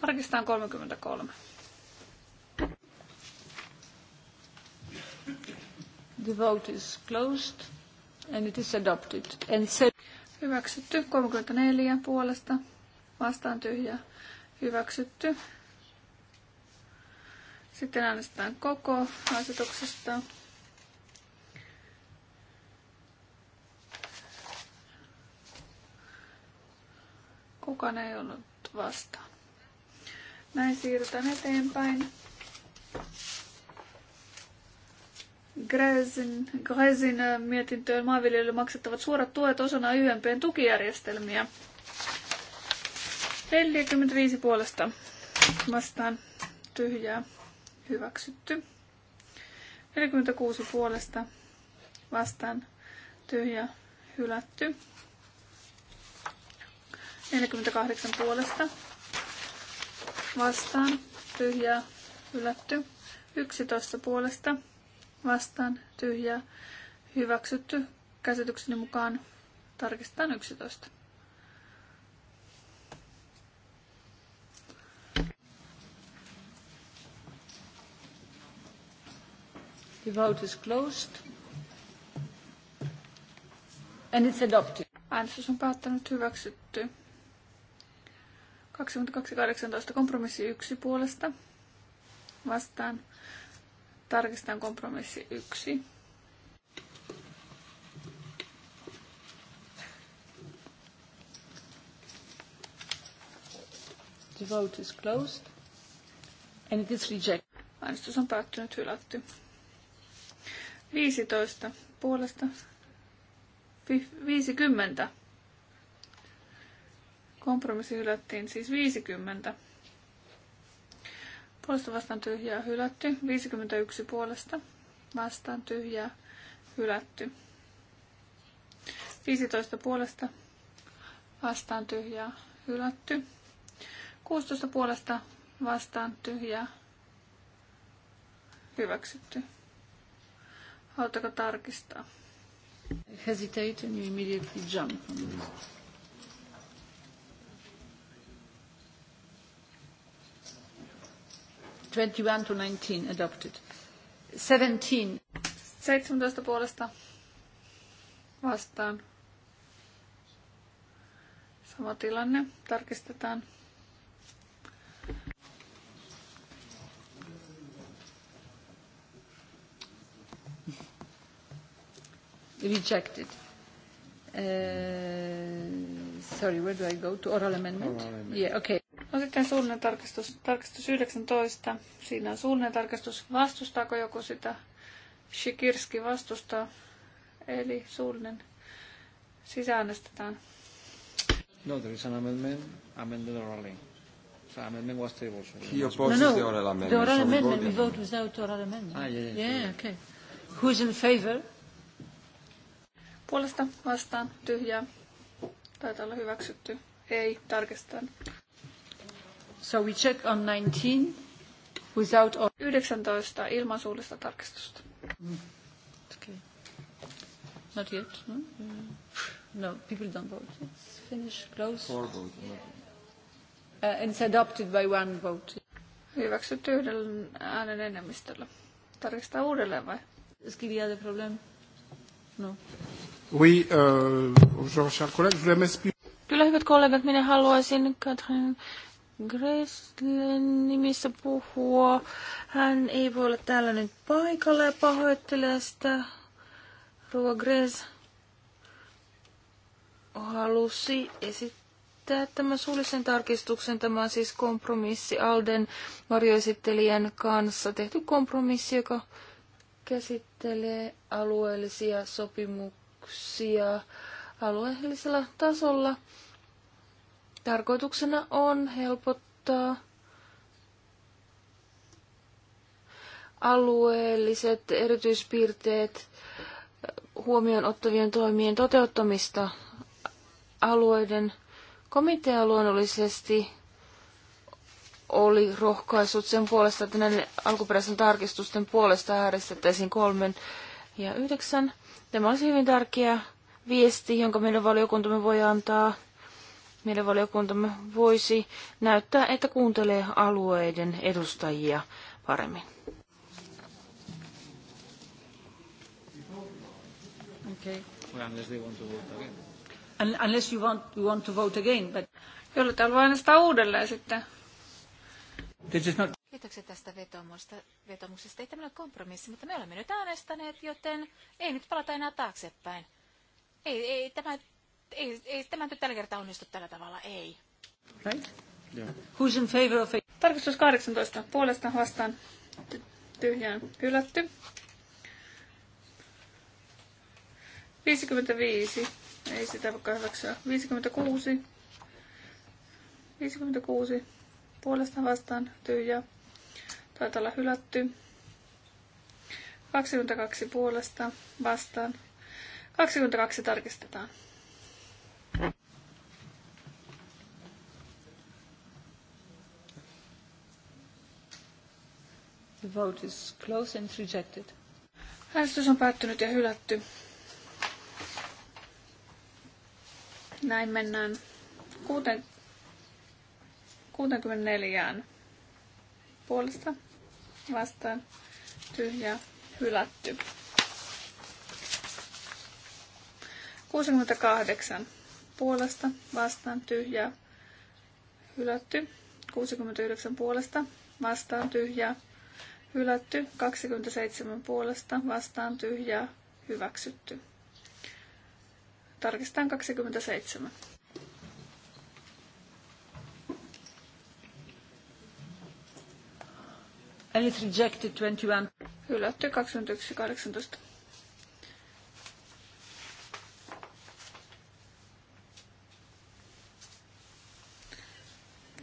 Tarkistetaan 33. The vote is closed and it is adopted. And se... Hyväksytty. 34 puolesta. Vastaan tyhjää. Hyväksytty. Sitten äänestetään koko asetuksesta. Kukaan ei ollut vastaan. Näin siirrytään eteenpäin. Gräsin, Gräsin äh, mietintöön maanviljelijöille maksettavat suorat tuet osana YMPn tukijärjestelmiä. 45 puolesta vastaan tyhjää hyväksytty. 46 puolesta vastaan tyhjä hylätty. 48 puolesta vastaan tyhjä hylätty. 11 puolesta vastaan tyhjää hyväksytty käsitykseni mukaan tarkistetaan 11. The vote is closed. And it's adopted. Äänestys on päättänyt hyväksytty. 22.18. Kompromissi yksi puolesta. Vastaan Tarkistan kompromissi yksi. The vote is closed and it is rejected. Äänestys on päättynyt hylätty. 15 puolesta 50. Kompromissi hylättiin siis 50 Puolesta vastaan tyhjää hylätty. 51 puolesta vastaan tyhjää hylätty. 15 puolesta vastaan tyhjää hylätty. 16 puolesta vastaan tyhjää hyväksytty. Haluatteko tarkistaa? Hesitate and you immediately jump on this. 21 to 19 adopted. 17. 17 puolesta vastaan. Sama tilanne. Tarkistetaan. Rejected. Uh, sorry, where do I go? To oral amendment? Oral amendment. Yeah, okay. No sitten suullinen tarkistus, tarkistus 19. Siinä on suullinen tarkistus. Vastustaako joku sitä? Shikirski vastustaa. Eli suullinen sisäänestetään. No, there is an amendment, orally. So amendment was tabled. He opposes no, no. the oral amendment. The oral amendment, we vote without oral amendment. Ah, yeah, yeah, yeah, yeah. okay. Who's in favor? Puolesta vastaan tyhjää. Taitaa olla hyväksytty. Ei, tarkistetaan. So we check on 19 without... 19 ilman suullista tarkistusta. Okay. Not yet, no? No, people don't vote. It's finished, close. Four votes. No. Uh, and it's adopted by one vote. Hyväksytty yhden äänen enemmistöllä. Tarkistaa uudelleen vai? est de problem. No. Oui, euh, bonjour, chers collègues, je voulais m'expliquer. Kyllä, hyvät kollegat, minä haluaisin Katrin Greslen nimissä puhua. Hän ei voi olla täällä nyt paikalla ja pahoittelee sitä. Rova Gres halusi esittää tämän suullisen tarkistuksen. Tämä on siis kompromissi Alden varjoesittelijän kanssa tehty kompromissi, joka käsittelee alueellisia sopimuksia alueellisella tasolla – Tarkoituksena on helpottaa alueelliset erityispiirteet huomioon ottavien toimien toteuttamista alueiden komitea luonnollisesti oli rohkaissut sen puolesta, että näiden alkuperäisen tarkistusten puolesta äärestettäisiin kolmen ja yhdeksän. Tämä olisi hyvin tärkeä viesti, jonka meidän valiokuntamme voi antaa meidän valiokuntamme voisi näyttää, että kuuntelee alueiden edustajia paremmin. Okay. unless want to vote again. unless you want, you want to vote again, but... Jolle täällä voi äänestää uudelleen sitten. Not... Kiitoksia tästä vetomusta, vetomuksesta. Ei tämä ole kompromissi, mutta me olemme nyt äänestäneet, joten ei nyt palata enää taaksepäin. Ei, ei tämä ei, ei tämä nyt tällä kertaa onnistu tällä tavalla, ei. Right? Yeah. Who's in favor of it? Tarkistus 18. Puolesta vastaan tyhjään hylätty. 55. Ei sitä vaikka hyväksyä. 56. 56. Puolesta vastaan tyhjä. Taitaa olla hylätty. 22 puolesta vastaan. 22 tarkistetaan. The vote is closed and rejected. Äänestys on päättynyt ja hylätty. Näin mennään 64 puolesta vastaan tyhjä hylätty. 68 puolesta vastaan tyhjä hylätty. 69 puolesta vastaan tyhjä Hylätty 27 puolesta vastaan tyhjää hyväksytty. Tarkistetaan 27. And it's rejected 21. Hylätty 21, 18.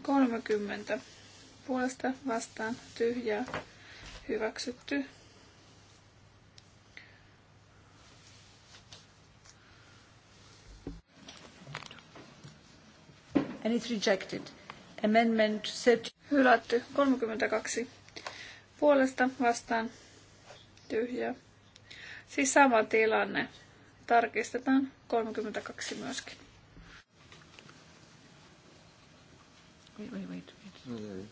Kolmekymmentä. Puolesta vastaan tyhjää hyväksytty. And it's rejected. Amendment set... Hylätty 32. Puolesta vastaan tyhjä. Siis sama tilanne. Tarkistetaan 32 myöskin. Wait, wait, wait. wait. No,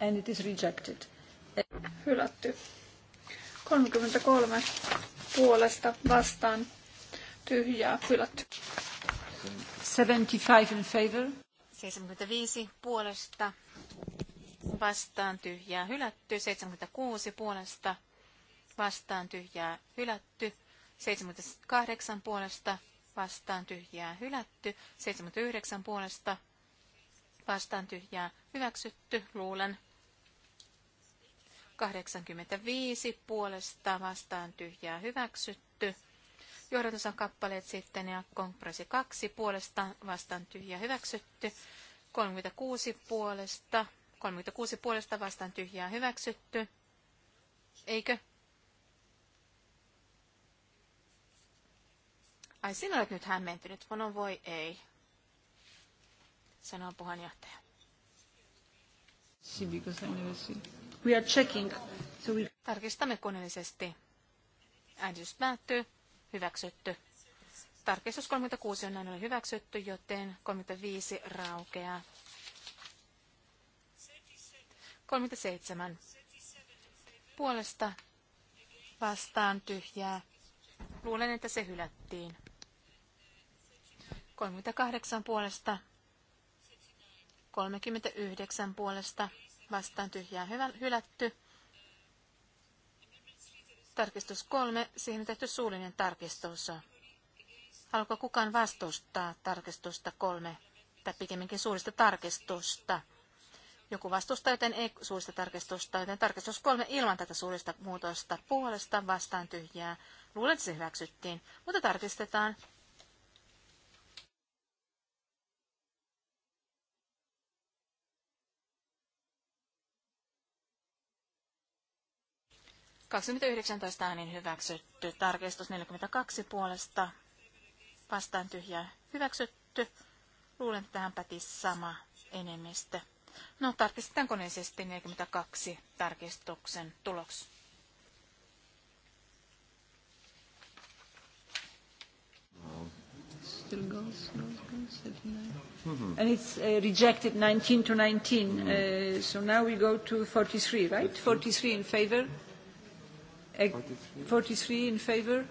and it is rejected. Hylätty. 33 puolesta vastaan tyhjää hylätty. 75 in favor. 75 puolesta vastaan tyhjää hylätty. 76 puolesta vastaan tyhjää hylätty. 78 puolesta vastaan tyhjää hylätty. 79 puolesta vastaan tyhjää hyväksytty, luulen. 85 puolesta vastaan tyhjää hyväksytty. Johdatus on kappaleet sitten ja kompressi 2 puolesta vastaan tyhjää hyväksytty. 36 puolesta, 36 puolesta vastaan tyhjää hyväksytty. Eikö? Ai sinä olet nyt hämmentynyt, no voi ei, sanoo puheenjohtaja. Sibikos We are checking. So we... Tarkistamme koneellisesti. Äänestys päättyy. Hyväksytty. Tarkistus 36 on näin ollen hyväksytty, joten 35 raukeaa. 37. Puolesta vastaan tyhjää. Luulen, että se hylättiin. 38 puolesta. 39 puolesta vastaan tyhjää hyvä, hylätty. Tarkistus kolme, siihen on tehty suullinen tarkistus. Haluatko kukaan vastustaa tarkistusta kolme, tai pikemminkin suurista tarkistusta? Joku vastustaa, joten ei suurista tarkistusta, joten tarkistus kolme ilman tätä suurista muutosta puolesta vastaan tyhjää. Luulen, että se hyväksyttiin, mutta tarkistetaan. 29 äänin niin hyväksytty. Tarkistus 42 puolesta. Vastaan tyhjää hyväksytty. Luulen, että tähän päti sama enemmistö. No, tarkistetaan koneisesti 42 tarkistuksen tuloksi. still goes, goes, goes, Mm-hmm. And it's uh, rejected 19 to 19. Mm-hmm. Uh, so now we go to 43, right? 43 in favor, 43 in favor?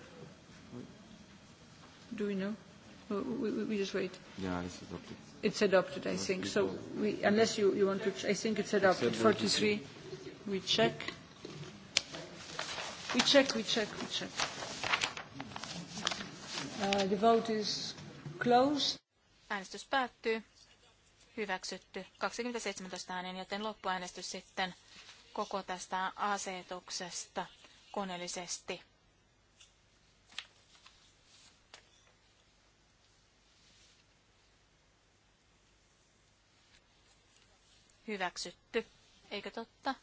Do we know? We, we, we just wait. Yeah, it's adopted. It's adopted, I think. So we, unless you, you want to, ch I think it's adopted. 43. We check. We check, we check, we check. Uh, the vote is closed. Äänestys päättyy. Hyväksytty. 27 äänen, joten loppuäänestys sitten koko tästä asetuksesta koneellisesti. Hyväksytty, eikö totta?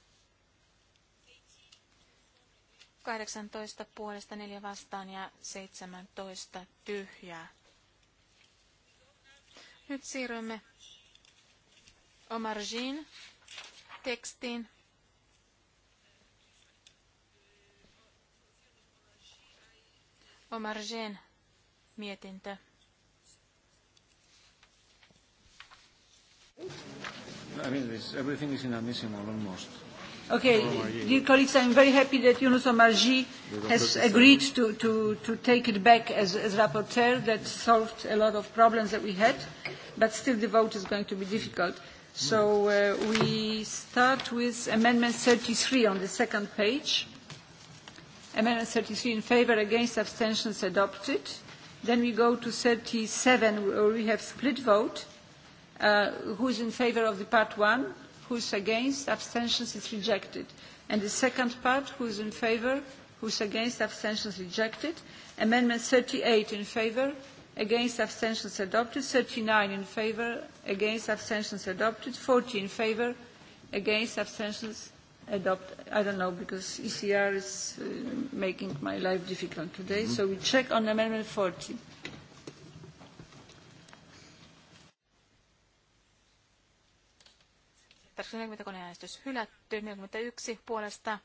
18 puolesta 4 vastaan ja 17 tyhjää. Nyt siirrymme Omarjin tekstiin. Omar Jean mietintö. I mean, this, everything is inadmissible almost. Okay, dear colleagues, I'm very happy that Yunus Omarji has agreed to, to, to take it back as, as rapporteur. That solved a lot of problems that we had, but still the vote is going to be difficult. So uh, we start with Amendment 33 on the second page. Amendment 33 in favor, against, abstentions adopted. Then we go to 37, where we have split vote. Uh, who's in favor of the part one? Who's against? Abstentions is rejected. And the second part, who's in favor? Who's against? Abstentions rejected. Amendment 38 in favor, against abstentions adopted 39 in favor against abstentions adopted 40 in favor against abstentions adopt, I don't know, because ECR is uh, making my life difficult today, mm-hmm. so we check on amendment 40. Tarkoitus hylätty, 41 puolesta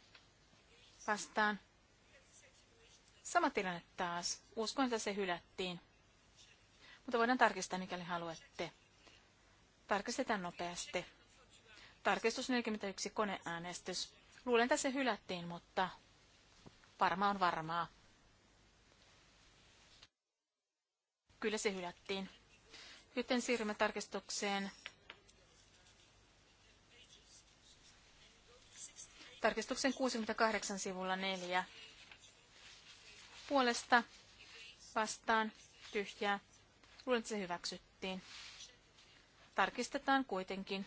vastaan. Sama tilanne taas. Uskon, että se hylättiin. Mutta voidaan tarkistaa, mikäli haluatte. Tarkistetaan nopeasti. Tarkistus 41, koneäänestys. Luulen, että se hylättiin, mutta varma on varmaa. Kyllä se hylättiin. Joten siirrymme tarkistukseen. Tarkistuksen 68 sivulla 4. Puolesta vastaan tyhjää. Luulen, että se hyväksyttiin. Tarkistetaan kuitenkin.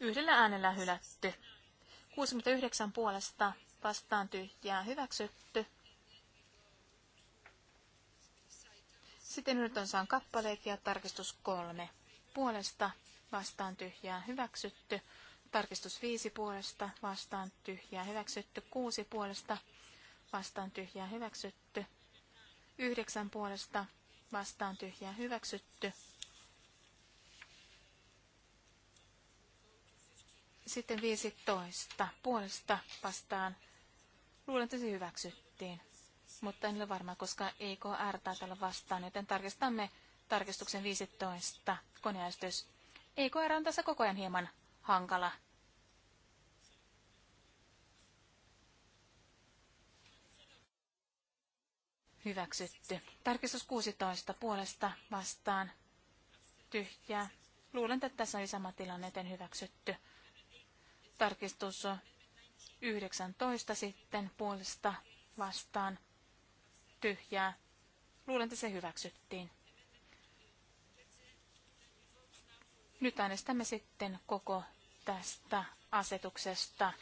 Yhdellä äänellä hylätty. 69 puolesta vastaan tyhjää hyväksytty. Sitten nyt on saan kappaleet ja tarkistus kolme. Puolesta vastaan tyhjää hyväksytty. Tarkistus viisi puolesta vastaan tyhjää hyväksytty. Kuusi puolesta vastaan tyhjää hyväksytty. Yhdeksän puolesta vastaan tyhjää hyväksytty. Sitten 15 puolesta vastaan. Luulen, että se hyväksyttiin, mutta en ole varma, koska EKR täällä vastaan, joten tarkistamme tarkistuksen 15 koneäistys. EKR on tässä koko ajan hieman hankala. Hyväksytty. Tarkistus 16 puolesta vastaan. Tyhjää. Luulen, että tässä oli sama tilanne, joten hyväksytty. Tarkistus 19 sitten puolesta vastaan tyhjää. Luulen, että se hyväksyttiin. Nyt äänestämme sitten koko tästä asetuksesta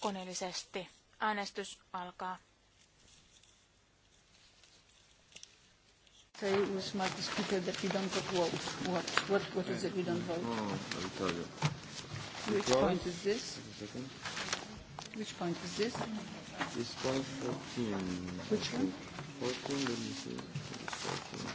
koneellisesti. Äänestys alkaa. say with speaker that we don't vote. What, what, what is it we don't vote? No, I'll tell you. Which point is this? Which point is this? This point 14. Which one? 14, let me see. 14.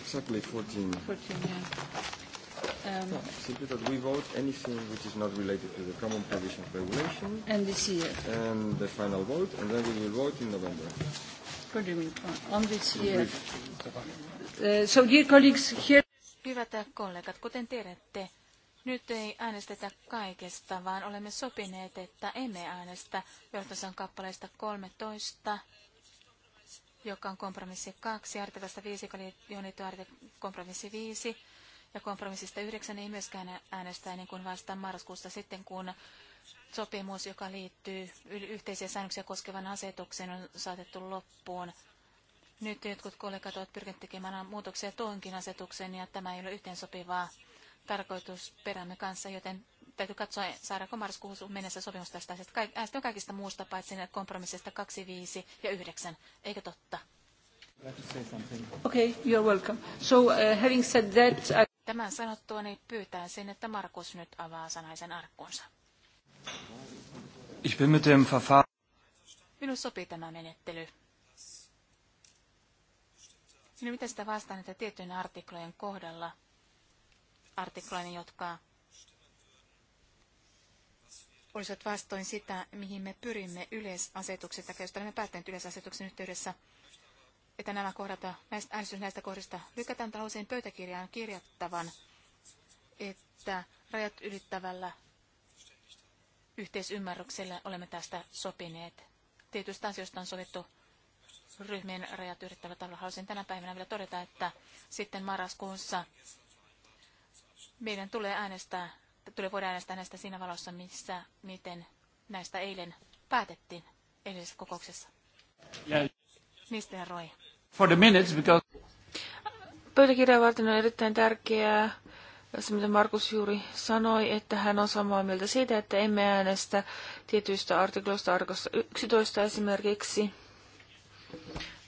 Exactly 14. 14, yeah. Um, no, simply that we vote anything which is not related to the common provisions regulation. And this year. And the final vote, and then we will vote in November. What do you mean? On this year. Uh, so dear colleagues, here... Hyvät kollegat, kuten tiedätte, nyt ei äänestetä kaikesta, vaan olemme sopineet, että emme äänestä johtosan kappaleesta 13, joka on kompromissi 2, artiklasta 5, joka liittyy kompromissi 5, ja kompromissista 9 ei myöskään äänestä ennen kuin vasta marraskuussa sitten, kun sopimus, joka liittyy yhteisiä säännöksiä koskevan asetukseen, on saatettu loppuun. Nyt jotkut kollegat ovat pyrkineet tekemään muutoksia tuonkin asetukseen, ja tämä ei ole yhteensopivaa tarkoitusperämme kanssa, joten täytyy katsoa, saadaanko marraskuuhun mennessä sopimus tästä asiasta. Kaik, kaikista muusta paitsi kompromissista 2, 5 ja 9. Eikö totta? Okay, you're welcome. So, uh, having said that, I... Tämän sanottua niin pyytää sen, että Markus nyt avaa sanaisen arkkunsa. Ich bin mit dem Verfahren... Minun sopii tämä menettely. Minun mitä sitä vastaan, että tiettyjen artiklojen kohdalla artikloina, jotka olisivat vastoin sitä, mihin me pyrimme tai josta olemme päättäneet yleisasetuksen yhteydessä, että nämä kohdat, näistä, äänestys näistä kohdista lykätään talouseen pöytäkirjaan kirjattavan, että rajat ylittävällä yhteisymmärryksellä olemme tästä sopineet. Tietystä asioista on sovittu ryhmien rajat ylittävällä tavalla. Haluaisin tänä päivänä vielä todeta, että sitten marraskuussa meidän tulee äänestää, tulee voida äänestää näistä siinä valossa, missä, miten näistä eilen päätettiin edellisessä kokouksessa. Yeah. Roy? For the minutes, because... Pöytäkirjaa varten on erittäin tärkeää se, mitä Markus juuri sanoi, että hän on samaa mieltä siitä, että emme äänestä tietyistä artikloista, arkosta 11 esimerkiksi.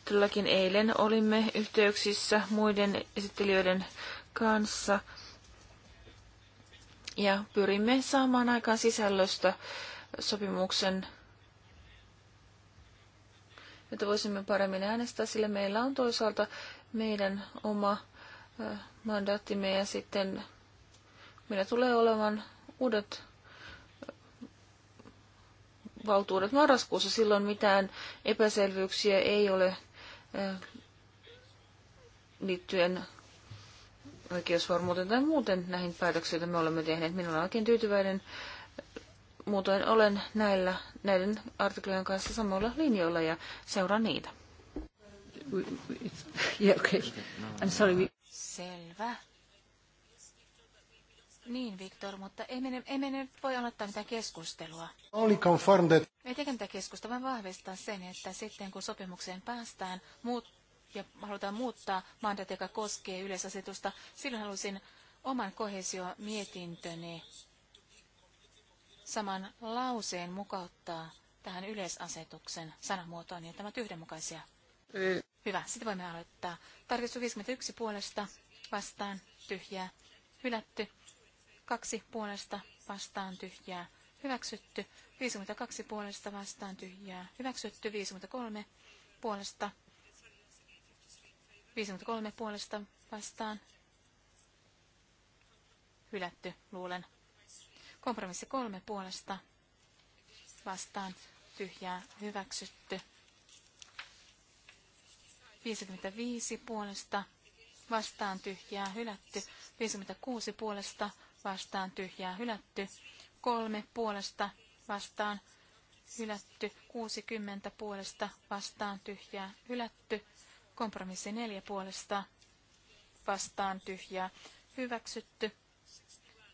tälläkin eilen olimme yhteyksissä muiden esittelijöiden kanssa ja pyrimme saamaan aikaan sisällöstä sopimuksen, jotta voisimme paremmin äänestää, sillä meillä on toisaalta meidän oma mandaattimme ja sitten meillä tulee olemaan uudet valtuudet marraskuussa. Silloin mitään epäselvyyksiä ei ole liittyen oikeusvarmuuteen tai muuten näihin päätöksiin, joita me olemme tehneet. Minä olen oikein tyytyväinen. Muutoin olen näillä, näiden artiklojen kanssa samalla linjoilla ja seuraan niitä. Yeah, okay. I'm sorry. Selvä. Niin, Viktor, mutta ei me, ei voi aloittaa mitään keskustelua. Only that... Me ei mitään keskustelua, vaan vahvistaa sen, että sitten kun sopimukseen päästään, muut ja halutaan muuttaa mandaatti, joka koskee yleisasetusta, silloin halusin oman koheesiomietintöni saman lauseen mukauttaa tähän yleisasetuksen sanamuotoon, niin tämä yhdenmukaisia. Hyvä, sitten voimme aloittaa. Tarkistus 51 puolesta vastaan tyhjää, hylätty. Kaksi puolesta vastaan tyhjää, hyväksytty. 52 puolesta vastaan tyhjää, hyväksytty. 53 puolesta 53 puolesta vastaan. Hylätty, luulen. Kompromissi kolme puolesta vastaan. Tyhjää hyväksytty. 55 puolesta vastaan tyhjää hylätty. 56 puolesta vastaan tyhjää hylätty. 3 puolesta vastaan hylätty. 60 puolesta vastaan tyhjää hylätty. Kompromissi neljä puolesta vastaan tyhjää hyväksytty.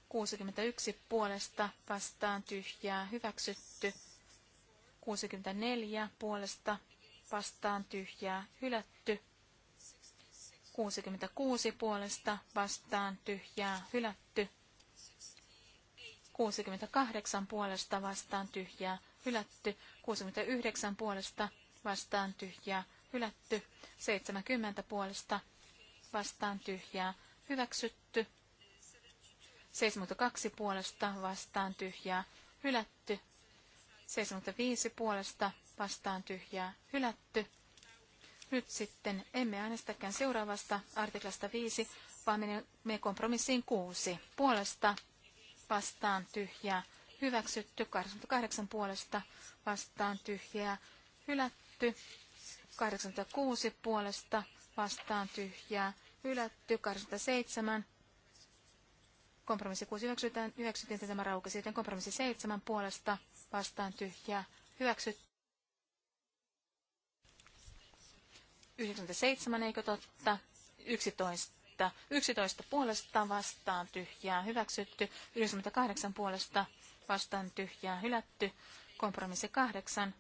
61 puolesta vastaan tyhjää hyväksytty. 64 puolesta vastaan tyhjää hylätty. 66 puolesta vastaan tyhjää hylätty. 68 puolesta vastaan tyhjää hylätty. 69 puolesta vastaan tyhjää hylätty. 70 puolesta vastaan tyhjää hyväksytty. 72 puolesta vastaan tyhjää hylätty. 75 puolesta vastaan tyhjää hylätty. Nyt sitten emme äänestäkään seuraavasta artiklasta 5, vaan menemme kompromissiin 6. Puolesta vastaan tyhjää hyväksytty. 88 puolesta vastaan tyhjää hylätty. 86 puolesta vastaan tyhjää hylätty. 87 kompromissi 6 hyväksytään. 90 tämä raukesi, joten kompromissi 7 puolesta vastaan tyhjää hyväksytty. 97, eikö totta? 11. 11 puolesta vastaan tyhjää hyväksytty. 98 puolesta vastaan tyhjää hylätty. Kompromissi 8.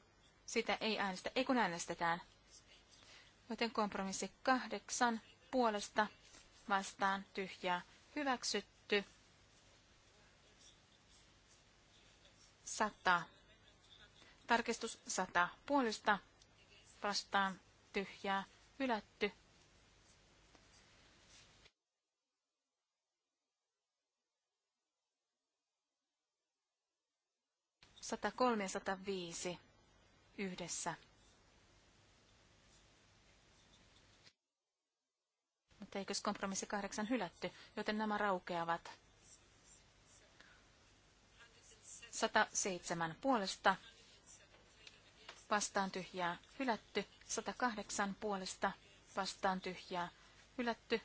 Sitä ei äänestä, ei kun äänestetään joten kompromissi kahdeksan puolesta vastaan tyhjää hyväksytty. sata Tarkistus sata puolesta vastaan tyhjää hylätty. kolme ja viisi yhdessä Mutta eikös kompromissi kahdeksan hylätty, joten nämä raukeavat. 107 puolesta vastaan tyhjää hylätty, 108 puolesta vastaan tyhjää hylätty,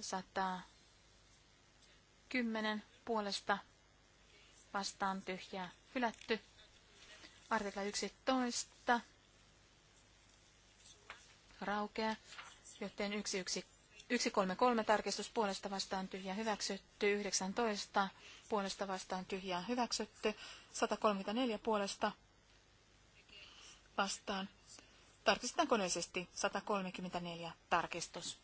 110 puolesta vastaan tyhjää hylätty, artikla 11 raukea, joten 133 tarkistus puolesta vastaan tyhjää hyväksytty, 19 puolesta vastaan tyhjää hyväksytty, 134 puolesta vastaan. Tarkistetaan koneisesti 134 tarkistus.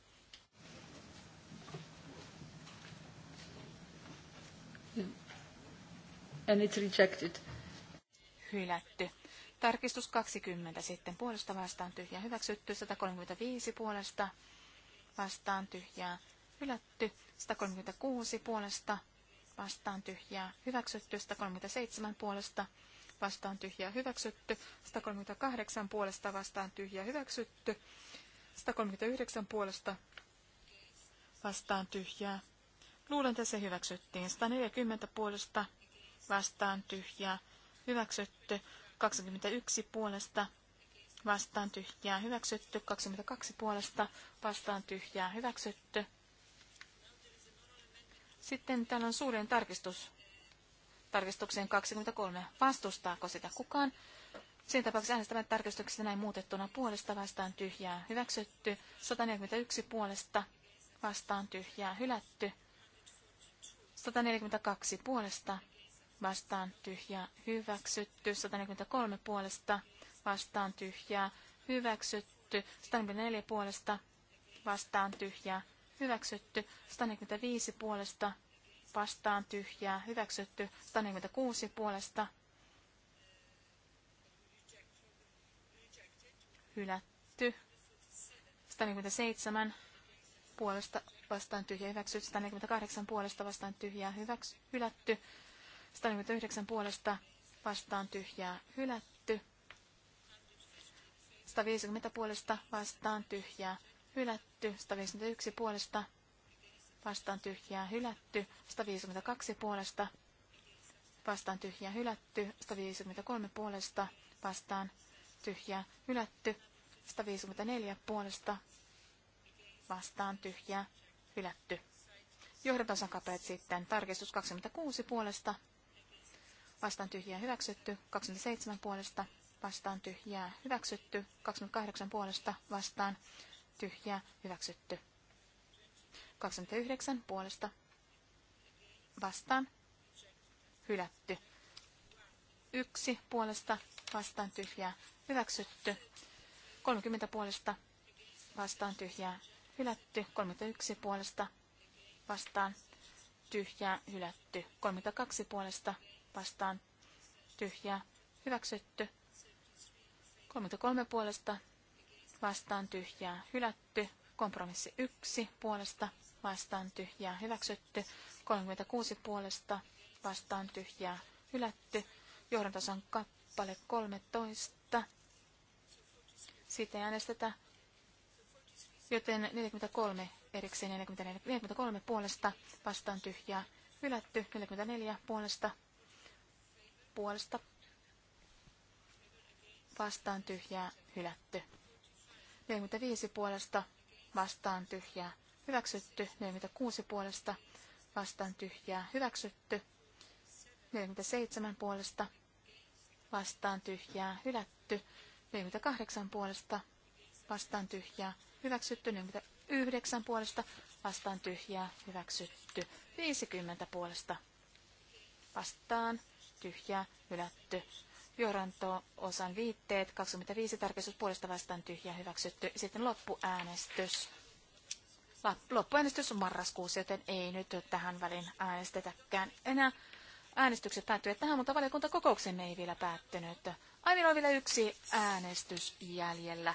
And it's rejected. Hylätty. Tarkistus 20 sitten puolesta vastaan tyhjä hyväksytty, 135 puolesta vastaan tyhjää hylätty, 136 puolesta vastaan tyhjää hyväksytty, 137 puolesta vastaan tyhjää hyväksytty, 138 puolesta vastaan tyhjää hyväksytty, 139 puolesta vastaan tyhjää. Luulen, että se hyväksyttiin. 140 puolesta vastaan tyhjää hyväksytty. 21 puolesta vastaan tyhjää hyväksytty, 22 puolesta vastaan tyhjää hyväksytty. Sitten täällä on suurin tarkistus. Tarkistukseen 23. Vastustaako sitä kukaan? Siinä tapauksessa äänestävät tarkistuksessa näin muutettuna puolesta vastaan tyhjää hyväksytty, 141 puolesta vastaan tyhjää hylätty, 142 puolesta vastaan tyhjää hyväksytty, 143 puolesta vastaan tyhjää hyväksytty, 144 puolesta vastaan tyhjää hyväksytty, 145 puolesta vastaan tyhjää hyväksytty, 146 puolesta hylätty, 147 puolesta vastaan tyhjää hyväksytty, 148 puolesta vastaan tyhjää hyväks, hylätty, 149 puolesta vastaan tyhjää hylätty. 150 puolesta vastaan tyhjää hylätty. 151 puolesta vastaan tyhjää hylätty. 152 puolesta vastaan tyhjää hylätty. 153 puolesta vastaan tyhjää hylätty. 154 puolesta vastaan tyhjää hylätty. Johdatonsa kapeet sitten. Tarkistus 26 puolesta vastaan tyhjää hyväksytty, 27 puolesta vastaan tyhjää hyväksytty, 28 puolesta vastaan tyhjää hyväksytty, 29 puolesta vastaan hylätty, 1 puolesta vastaan tyhjää hyväksytty, 30 puolesta vastaan tyhjää hylätty, 31 puolesta vastaan tyhjää hylätty, 32 puolesta vastaan tyhjää hyväksytty. 33 puolesta vastaan tyhjää hylätty. Kompromissi 1 puolesta vastaan tyhjää hyväksytty. 36 puolesta vastaan tyhjää hylätty. Johdantason kappale 13. Siitä ei äänestetä. Joten 43 erikseen 44, 43 puolesta vastaan tyhjää hylätty. 44 puolesta puolesta vastaan tyhjää hylätty. 45 puolesta vastaan tyhjää hyväksytty. 46 puolesta vastaan tyhjää hyväksytty. 47 puolesta vastaan tyhjää hylätty. 48 puolesta vastaan tyhjää hyväksytty. 49 puolesta vastaan tyhjää hyväksytty. 50 puolesta vastaan tyhjää, hylätty. johranto osan viitteet, 25 tarkistus puolesta vastaan tyhjää, hyväksytty. Sitten loppuäänestys. Loppuäänestys on marraskuussa, joten ei nyt tähän väliin äänestetäkään enää. Äänestykset päättyvät tähän, mutta kokouksen ei vielä päättynyt. Aivan on vielä yksi äänestys jäljellä.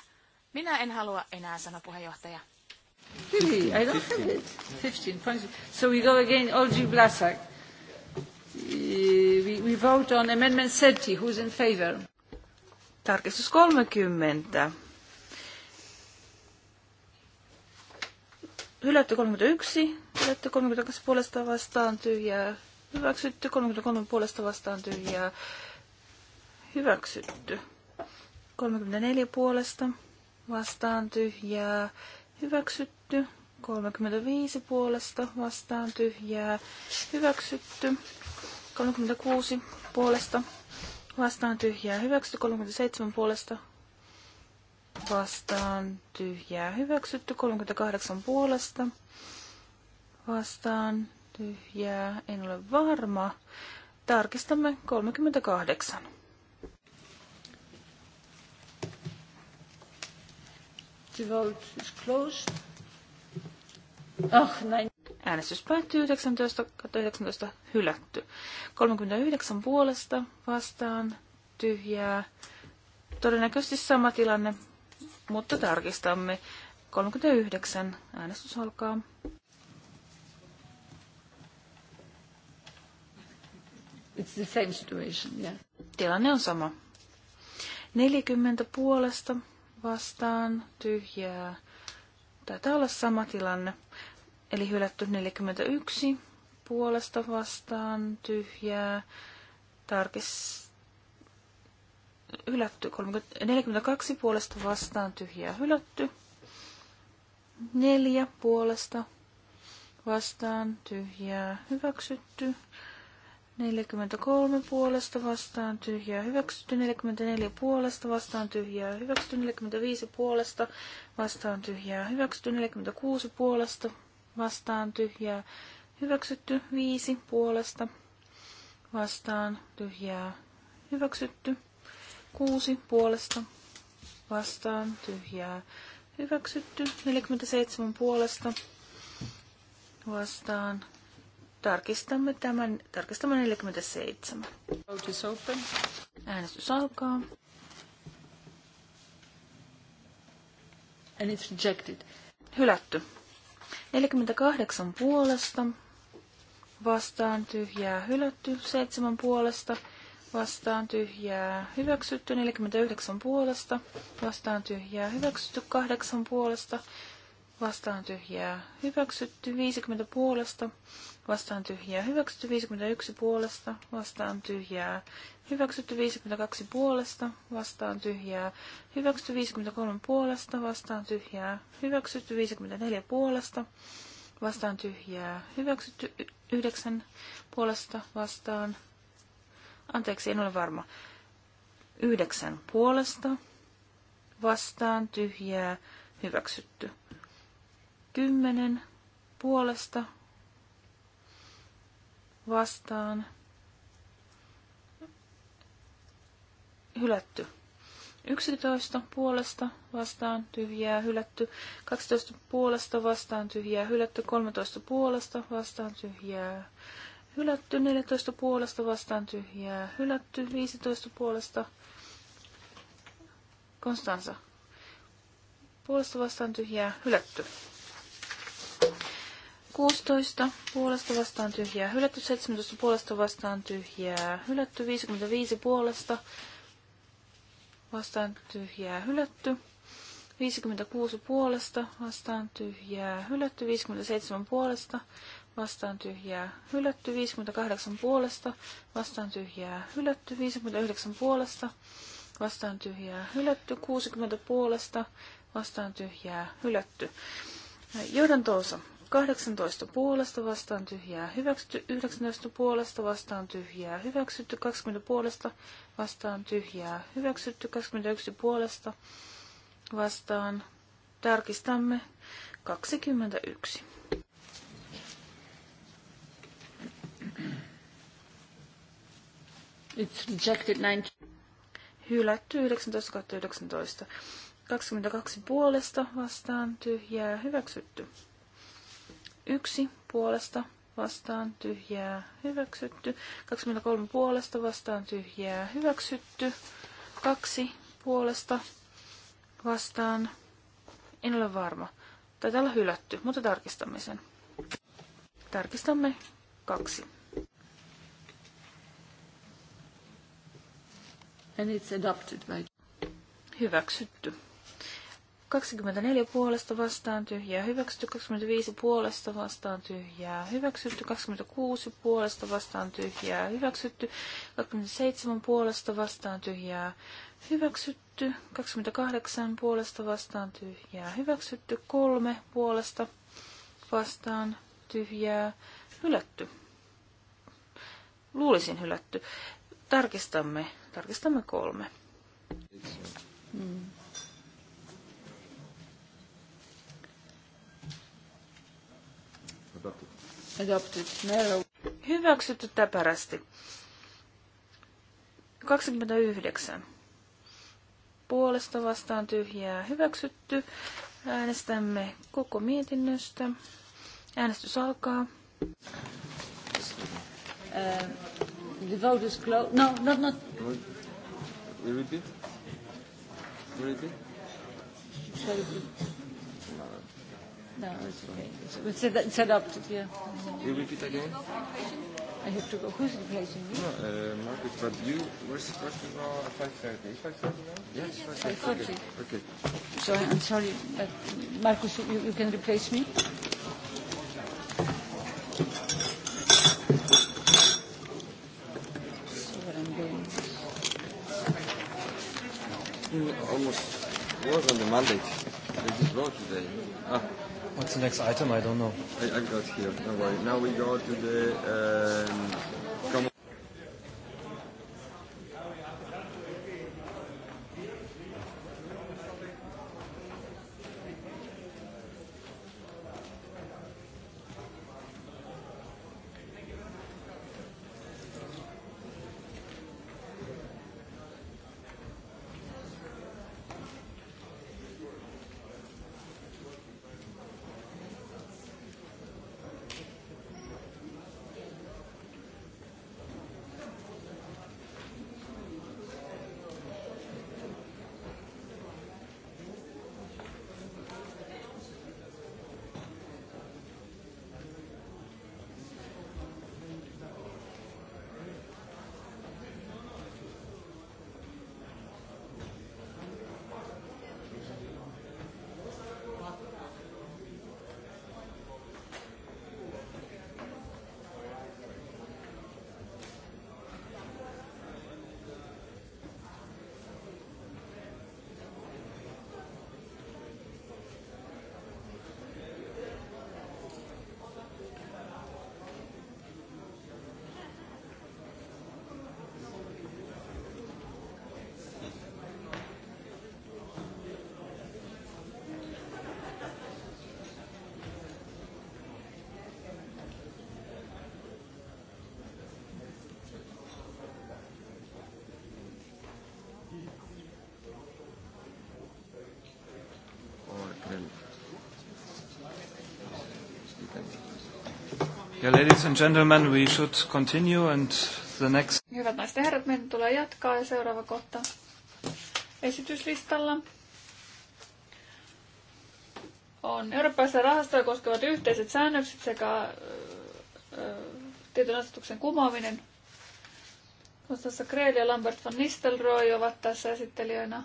Minä en halua enää, sanoa puheenjohtaja. Really? I don't have it. 15 points. So we go again, Olgi Blasak we, we vote on amendment 30. Who's in favor? Tarkistus 30. Hylätty 31, hylätty 32 puolesta vastaan tyhjää, hyväksytty 33 puolesta vastaan tyhjää, hyväksytty 34 puolesta vastaan tyhjää, hyväksytty 35 puolesta vastaan tyhjää, hyväksytty 36 puolesta vastaan tyhjää hyväksytty. 37 puolesta vastaan tyhjää hyväksytty. 38 puolesta vastaan tyhjää. En ole varma. Tarkistamme 38. The vote is closed. Oh, nein. Äänestys päättyy 19, 19 hylätty. 39 puolesta vastaan tyhjää. Todennäköisesti sama tilanne, mutta tarkistamme. 39. Äänestys alkaa. It's the same situation, yeah. Tilanne on sama. 40 puolesta vastaan tyhjää. Taitaa olla sama tilanne. Eli hylätty 41 puolesta vastaan tyhjää. Tarkis, hylätty 30, 42 puolesta vastaan tyhjää hylätty. 4 puolesta vastaan tyhjää hyväksytty. 43 puolesta vastaan tyhjää hyväksytty, 44 puolesta vastaan tyhjää hyväksytty, 45 puolesta vastaan tyhjää hyväksytty, 46 puolesta vastaan tyhjää hyväksytty. Viisi puolesta vastaan tyhjää hyväksytty. Kuusi puolesta vastaan tyhjää hyväksytty. 47 puolesta vastaan Tarkistamme tämän. Tarkistamme 47. Vote is open. Äänestys alkaa. And it's rejected. Hylätty. 48 puolesta vastaan tyhjää hylätty, 7 puolesta vastaan tyhjää hyväksytty, 49 puolesta vastaan tyhjää hyväksytty, 8 puolesta vastaan tyhjää hyväksytty, 50 puolesta vastaan tyhjää hyväksytty 51 puolesta, vastaan tyhjää hyväksytty 52 puolesta, vastaan tyhjää hyväksytty 53 puolesta, vastaan tyhjää hyväksytty 54 puolesta, vastaan tyhjää hyväksytty 9 puolesta, vastaan, anteeksi en ole varma, 9 puolesta, vastaan tyhjää hyväksytty 10 puolesta, vastaan hylätty. 11 puolesta vastaan tyhjää hylätty, 12 puolesta vastaan tyhjää hylätty, 13 puolesta vastaan tyhjää hylätty, 14 puolesta vastaan tyhjää hylätty, 15 puolesta Konstansa puolesta vastaan tyhjää hylätty. 16 puolesta vastaan tyhjää hylätty, 17 puolesta vastaan tyhjää hylätty, 55 puolesta vastaan tyhjää hylätty, 56 puolesta vastaan tyhjää hylätty, 57 puolesta vastaan tyhjää hylätty, 58 puolesta vastaan tyhjää hylätty, 59 puolesta vastaan tyhjää hylätty, 60 puolesta vastaan tyhjää hylätty. Johdan 18 puolesta vastaan tyhjää hyväksytty, 19 puolesta vastaan tyhjää hyväksytty, 20 puolesta vastaan tyhjää hyväksytty, 21 puolesta vastaan tarkistamme 21. It's rejected 19. Hylätty 19 19. 22 puolesta vastaan tyhjää hyväksytty. 1 puolesta vastaan tyhjää hyväksytty. 23 puolesta vastaan tyhjää hyväksytty. 2 puolesta vastaan. En ole varma. Taitaa olla hylätty, mutta tarkistamme sen. Tarkistamme kaksi. And it's adopted by... Hyväksytty. 24 puolesta vastaan tyhjää hyväksytty, 25 puolesta vastaan tyhjää hyväksytty, 26 puolesta vastaan tyhjää hyväksytty, 27 puolesta vastaan tyhjää hyväksytty, 28 puolesta vastaan tyhjää hyväksytty, 3 puolesta vastaan tyhjää hylätty. Luulisin hylätty. Tarkistamme, tarkistamme kolme. Mm. Adopted narrow. Hyväksytty täpärästi. 29. Puolesta vastaan tyhjää hyväksytty. Äänestämme koko mietinnöstä. Äänestys alkaa. Uh, the vote is closed. No, not, not. We repeat? We repeat? Shall we? No, it's okay. It's, it's adopted, yeah. You repeat again? No I have to go. Who's replacing me? No, uh, Margaret, but you were supposed to go at 5.30. 5.30 now? Yes, 5.30. Okay. okay. So I'm sorry, but Marcus, you, you can replace me? Almost was on the mandate. This is wrong today. Ah. What's the next item? I don't know. I, I got here. No worry. Now we go to the um, Yeah, ladies and gentlemen, we should continue and the next... Hyvät naiset ja herrat, meidän tulee jatkaa ja seuraava kohta esityslistalla on eurooppalaisia rahastoja koskevat yhteiset säännökset sekä tietyn asetuksen kumoaminen. Konstanssa Kreel ja Lambert van Nistelrooy ovat tässä esittelijöinä.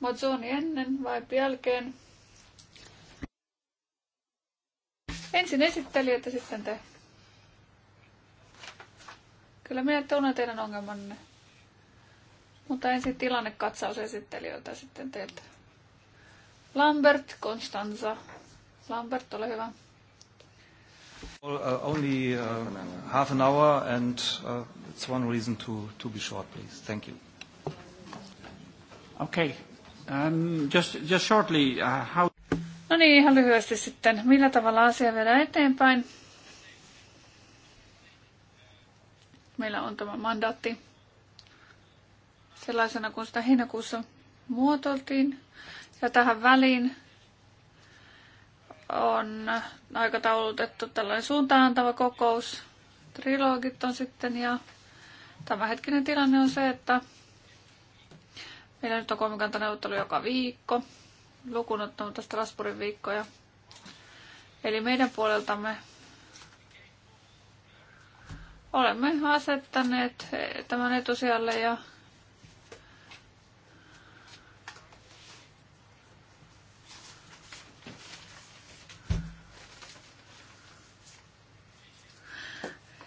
Mazzoni ennen vai jälkeen? Ensin esittelijät ja sitten te. Kyllä minä tunnen teidän ongelmanne. Mutta ensin tilannekatsaus esittelijöiltä sitten teiltä. Lambert, Konstanza. Lambert, ole hyvä. Uh, only uh, half an hour and uh, it's one reason to, to be short, please. Thank you. Okay. Um, just, just shortly, uh, how... No niin, ihan lyhyesti sitten, millä tavalla asia viedään eteenpäin. Meillä on tämä mandaatti sellaisena kuin sitä heinäkuussa muotoiltiin. Ja tähän väliin on aikataulutettu tällainen suuntaantava kokous. Trilogit on sitten ja tämänhetkinen tilanne on se, että meillä nyt on kolmikantaneuvottelu joka viikko lukuun ottamatta Strasbourgin viikkoja. Eli meidän puoleltamme olemme asettaneet tämän etusijalle ja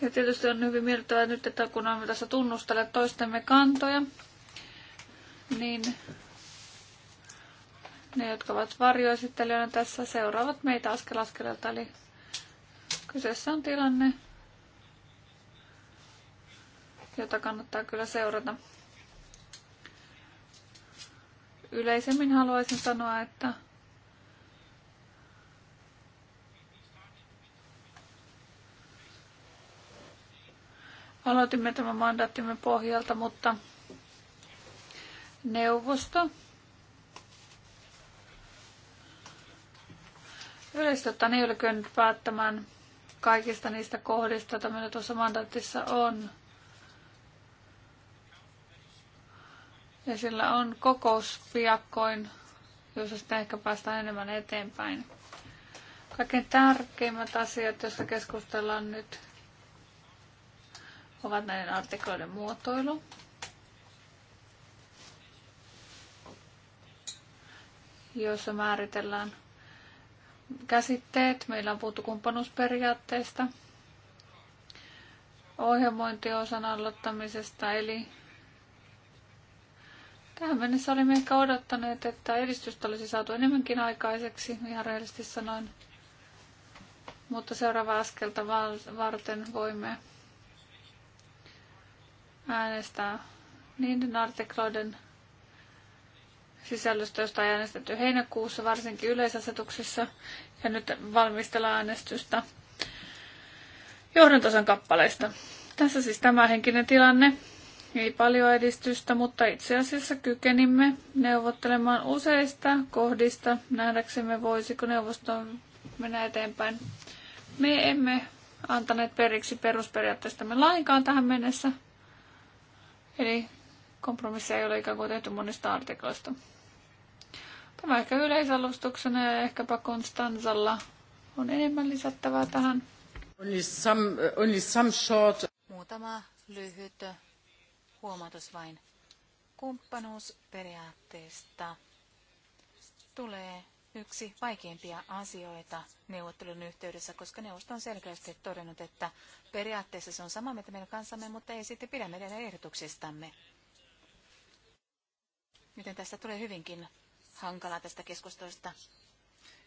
Ja tietysti on hyvin miellyttävää nyt, että kun olemme tässä tunnustelleet toistemme kantoja, niin ne, jotka ovat varjoesittelijöinä tässä, seuraavat meitä askel askeleelta. Eli kyseessä on tilanne, jota kannattaa kyllä seurata. Yleisemmin haluaisin sanoa, että aloitimme tämän mandaattimme pohjalta, mutta neuvosto Yleisesti ottaen ei ole kyennyt päättämään kaikista niistä kohdista, joita meillä tuossa mandaatissa on. Ja sillä on kokous piakkoin, jossa sitten ehkä päästään enemmän eteenpäin. Kaikkein tärkeimmät asiat, joista keskustellaan nyt, ovat näiden artikloiden muotoilu. jossa määritellään käsitteet. Meillä on puhuttu kumppanuusperiaatteesta, ohjelmointiosan aloittamisesta, eli tähän mennessä olimme ehkä odottaneet, että edistystä olisi saatu enemmänkin aikaiseksi, ihan rehellisesti sanoin. Mutta seuraava askelta varten voimme äänestää niiden artikloiden sisällöstä, josta ei äänestetty heinäkuussa, varsinkin yleisasetuksissa, ja nyt valmistellaan äänestystä johdantosan kappaleista. Tässä siis tämä henkinen tilanne. Ei paljon edistystä, mutta itse asiassa kykenimme neuvottelemaan useista kohdista nähdäksemme voisiko neuvoston mennä eteenpäin. Me emme antaneet periksi perusperiaatteistamme lainkaan tähän mennessä. Eli kompromissia ei ole ikään kuin tehty monista artikloista. Tämä ehkä yleisalustuksena ja ehkäpä Konstanzalla on enemmän lisättävää tähän. Only some, uh, only some short. Muutama lyhyt huomautus vain. Kumppanuusperiaatteesta tulee yksi vaikeimpia asioita neuvottelun yhteydessä, koska neuvosto on selkeästi todennut, että periaatteessa se on sama mitä meidän kanssamme, mutta ei sitten pidä meidän ehdotuksistamme. Miten tästä tulee hyvinkin hankalaa tästä keskustelusta.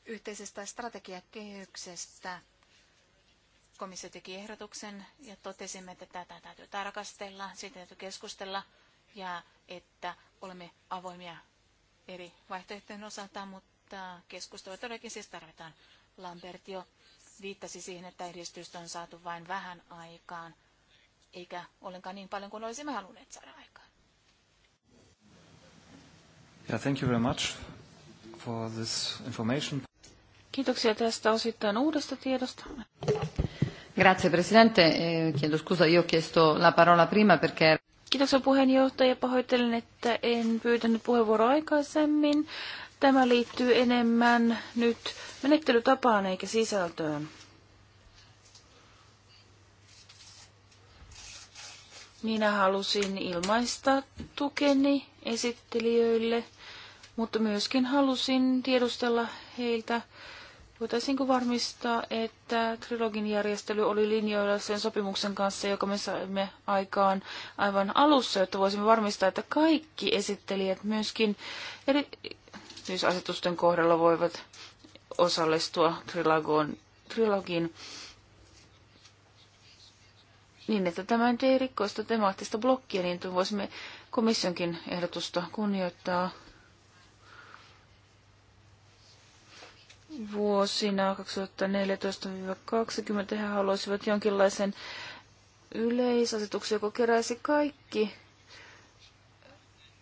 Yhteisestä strategiakehyksestä komissio teki ehdotuksen ja totesimme, että tätä täytyy tarkastella, siitä täytyy keskustella ja että olemme avoimia eri vaihtoehtojen osalta, mutta keskustelua todellakin siis tarvitaan. Lambert jo viittasi siihen, että edistystä on saatu vain vähän aikaan, eikä ollenkaan niin paljon kuin olisimme halunneet saada aikaan thank you very much for this information. Kiitoksia tästä osittain uudesta tiedosta. Grazie Presidente, eh, chiedo scusa, io ho chiesto la parola prima perché... Kiitoksia puheenjohtaja, pahoittelen, että en pyytänyt puheenvuoroa aikaisemmin. Tämä liittyy enemmän nyt menettelytapaan eikä sisältöön. Minä halusin ilmaista tukeni esittelijöille – mutta myöskin halusin tiedustella heiltä, voitaisiinko varmistaa, että trilogin järjestely oli linjoilla sen sopimuksen kanssa, joka me saimme aikaan aivan alussa, jotta voisimme varmistaa, että kaikki esittelijät myöskin eri asetusten kohdalla voivat osallistua trilogoon, trilogin niin, että tämä ei rikkoista temaattista blokkia, niin voisimme komissionkin ehdotusta kunnioittaa. vuosina 2014-2020 he haluaisivat jonkinlaisen yleisasetuksen, joka keräisi kaikki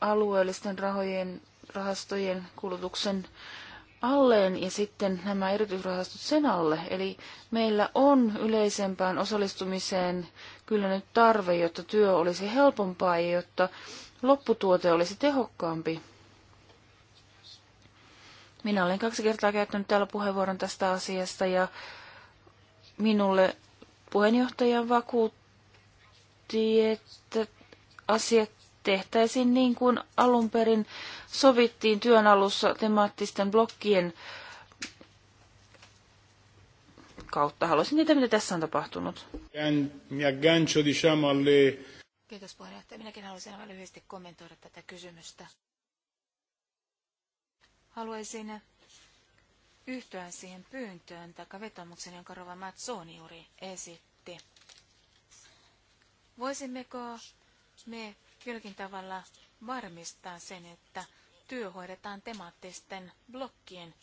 alueellisten rahojen, rahastojen kulutuksen alleen ja sitten nämä erityisrahastot sen alle. Eli meillä on yleisempään osallistumiseen kyllä nyt tarve, jotta työ olisi helpompaa ja jotta lopputuote olisi tehokkaampi. Minä olen kaksi kertaa käyttänyt täällä puheenvuoron tästä asiasta ja minulle puheenjohtaja vakuutti, että asiat tehtäisiin niin kuin alun perin sovittiin työn alussa temaattisten blokkien kautta. Haluaisin niitä, mitä tässä on tapahtunut. Kiitos puheenjohtaja. Minäkin haluaisin aivan lyhyesti kommentoida tätä kysymystä. Haluaisin yhtyä siihen pyyntöön tai vetomuksen, jonka Rova Matsoni juuri esitti. Voisimmeko me jollakin tavalla varmistaa sen, että työ hoidetaan temaattisten blokkien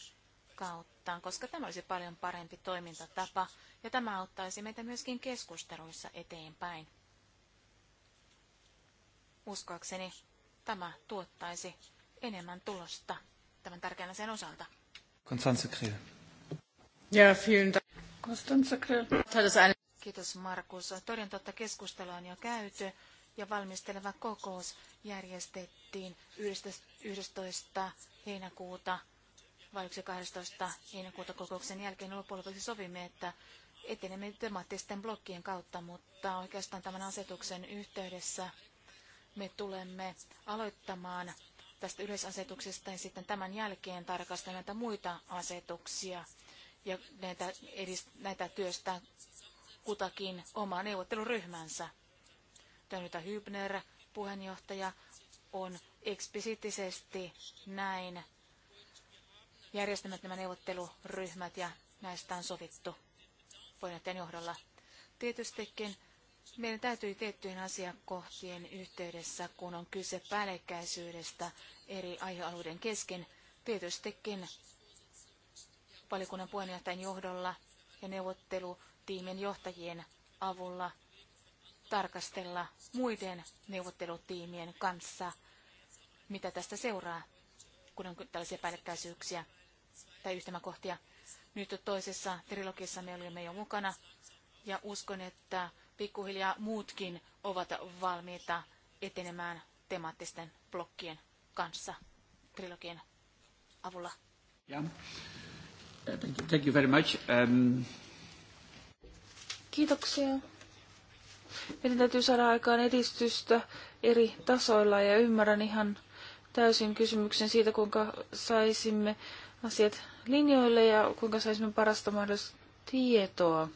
kautta, koska tämä olisi paljon parempi toimintatapa ja tämä auttaisi meitä myöskin keskusteluissa eteenpäin. Uskoakseni tämä tuottaisi enemmän tulosta tämän tärkeänä sen osalta. Konstanze Krill. Ja, vielen Dank. Konstanze Krill. Kiitos Markus. Toden totta keskustelua on jo käyty ja valmisteleva kokous järjestettiin 11. heinäkuuta vai 12. heinäkuuta kokouksen jälkeen no, loppujen lopuksi sovimme, että etenemme temaattisten blokkien kautta, mutta oikeastaan tämän asetuksen yhteydessä me tulemme aloittamaan tästä yleisasetuksesta ja sitten tämän jälkeen tarkastella näitä muita asetuksia ja näitä, edist- näitä työstää kutakin omaa neuvotteluryhmänsä. Tönnytä Hübner, puheenjohtaja, on eksplisiittisesti näin järjestämät nämä neuvotteluryhmät ja näistä on sovittu puheenjohtajan johdolla. Tietystikin meidän täytyy tiettyjen asiakohtien yhteydessä, kun on kyse päällekkäisyydestä eri aihealueiden kesken, tietystikin valikunnan puheenjohtajan johdolla ja neuvottelutiimin johtajien avulla tarkastella muiden neuvottelutiimien kanssa, mitä tästä seuraa, kun on tällaisia päällekkäisyyksiä tai yhtymäkohtia. Nyt toisessa trilogissa me olimme jo mukana ja uskon, että pikkuhiljaa muutkin ovat valmiita etenemään temaattisten blokkien kanssa trilogien avulla. Yeah. Uh, thank, you, thank you very much. Um... Kiitoksia. Meidän täytyy saada aikaan edistystä eri tasoilla ja ymmärrän ihan täysin kysymyksen siitä, kuinka saisimme asiat linjoille ja kuinka saisimme parasta mahdollista tietoa.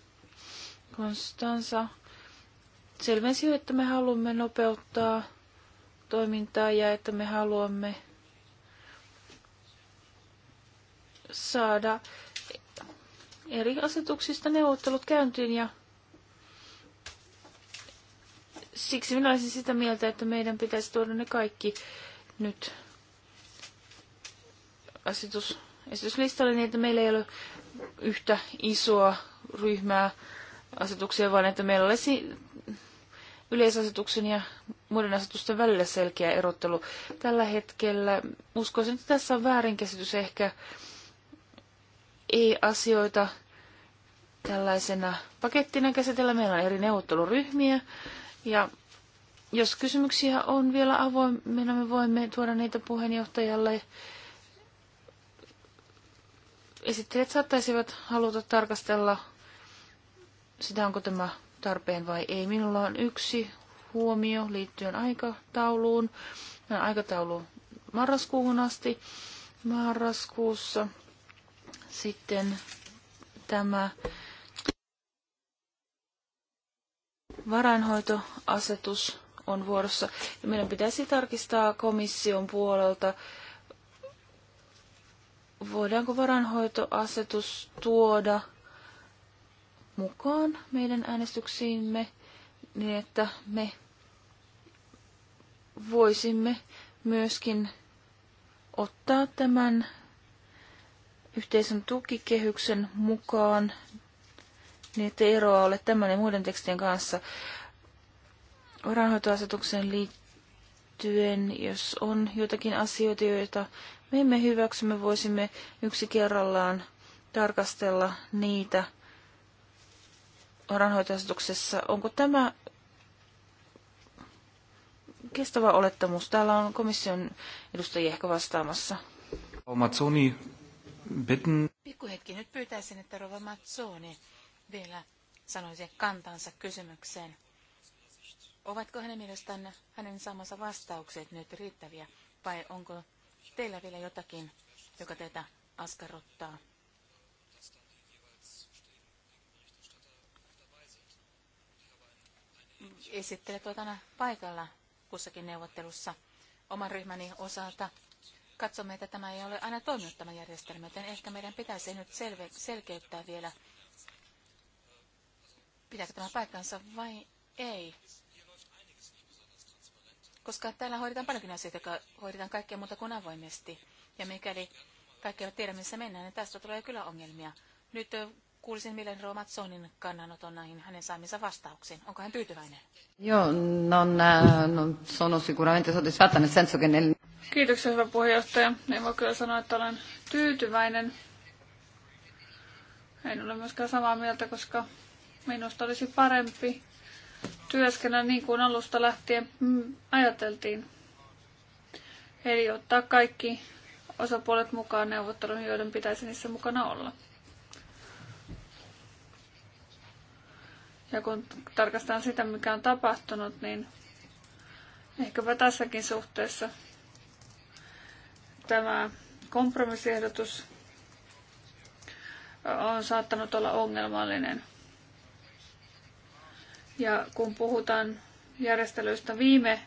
Konstansa selvensi että me haluamme nopeuttaa toimintaa ja että me haluamme saada eri asetuksista neuvottelut käyntiin ja siksi minä olisin sitä mieltä, että meidän pitäisi tuoda ne kaikki nyt asetus, esityslistalle niin, että meillä ei ole yhtä isoa ryhmää asetuksia, vaan että meillä olisi yleisasetuksen ja muiden asetusten välillä selkeä erottelu. Tällä hetkellä uskoisin, että tässä on väärinkäsitys ehkä ei asioita tällaisena pakettina käsitellä. Meillä on eri neuvotteluryhmiä ja jos kysymyksiä on vielä avoimena, me voimme tuoda niitä puheenjohtajalle. Esittelijät saattaisivat haluta tarkastella sitä, onko tämä tarpeen vai ei. Minulla on yksi huomio liittyen aikatauluun. Aikataulu marraskuuhun asti. Marraskuussa sitten tämä varainhoitoasetus on vuorossa. Ja meidän pitäisi tarkistaa komission puolelta, voidaanko varainhoitoasetus tuoda – mukaan meidän äänestyksiimme niin, että me voisimme myöskin ottaa tämän yhteisen tukikehyksen mukaan, niin että eroa ole tämän ja muiden tekstien kanssa. Varainhoitoasetukseen liittyen, jos on jotakin asioita, joita me emme hyväksy, me voisimme yksi kerrallaan tarkastella niitä – ranhoitasetuksessa. Onko tämä kestävä olettamus? Täällä on komission edustajia ehkä vastaamassa. Mazzoni, bitten. Pikku hetki, nyt pyytäisin, että Rova Mazzoni vielä sanoisi kantansa kysymykseen. Ovatko hänen mielestään hänen saamansa vastaukset nyt riittäviä vai onko teillä vielä jotakin, joka teitä askarruttaa? esittelet ovat paikalla kussakin neuvottelussa oman ryhmäni osalta. Katsomme, että tämä ei ole aina toiminut tämä järjestelmä, joten ehkä meidän pitäisi nyt selve- selkeyttää vielä, pitääkö tämä paikkansa vai ei. Koska täällä hoidetaan paljonkin asioita, jotka hoidetaan kaikkea muuta kuin avoimesti. Ja mikäli kaikki eivät tiedä, missä mennään, niin tästä tulee kyllä ongelmia. Nyt kuulisin mielen Roomat Sonin kannanoton näihin hänen saamiinsa vastauksiin. Onko hän tyytyväinen? Joo, non, äh, non sono sicuramente soddisfatta nel senso che nel... Kiitoksia hyvä puheenjohtaja. En voi kyllä sanoa, että olen tyytyväinen. En ole myöskään samaa mieltä, koska minusta olisi parempi työskennellä niin kuin alusta lähtien mm, ajateltiin. Eli ottaa kaikki osapuolet mukaan neuvotteluihin, joiden pitäisi niissä mukana olla. Ja kun tarkastetaan sitä, mikä on tapahtunut, niin ehkäpä tässäkin suhteessa tämä kompromissiehdotus on saattanut olla ongelmallinen. Ja kun puhutaan järjestelyistä viime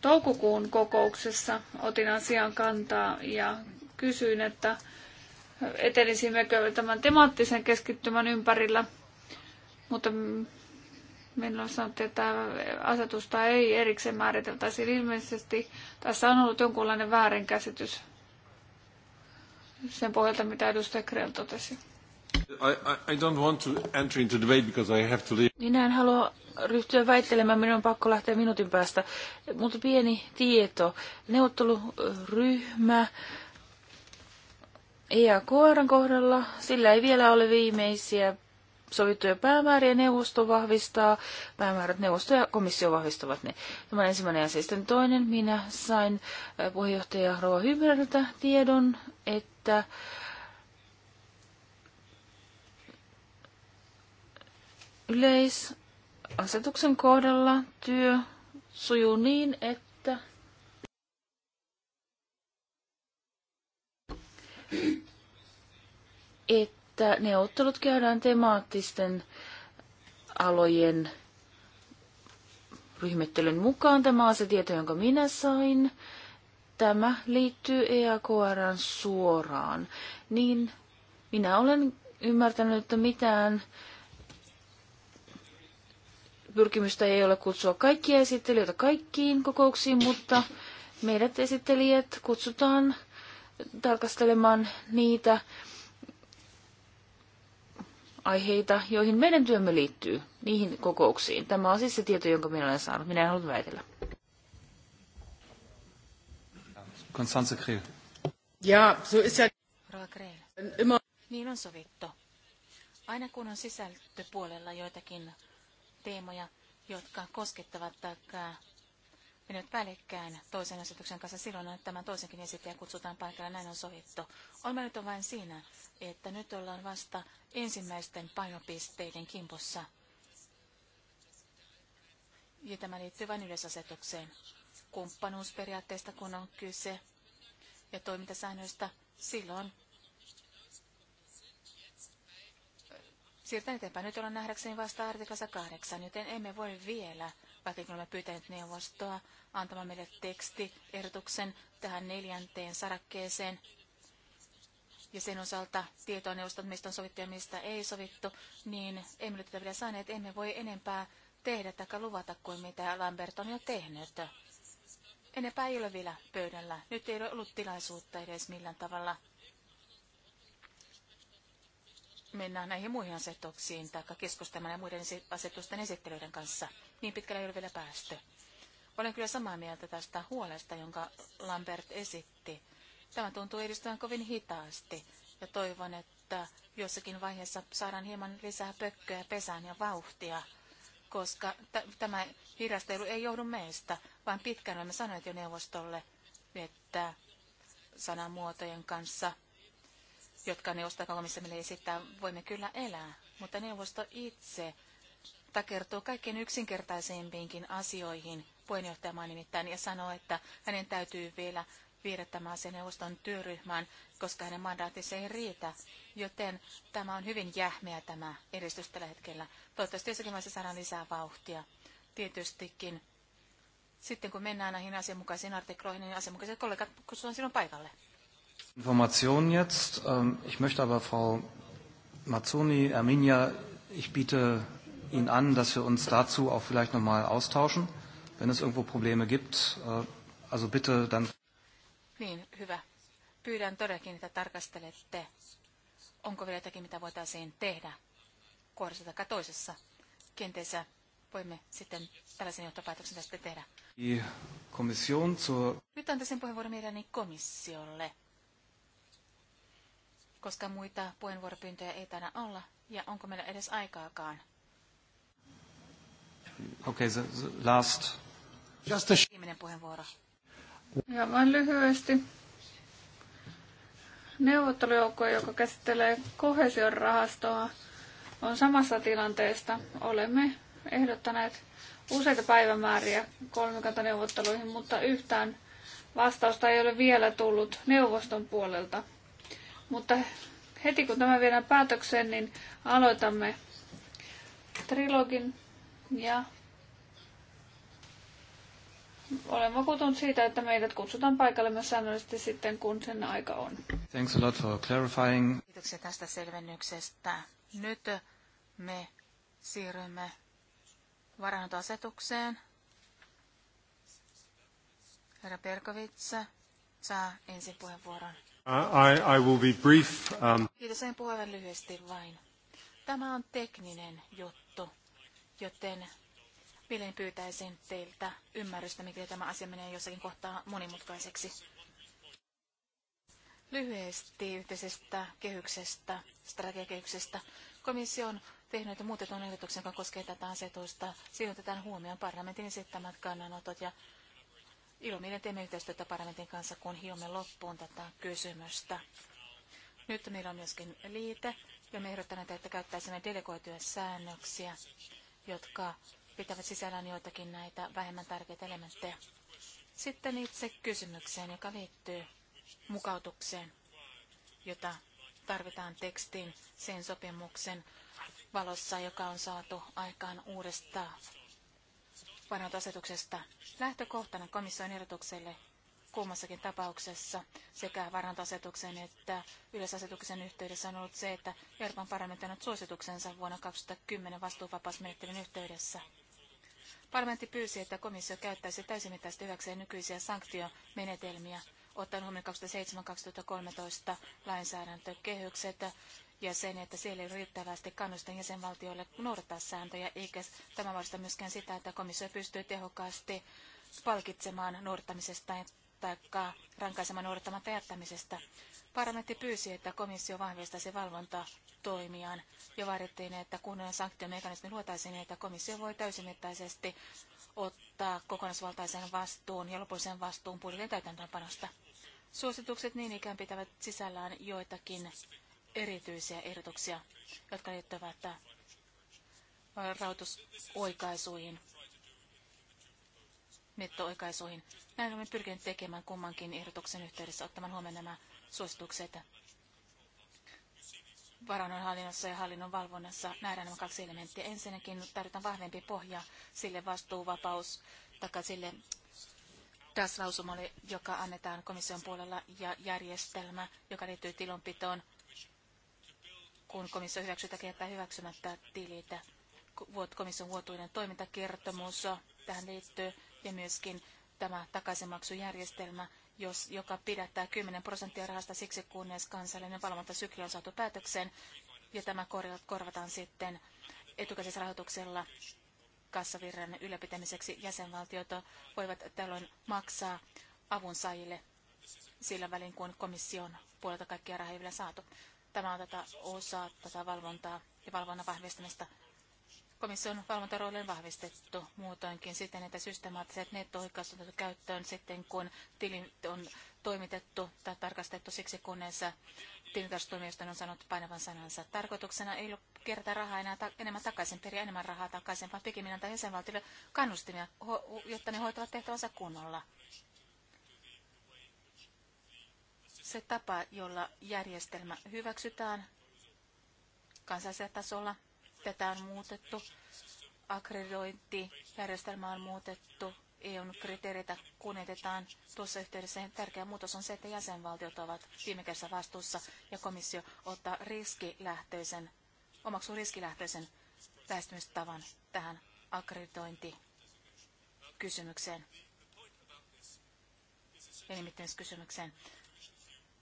toukokuun kokouksessa, otin asian kantaa ja kysyin, että etenisimmekö tämän temaattisen keskittymän ympärillä – mutta Milloin sanottiin, että asetusta ei erikseen määriteltäisi. Ilmeisesti tässä on ollut jonkunlainen väärinkäsitys sen pohjalta, mitä edustaja Krell totesi. I, I don't want to enter into debate because I have to leave. Minä en halua ryhtyä väittelemään, minun on pakko lähteä minuutin päästä. Mutta pieni tieto. Neuvotteluryhmä EAKRn kohdalla, sillä ei vielä ole viimeisiä sovittuja päämääriä. Neuvosto vahvistaa päämäärät, neuvosto ja komissio vahvistavat ne. Tämä on ensimmäinen ja Sitten toinen, minä sain äh, puheenjohtaja Rova Hymyrältä tiedon, että yleisasetuksen kohdalla työ sujuu niin, että että että neuvottelut käydään temaattisten alojen ryhmittelyn mukaan. Tämä on se tieto, jonka minä sain. Tämä liittyy EAKRn suoraan. Niin minä olen ymmärtänyt, että mitään pyrkimystä ei ole kutsua kaikkia esittelijöitä kaikkiin kokouksiin, mutta meidät esittelijät kutsutaan tarkastelemaan niitä aiheita, joihin meidän työmme liittyy, niihin kokouksiin. Tämä on siis se tieto, jonka minä olen saanut. Minä en halua väitellä. Konstanze Kriel. Ja, so ist ja... Immer... Niin on sovittu. Aina kun on sisältöpuolella joitakin teemoja, jotka koskettavat tai menevät välikkään toisen asetuksen kanssa silloin, että tämän toisenkin esittäjä kutsutaan paikalle, näin on sovittu. Olemme nyt on vain siinä, että nyt ollaan vasta ensimmäisten painopisteiden kimpossa. Ja tämä liittyy vain yleisasetukseen. Kumppanuusperiaatteesta kun on kyse ja toimintasäännöistä, silloin siirtän eteenpäin. Nyt ollaan nähdäkseni vasta artiklassa kahdeksan, joten emme voi vielä, vaikka olemme pyytäneet neuvostoa antamaan meille teksti tekstiehdotuksen tähän neljänteen sarakkeeseen, ja sen osalta tietoa neuvostot, mistä on sovittu ja mistä ei sovittu, niin emme nyt vielä saaneet. Emme voi enempää tehdä tai luvata kuin mitä Lambert on jo tehnyt. Enempää ei ole vielä pöydällä. Nyt ei ole ollut tilaisuutta edes millään tavalla mennään näihin muihin asetuksiin tai keskustelemaan ja muiden asetusten esittelyiden kanssa. Niin pitkällä ei ole vielä päästy. Olen kyllä samaa mieltä tästä huolesta, jonka Lambert esitti Tämä tuntuu edistyvän kovin hitaasti ja toivon, että jossakin vaiheessa saadaan hieman lisää pökköä pesään ja vauhtia, koska tämä hidastelu ei johdu meistä, vaan pitkään olemme sanoneet jo neuvostolle, että sanamuotojen kanssa, jotka neuvostokomissa meille esittää, voimme kyllä elää, mutta neuvosto itse takertuu kaikkein yksinkertaisempiinkin asioihin, puheenjohtajamaa nimittäin, ja sanoo, että hänen täytyy vielä viedä tämä asia neuvoston työryhmään, koska hänen mandaattinsa ei riitä. Joten tämä on hyvin jähmeä tämä edistys tällä hetkellä. Toivottavasti jossakin vaiheessa saadaan lisää vauhtia. Tietystikin sitten kun mennään näihin asianmukaisiin artikloihin, niin asianmukaiset kollegat kutsutaan sinun paikalle. Information jetzt. Ähm, ich möchte aber Frau Mazzoni, Arminia, ich biete Ihnen an, dass wir uns dazu auch vielleicht nochmal austauschen, wenn es irgendwo Probleme gibt. Äh, also bitte dann. Niin, hyvä. Pyydän todellakin, että tarkastelette, onko vielä jotakin, mitä voitaisiin tehdä kohdassa tai toisessa. Kenteessä voimme sitten tällaisen johtopäätöksen tästä tehdä. Zur... Nyt antaisin puheenvuoron mielelläni komissiolle, koska muita puheenvuoropyyntöjä ei taida olla, ja onko meillä edes aikaakaan. Okei, okay, the, the last. Just a... Viimeinen puheenvuoro. Ja vain lyhyesti. Neuvottelujoukko, joka käsittelee kohesion rahastoa, on samassa tilanteesta. Olemme ehdottaneet useita päivämääriä kolmikantaneuvotteluihin, mutta yhtään vastausta ei ole vielä tullut neuvoston puolelta. Mutta heti kun tämä viedään päätökseen, niin aloitamme trilogin ja olen vakuutunut siitä, että meidät kutsutaan paikalle myös säännöllisesti sitten, kun sen aika on. Thanks a lot for clarifying. Kiitoksia tästä selvennyksestä. Nyt me siirrymme varannutasetukseen. Herra Perkovits saa ensin puheenvuoron. I, I will be brief. Um... Kiitos, en puheen lyhyesti vain. Tämä on tekninen juttu, joten Mielin pyytäisin teiltä ymmärrystä, mikä tämä asia menee jossakin kohtaa monimutkaiseksi. Lyhyesti yhteisestä kehyksestä, strategiakehyksestä. Komissio on tehnyt muutetun ehdotuksen, joka koskee tätä asetusta. Siinä otetaan huomioon parlamentin esittämät kannanotot ja ilomielen teemme yhteistyötä parlamentin kanssa, kun hiomme loppuun tätä kysymystä. Nyt meillä on myöskin liite, ja me ehdottaneet, että käyttäisimme delegoituja säännöksiä, jotka pitävät sisällään joitakin näitä vähemmän tärkeitä elementtejä. Sitten itse kysymykseen, joka liittyy mukautukseen, jota tarvitaan tekstiin sen sopimuksen valossa, joka on saatu aikaan uudesta varantoasetuksesta. Lähtökohtana komission ehdotukselle kummassakin tapauksessa sekä varantoasetuksen että yleisasetuksen yhteydessä on ollut se, että Euroopan parlamentti on suosituksensa vuonna 2010 vastuuvapausmenettelyn yhteydessä. Parlamentti pyysi, että komissio käyttäisi täysimittaisesti hyväkseen nykyisiä sanktiomenetelmiä, ottaen huomioon 2007-2013 lainsäädäntökehykset ja sen, että siellä ei riittävästi kannustan jäsenvaltioille noudattaa sääntöjä, eikä tämä vasta myöskään sitä, että komissio pystyy tehokkaasti palkitsemaan noudattamisesta tai rankaisemaan noudattamatta jättämisestä. Parlamentti pyysi, että komissio vahvistaisi valvontaa toimiaan ja vaadittiin, että kunnan sanktiomekanismi luotaisiin niin, että komissio voi täysimittaisesti ottaa kokonaisvaltaisen vastuun ja lopullisen vastuun budjetin täytäntöönpanosta. Suositukset niin ikään pitävät sisällään joitakin erityisiä ehdotuksia, jotka liittyvät äh, rahoitusoikaisuihin, netto-oikaisuihin. Näin olemme pyrkineet tekemään kummankin ehdotuksen yhteydessä ottamaan huomioon nämä suositukset varannonhallinnossa ja hallinnon valvonnassa nähdään nämä kaksi elementtiä. Ensinnäkin tarvitaan vahvempi pohja sille vastuuvapaus, tai sille DAS-lausumalle, joka annetaan komission puolella, ja järjestelmä, joka liittyy tilonpitoon, kun komissio hyväksyy tai jättää hyväksymättä tilitä. Komission vuotuinen toimintakertomus tähän liittyy, ja myöskin tämä takaisinmaksujärjestelmä, jos, joka pidättää 10 prosenttia rahasta siksi, kunnes kansallinen valvontasykli on saatu päätökseen, ja tämä korvataan sitten etukäsisrahoituksella kassavirran ylläpitämiseksi. Jäsenvaltiot voivat tällöin maksaa avunsaajille sillä välin, kun komission puolelta kaikkia rahoja ei vielä saatu. Tämä on tätä osaa tätä valvontaa ja valvonnan vahvistamista komission valvontarooli on vahvistettu muutoinkin siten, että systemaattiset netto on otettu käyttöön sitten, kun tili on toimitettu tai tarkastettu siksi, kunnes tilintarkastustoimijoista on sanonut painavan sanansa. Tarkoituksena ei ole kerätä rahaa enää ta- enemmän takaisin, periä enemmän rahaa takaisin, vaan pikemmin antaa jäsenvaltiolle kannustimia, jotta ne hoitavat tehtävänsä kunnolla. Se tapa, jolla järjestelmä hyväksytään kansallisella tasolla, Tätä on muutettu, akkreditointijärjestelmä on muutettu, EUn kriteereitä kunnioitetaan. Tuossa yhteydessä tärkeä muutos on se, että jäsenvaltiot ovat viime kädessä vastuussa ja komissio ottaa riskilähtöisen, omaksuu riskilähtöisen lähestymistavan tähän akkreditointikysymykseen kysymykseen.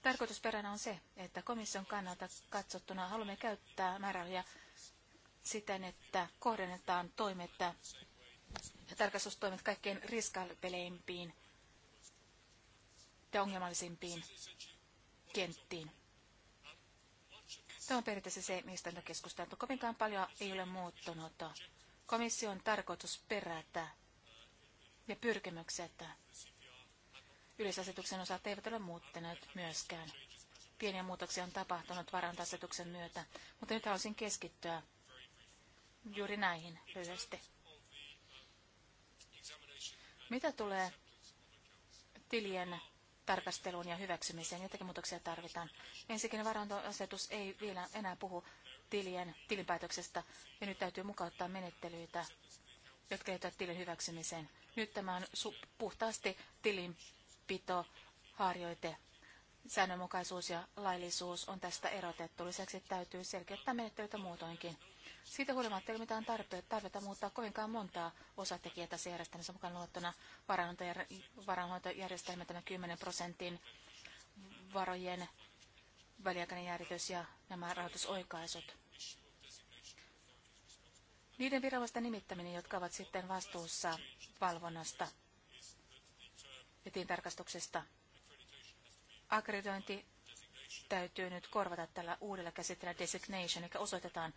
Tarkoitusperänä on se, että komission kannalta katsottuna haluamme käyttää määrärahoja siten, että kohdennetaan toimet ja tarkastustoimet kaikkein riskalpeleimpiin, ja ongelmallisimpiin kenttiin. Tämä on periaatteessa se, mistä tätä keskusteltu. Kovinkaan paljon ei ole muuttunut. Komission tarkoitus perätä ja pyrkimykset yleisasetuksen osalta eivät ole muuttuneet myöskään. Pieniä muutoksia on tapahtunut varantasetuksen myötä, mutta nyt haluaisin keskittyä juuri näihin lyhyesti. Mitä tulee tilien tarkasteluun ja hyväksymiseen, jotakin muutoksia tarvitaan. Ensinnäkin varantoasetus ei vielä enää puhu tilien tilinpäätöksestä, ja nyt täytyy mukauttaa menettelyitä, jotka liittyvät tilin hyväksymiseen. Nyt tämä on puhtaasti tilinpito harjoite. Säännönmukaisuus ja laillisuus on tästä erotettu. Lisäksi täytyy selkeyttää menettelyitä muutoinkin. Siitä huolimatta ei ole mitään tarvetta muuttaa kovinkaan montaa osatekijää tässä järjestelmässä mukaan luottuna varainhoitojärjestelmä tämä 10 prosentin varojen väliaikainen jäädytys ja nämä rahoitusoikaisut. Niiden virallisten nimittäminen, jotka ovat sitten vastuussa valvonnasta ja tarkastuksesta. Akkreditointi täytyy nyt korvata tällä uudella käsitteellä designation, eli osoitetaan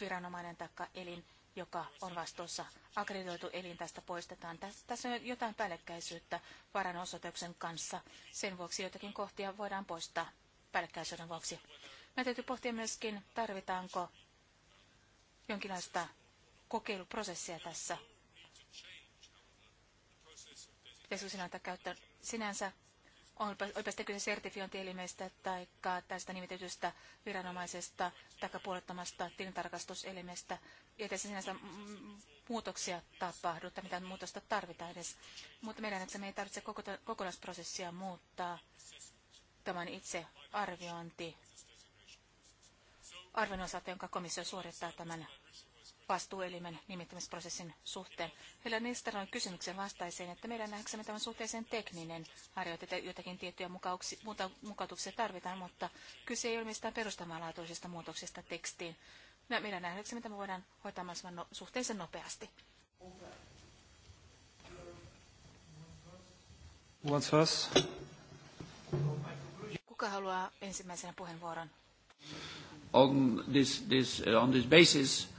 viranomainen taikka elin, joka on vastuussa. Akkreditoitu elin tästä poistetaan. Tässä on jotain päällekkäisyyttä varanosoituksen kanssa. Sen vuoksi joitakin kohtia voidaan poistaa päällekkäisyyden vuoksi. Me täytyy pohtia myöskin, tarvitaanko jonkinlaista kokeiluprosessia tässä. Pitäisikö sinä käyttöön sinänsä olipa sitten kyse sertifiointielimestä tai tästä nimitetystä viranomaisesta tai puolettomasta tilintarkastuselimestä. Ei tässä sinänsä muutoksia tapahdu tai mitään muutosta tarvitaan edes. Mutta meidän me ei tarvitse koko, kokonaisprosessia muuttaa tämän itse arviointi arvion osalta, jonka komissio suorittaa tämän vastuuelimen nimittämisprosessin suhteen. Heillä on kysymyksen vastaiseen, että meidän nähdäksemme tämän suhteeseen tekninen harjoite, että jotakin tiettyjä mukauksi, muuta, mukautuksia tarvitaan, mutta kyse ei ole mistään perustavanlaatuisesta muutoksesta tekstiin. No, meidän nähdäksemme tämä voidaan hoitaa mahdollisimman no, suhteellisen nopeasti. What's first? Kuka haluaa ensimmäisenä puheenvuoron? On this, this, on this basis,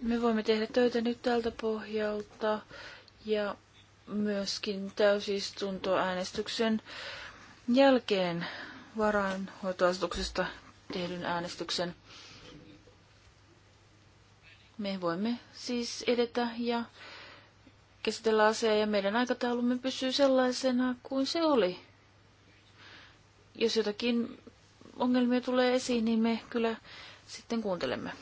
me voimme tehdä töitä nyt tältä pohjalta ja myöskin täysistuntoäänestyksen jälkeen varainhoitoasetuksesta tehdyn äänestyksen. Me voimme siis edetä ja käsitellä asiaa ja meidän aikataulumme pysyy sellaisena kuin se oli. Jos jotakin ongelmia tulee esiin, niin me kyllä sitten kuuntelemme.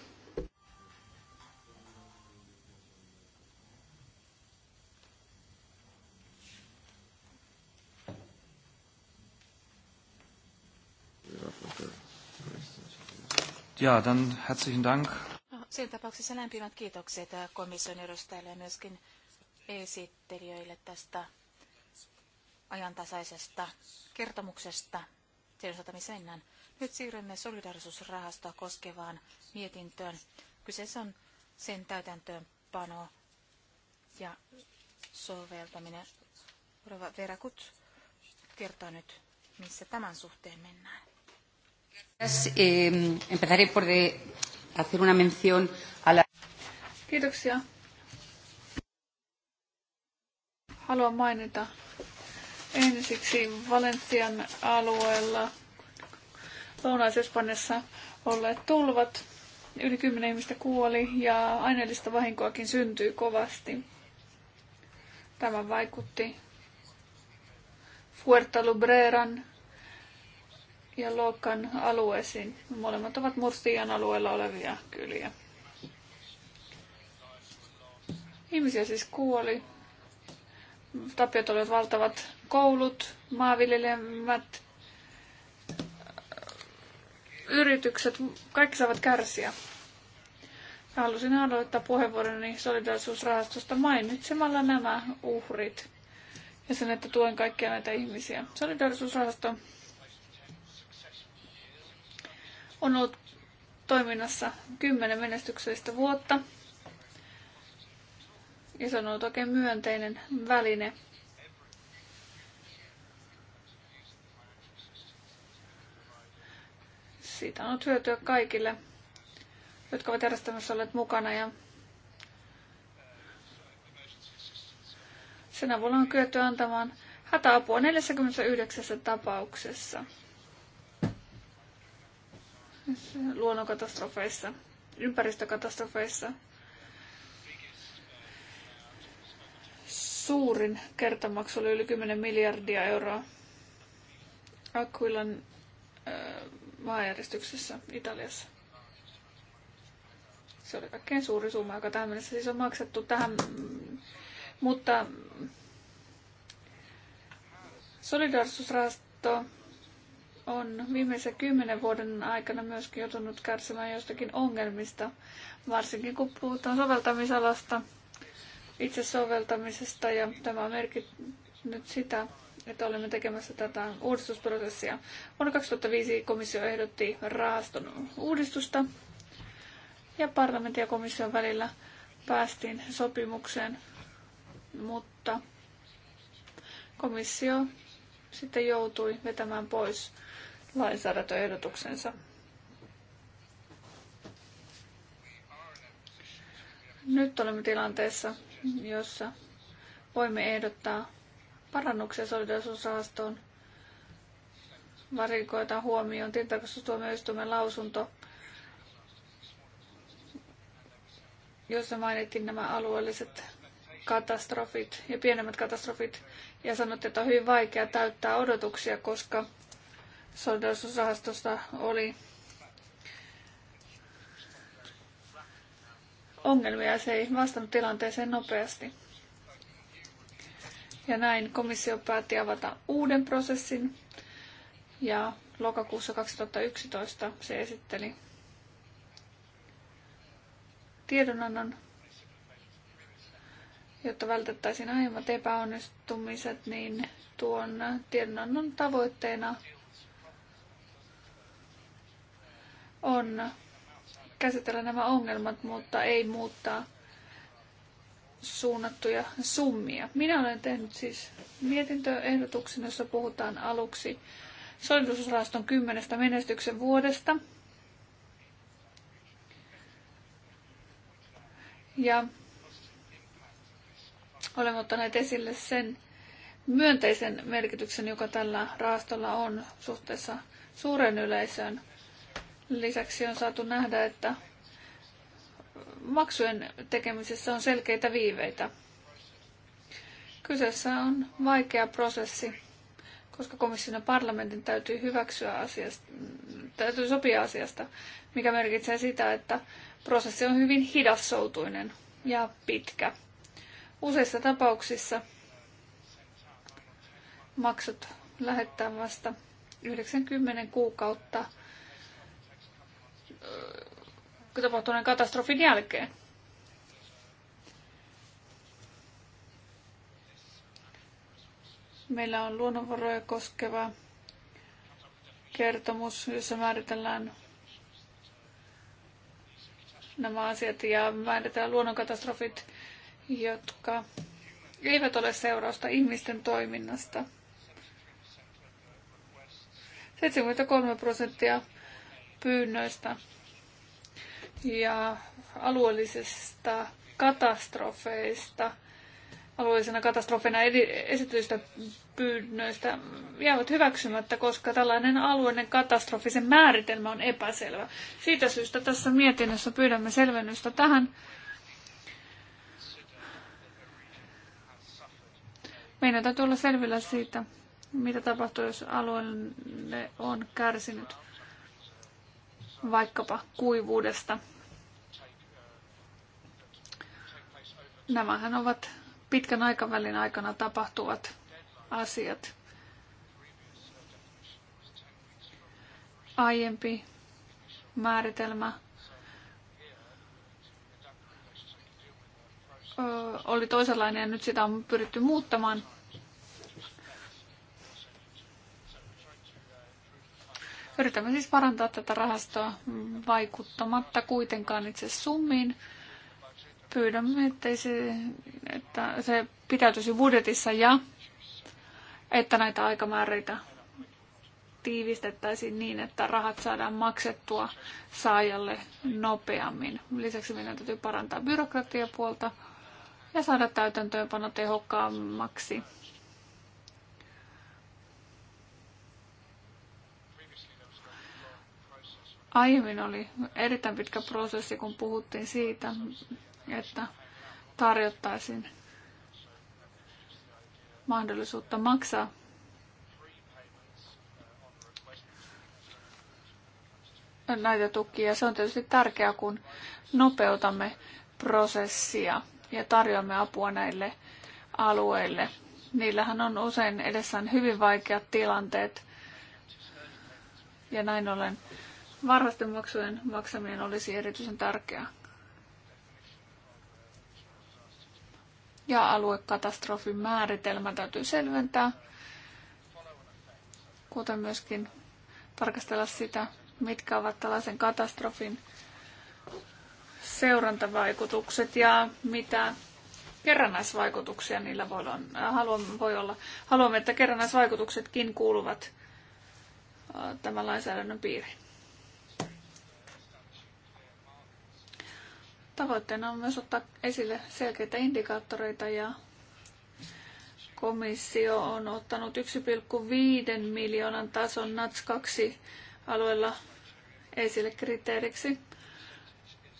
Ja, dann herzlichen Dank. No, siinä tapauksessa lämpimät kiitokset komission edustajille ja myöskin esittelijöille tästä ajantasaisesta kertomuksesta. Sen osalta, missä mennään. Nyt siirrymme solidarisuusrahastoa koskevaan mietintöön. Kyseessä on sen täytäntöönpano ja soveltaminen. Vera Kut kertoo nyt, missä tämän suhteen mennään. Kiitoksia. Haluan mainita ensiksi Valencian alueella Lounais-Espanjassa olleet tulvat. Yli kymmenen ihmistä kuoli ja aineellista vahinkoakin syntyi kovasti. Tämä vaikutti Fuerta Lubreran ja lokan alueisiin. Molemmat ovat Mursian alueella olevia kyliä. Ihmisiä siis kuoli. Tapiot olivat valtavat koulut, maanviljelijämät, yritykset, kaikki saavat kärsiä. Halusin aloittaa puheenvuoroni solidaarisuusrahastosta mainitsemalla nämä uhrit ja sen, että tuen kaikkia näitä ihmisiä. Solidaarisuusrahasto on ollut toiminnassa kymmenen menestyksellistä vuotta. Ja se on ollut oikein myönteinen väline. Siitä on ollut hyötyä kaikille, jotka ovat järjestelmässä olleet mukana. Ja sen avulla on kyetty antamaan hätäapua 49 tapauksessa luonnonkatastrofeissa, ympäristökatastrofeissa. Suurin kertamaksu oli yli 10 miljardia euroa Aquilan äh, maanjäristyksessä Italiassa. Se oli kaikkein suuri summa, joka tähän mennessä siis on maksettu tähän, mutta solidarisuusrahasto on viimeisen kymmenen vuoden aikana myöskin joutunut kärsimään jostakin ongelmista, varsinkin kun puhutaan soveltamisalasta, itse soveltamisesta ja tämä on merkinnyt sitä, että olemme tekemässä tätä uudistusprosessia. Vuonna 2005 komissio ehdotti rahaston uudistusta ja parlamentin ja komission välillä päästiin sopimukseen, mutta komissio sitten joutui vetämään pois lainsäädäntöehdotuksensa. Nyt olemme tilanteessa, jossa voimme ehdottaa parannuksia solidarisuusrahastoon koetaan huomioon tilintarkastustuomioistuimen lausunto, jossa mainittiin nämä alueelliset katastrofit ja pienemmät katastrofit ja sanotte, että on hyvin vaikea täyttää odotuksia, koska solidarisuusrahastosta oli ongelmia ja se ei vastannut tilanteeseen nopeasti. Ja näin komissio päätti avata uuden prosessin ja lokakuussa 2011 se esitteli tiedonannon jotta vältettäisiin aiemmat epäonnistumiset, niin tuon tiedonannon tavoitteena on käsitellä nämä ongelmat, mutta ei muuttaa suunnattuja summia. Minä olen tehnyt siis mietintöehdotuksen, jossa puhutaan aluksi solidarisuusrahaston kymmenestä menestyksen vuodesta. Ja Olemme ottaneet esille sen myönteisen merkityksen, joka tällä rahastolla on suhteessa suuren yleisöön. Lisäksi on saatu nähdä, että maksujen tekemisessä on selkeitä viiveitä. Kyseessä on vaikea prosessi, koska komission ja parlamentin täytyy hyväksyä asiasta, täytyy sopia asiasta, mikä merkitsee sitä, että prosessi on hyvin hidassoutuinen ja pitkä. Useissa tapauksissa maksut lähettää vasta 90 kuukautta tapahtuneen katastrofin jälkeen. Meillä on luonnonvaroja koskeva kertomus, jossa määritellään nämä asiat ja määritellään luonnonkatastrofit jotka eivät ole seurausta ihmisten toiminnasta. 73 prosenttia pyynnöistä ja alueellisista katastrofeista, alueellisena katastrofeina esityistä pyynnöistä jäävät hyväksymättä, koska tällainen alueellinen katastrofi, sen määritelmä on epäselvä. Siitä syystä tässä mietinnössä pyydämme selvennystä tähän Meidän täytyy olla selvillä siitä, mitä tapahtuu, jos alueelle on kärsinyt vaikkapa kuivuudesta. Nämähän ovat pitkän aikavälin aikana tapahtuvat asiat. Aiempi määritelmä oli toisenlainen ja nyt sitä on pyritty muuttamaan. Yritämme siis parantaa tätä rahastoa vaikuttamatta kuitenkaan itse summiin. Pyydämme, että se, että se pitäytyisi budjetissa ja että näitä aikamääreitä tiivistettäisiin niin, että rahat saadaan maksettua saajalle nopeammin. Lisäksi meidän täytyy parantaa byrokratiapuolta. puolta ja saada täytäntöönpano tehokkaammaksi. Aiemmin oli erittäin pitkä prosessi, kun puhuttiin siitä, että tarjottaisiin mahdollisuutta maksaa näitä tukia. Se on tietysti tärkeää, kun nopeutamme prosessia ja tarjoamme apua näille alueille. Niillähän on usein edessään hyvin vaikeat tilanteet ja näin ollen varhaisten maksujen maksaminen olisi erityisen tärkeää. Ja aluekatastrofin määritelmä täytyy selventää, kuten myöskin tarkastella sitä, mitkä ovat tällaisen katastrofin seurantavaikutukset ja mitä kerrannaisvaikutuksia niillä voi olla. Haluamme, voi olla. Haluamme, että kerrannaisvaikutuksetkin kuuluvat tämän lainsäädännön piiriin. Tavoitteena on myös ottaa esille selkeitä indikaattoreita ja komissio on ottanut 1,5 miljoonan tason NATS 2 alueella esille kriteeriksi.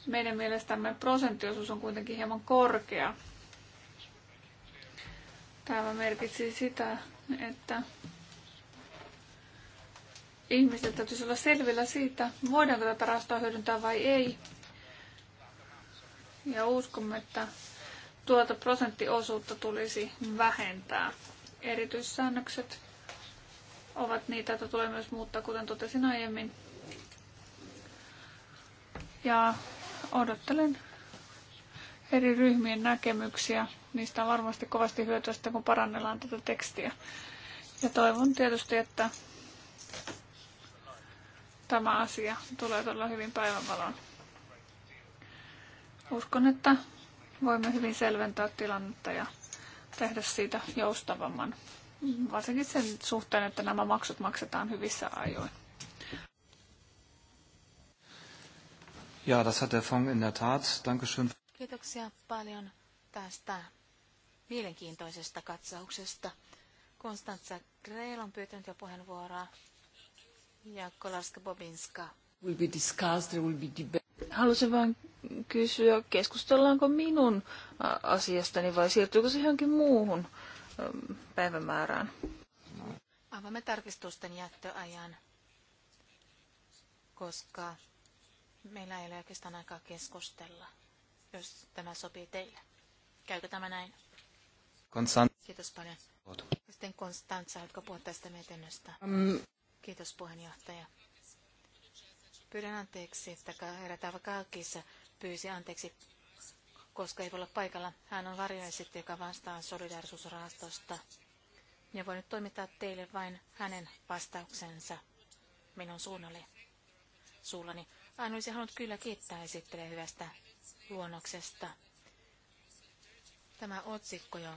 Meidän mielestämme prosenttiosuus on kuitenkin hieman korkea. Tämä merkitsi sitä, että ihmiset täytyisi olla selvillä siitä, voidaanko tätä rastaa hyödyntää vai ei. Ja uskomme, että tuota prosenttiosuutta tulisi vähentää. Erityissäännökset ovat niitä, joita tulee myös muuttaa, kuten totesin aiemmin. Ja Odottelen eri ryhmien näkemyksiä. Niistä on varmasti kovasti hyötyä sitten, kun parannellaan tätä tekstiä. Ja toivon tietysti, että tämä asia tulee todella hyvin päivänvaloon. Uskon, että voimme hyvin selventää tilannetta ja tehdä siitä joustavamman. Varsinkin sen suhteen, että nämä maksut maksetaan hyvissä ajoin. Ja, das hat der in der Tat. Dankeschön. Kiitoksia paljon tästä mielenkiintoisesta katsauksesta. Konstantsa Greil on pyytänyt jo puheenvuoroa ja Kolarska Bobinska. Will be discussed, there will be debate. vain kysyä, keskustellaanko minun asiastani vai siirtyykö se johonkin muuhun päivämäärään? Avaamme tarkistusten jättöajan, koska Meillä ei ole oikeastaan aikaa keskustella, jos tämä sopii teille. Käykö tämä näin? Konstant. Kiitos paljon. Sitten Konstantsa, haluatko puhua tästä mietinnöstä? Um. Kiitos puheenjohtaja. Pyydän anteeksi, että herätään Kalkissa pyysi anteeksi, koska ei voi olla paikalla. Hän on varjoesitti, joka vastaa solidarisuusrahastosta. Ja voin nyt toimittaa teille vain hänen vastauksensa minun suunnalleni. Suullani hän olisi halunnut kyllä kiittää esittelee hyvästä luonnoksesta. Tämä otsikko jo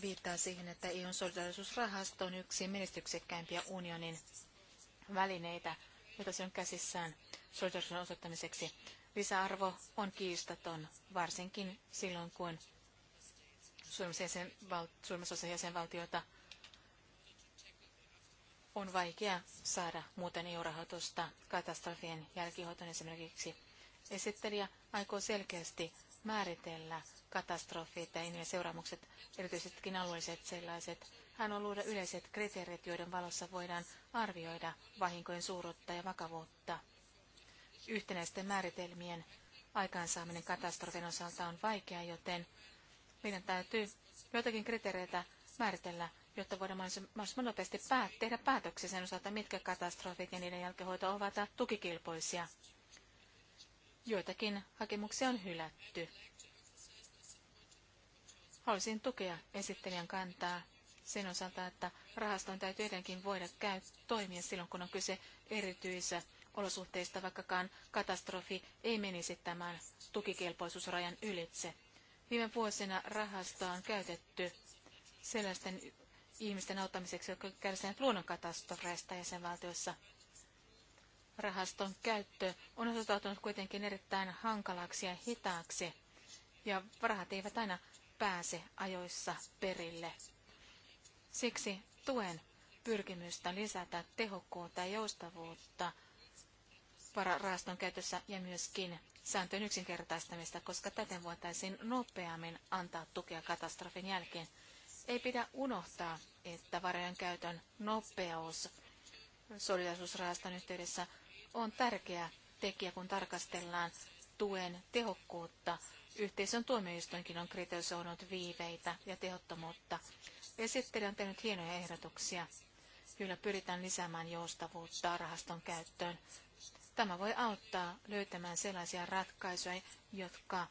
viittaa siihen, että EUn solidarisuusrahasto on yksi menestyksekkäimpiä unionin välineitä, joita se on käsissään solidarisuuden osoittamiseksi. Lisäarvo on kiistaton, varsinkin silloin kun Suomessa jäsenval- jäsenvaltioita on vaikea saada muuten EU-rahoitusta katastrofien jälkihoitoon esimerkiksi. Esittelijä aikoo selkeästi määritellä katastrofit ja niiden seuraamukset, erityisestikin alueelliset sellaiset. Hän on luoda yleiset kriteerit, joiden valossa voidaan arvioida vahinkojen suuruutta ja vakavuutta. Yhtenäisten määritelmien aikaansaaminen katastrofin osalta on vaikeaa, joten meidän täytyy joitakin kriteereitä määritellä, jotta voidaan mahdollisimman nopeasti päät- tehdä päätöksiä sen osalta, mitkä katastrofit ja niiden jälkehoito ovat tukikilpoisia. Joitakin hakemuksia on hylätty. Haluaisin tukea esittelijän kantaa sen osalta, että rahaston täytyy edelleenkin voida käy, toimia silloin, kun on kyse erityisä olosuhteista, vaikkakaan katastrofi ei menisi tämän tukikelpoisuusrajan ylitse. Viime vuosina rahastoa on käytetty sellaisten ihmisten auttamiseksi, jotka kärsivät luonnonkatastrofeista jäsenvaltioissa. Rahaston käyttö on osoittautunut kuitenkin erittäin hankalaksi ja hitaaksi, ja rahat eivät aina pääse ajoissa perille. Siksi tuen pyrkimystä lisätä tehokkuutta ja joustavuutta rahaston käytössä ja myöskin sääntöjen yksinkertaistamista, koska täten voitaisiin nopeammin antaa tukea katastrofin jälkeen. Ei pidä unohtaa, että varojen käytön nopeus solidaisuusrahaston yhteydessä on tärkeä tekijä, kun tarkastellaan tuen tehokkuutta. Yhteisön tuomioistuinkin on kritisoinut viiveitä ja tehottomuutta. Esittelijä on tehnyt hienoja ehdotuksia, joilla pyritään lisäämään joustavuutta rahaston käyttöön. Tämä voi auttaa löytämään sellaisia ratkaisuja, jotka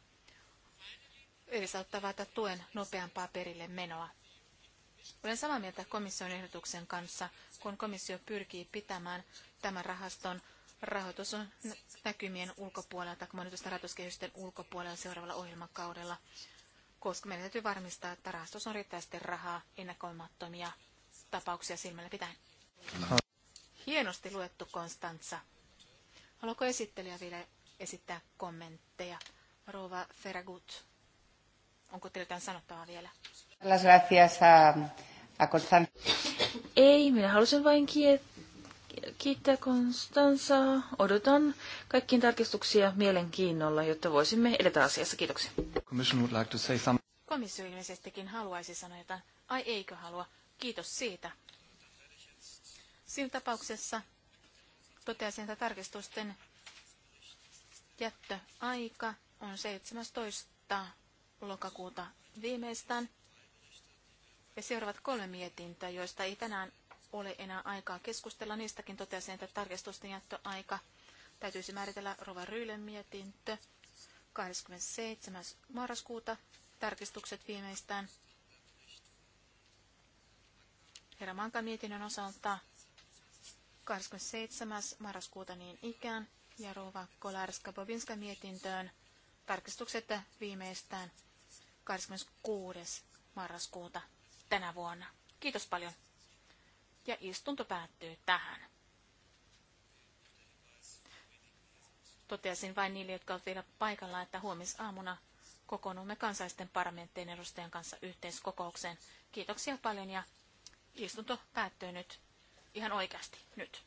edesauttavat tuen nopeampaa perille menoa. Olen samaa mieltä komission ehdotuksen kanssa, kun komissio pyrkii pitämään tämän rahaston rahoitus on näkymien ulkopuolella tai monitusten rahoituskehysten ulkopuolella seuraavalla ohjelmakaudella, koska meidän täytyy varmistaa, että rahastossa on riittävästi rahaa ennakoimattomia tapauksia silmällä pitäen. Hienosti luettu, Konstantsa. Haluatko esittelijä vielä esittää kommentteja? Rova Ferragut. Onko teillä jotain sanottavaa vielä? Ei, minä halusin vain kiittää Konstansa. Odotan kaikkiin tarkistuksia mielenkiinnolla, jotta voisimme edetä asiassa. Kiitoksia. Komissio ilmeisestikin haluaisi sanoa jotain. Ai eikö halua? Kiitos siitä. Siinä tapauksessa toteaisin, että tarkistusten jättöaika on 17 lokakuuta viimeistään. Ja seuraavat kolme mietintöä, joista ei tänään ole enää aikaa keskustella. Niistäkin totesin, että tarkistusten jättöaika täytyisi määritellä Rova Ryylen mietintö 27. marraskuuta. Tarkistukset viimeistään herra Mankan mietinnön osalta 27. marraskuuta niin ikään ja Rova Kolarska-Bobinska mietintöön tarkistukset viimeistään 26. marraskuuta tänä vuonna. Kiitos paljon. Ja istunto päättyy tähän. Toteasin vain niille, jotka ovat vielä paikalla, että huomisaamuna kokoonnumme kansaisten parlamenttien edustajan kanssa yhteiskokoukseen. Kiitoksia paljon ja istunto päättyy nyt ihan oikeasti nyt.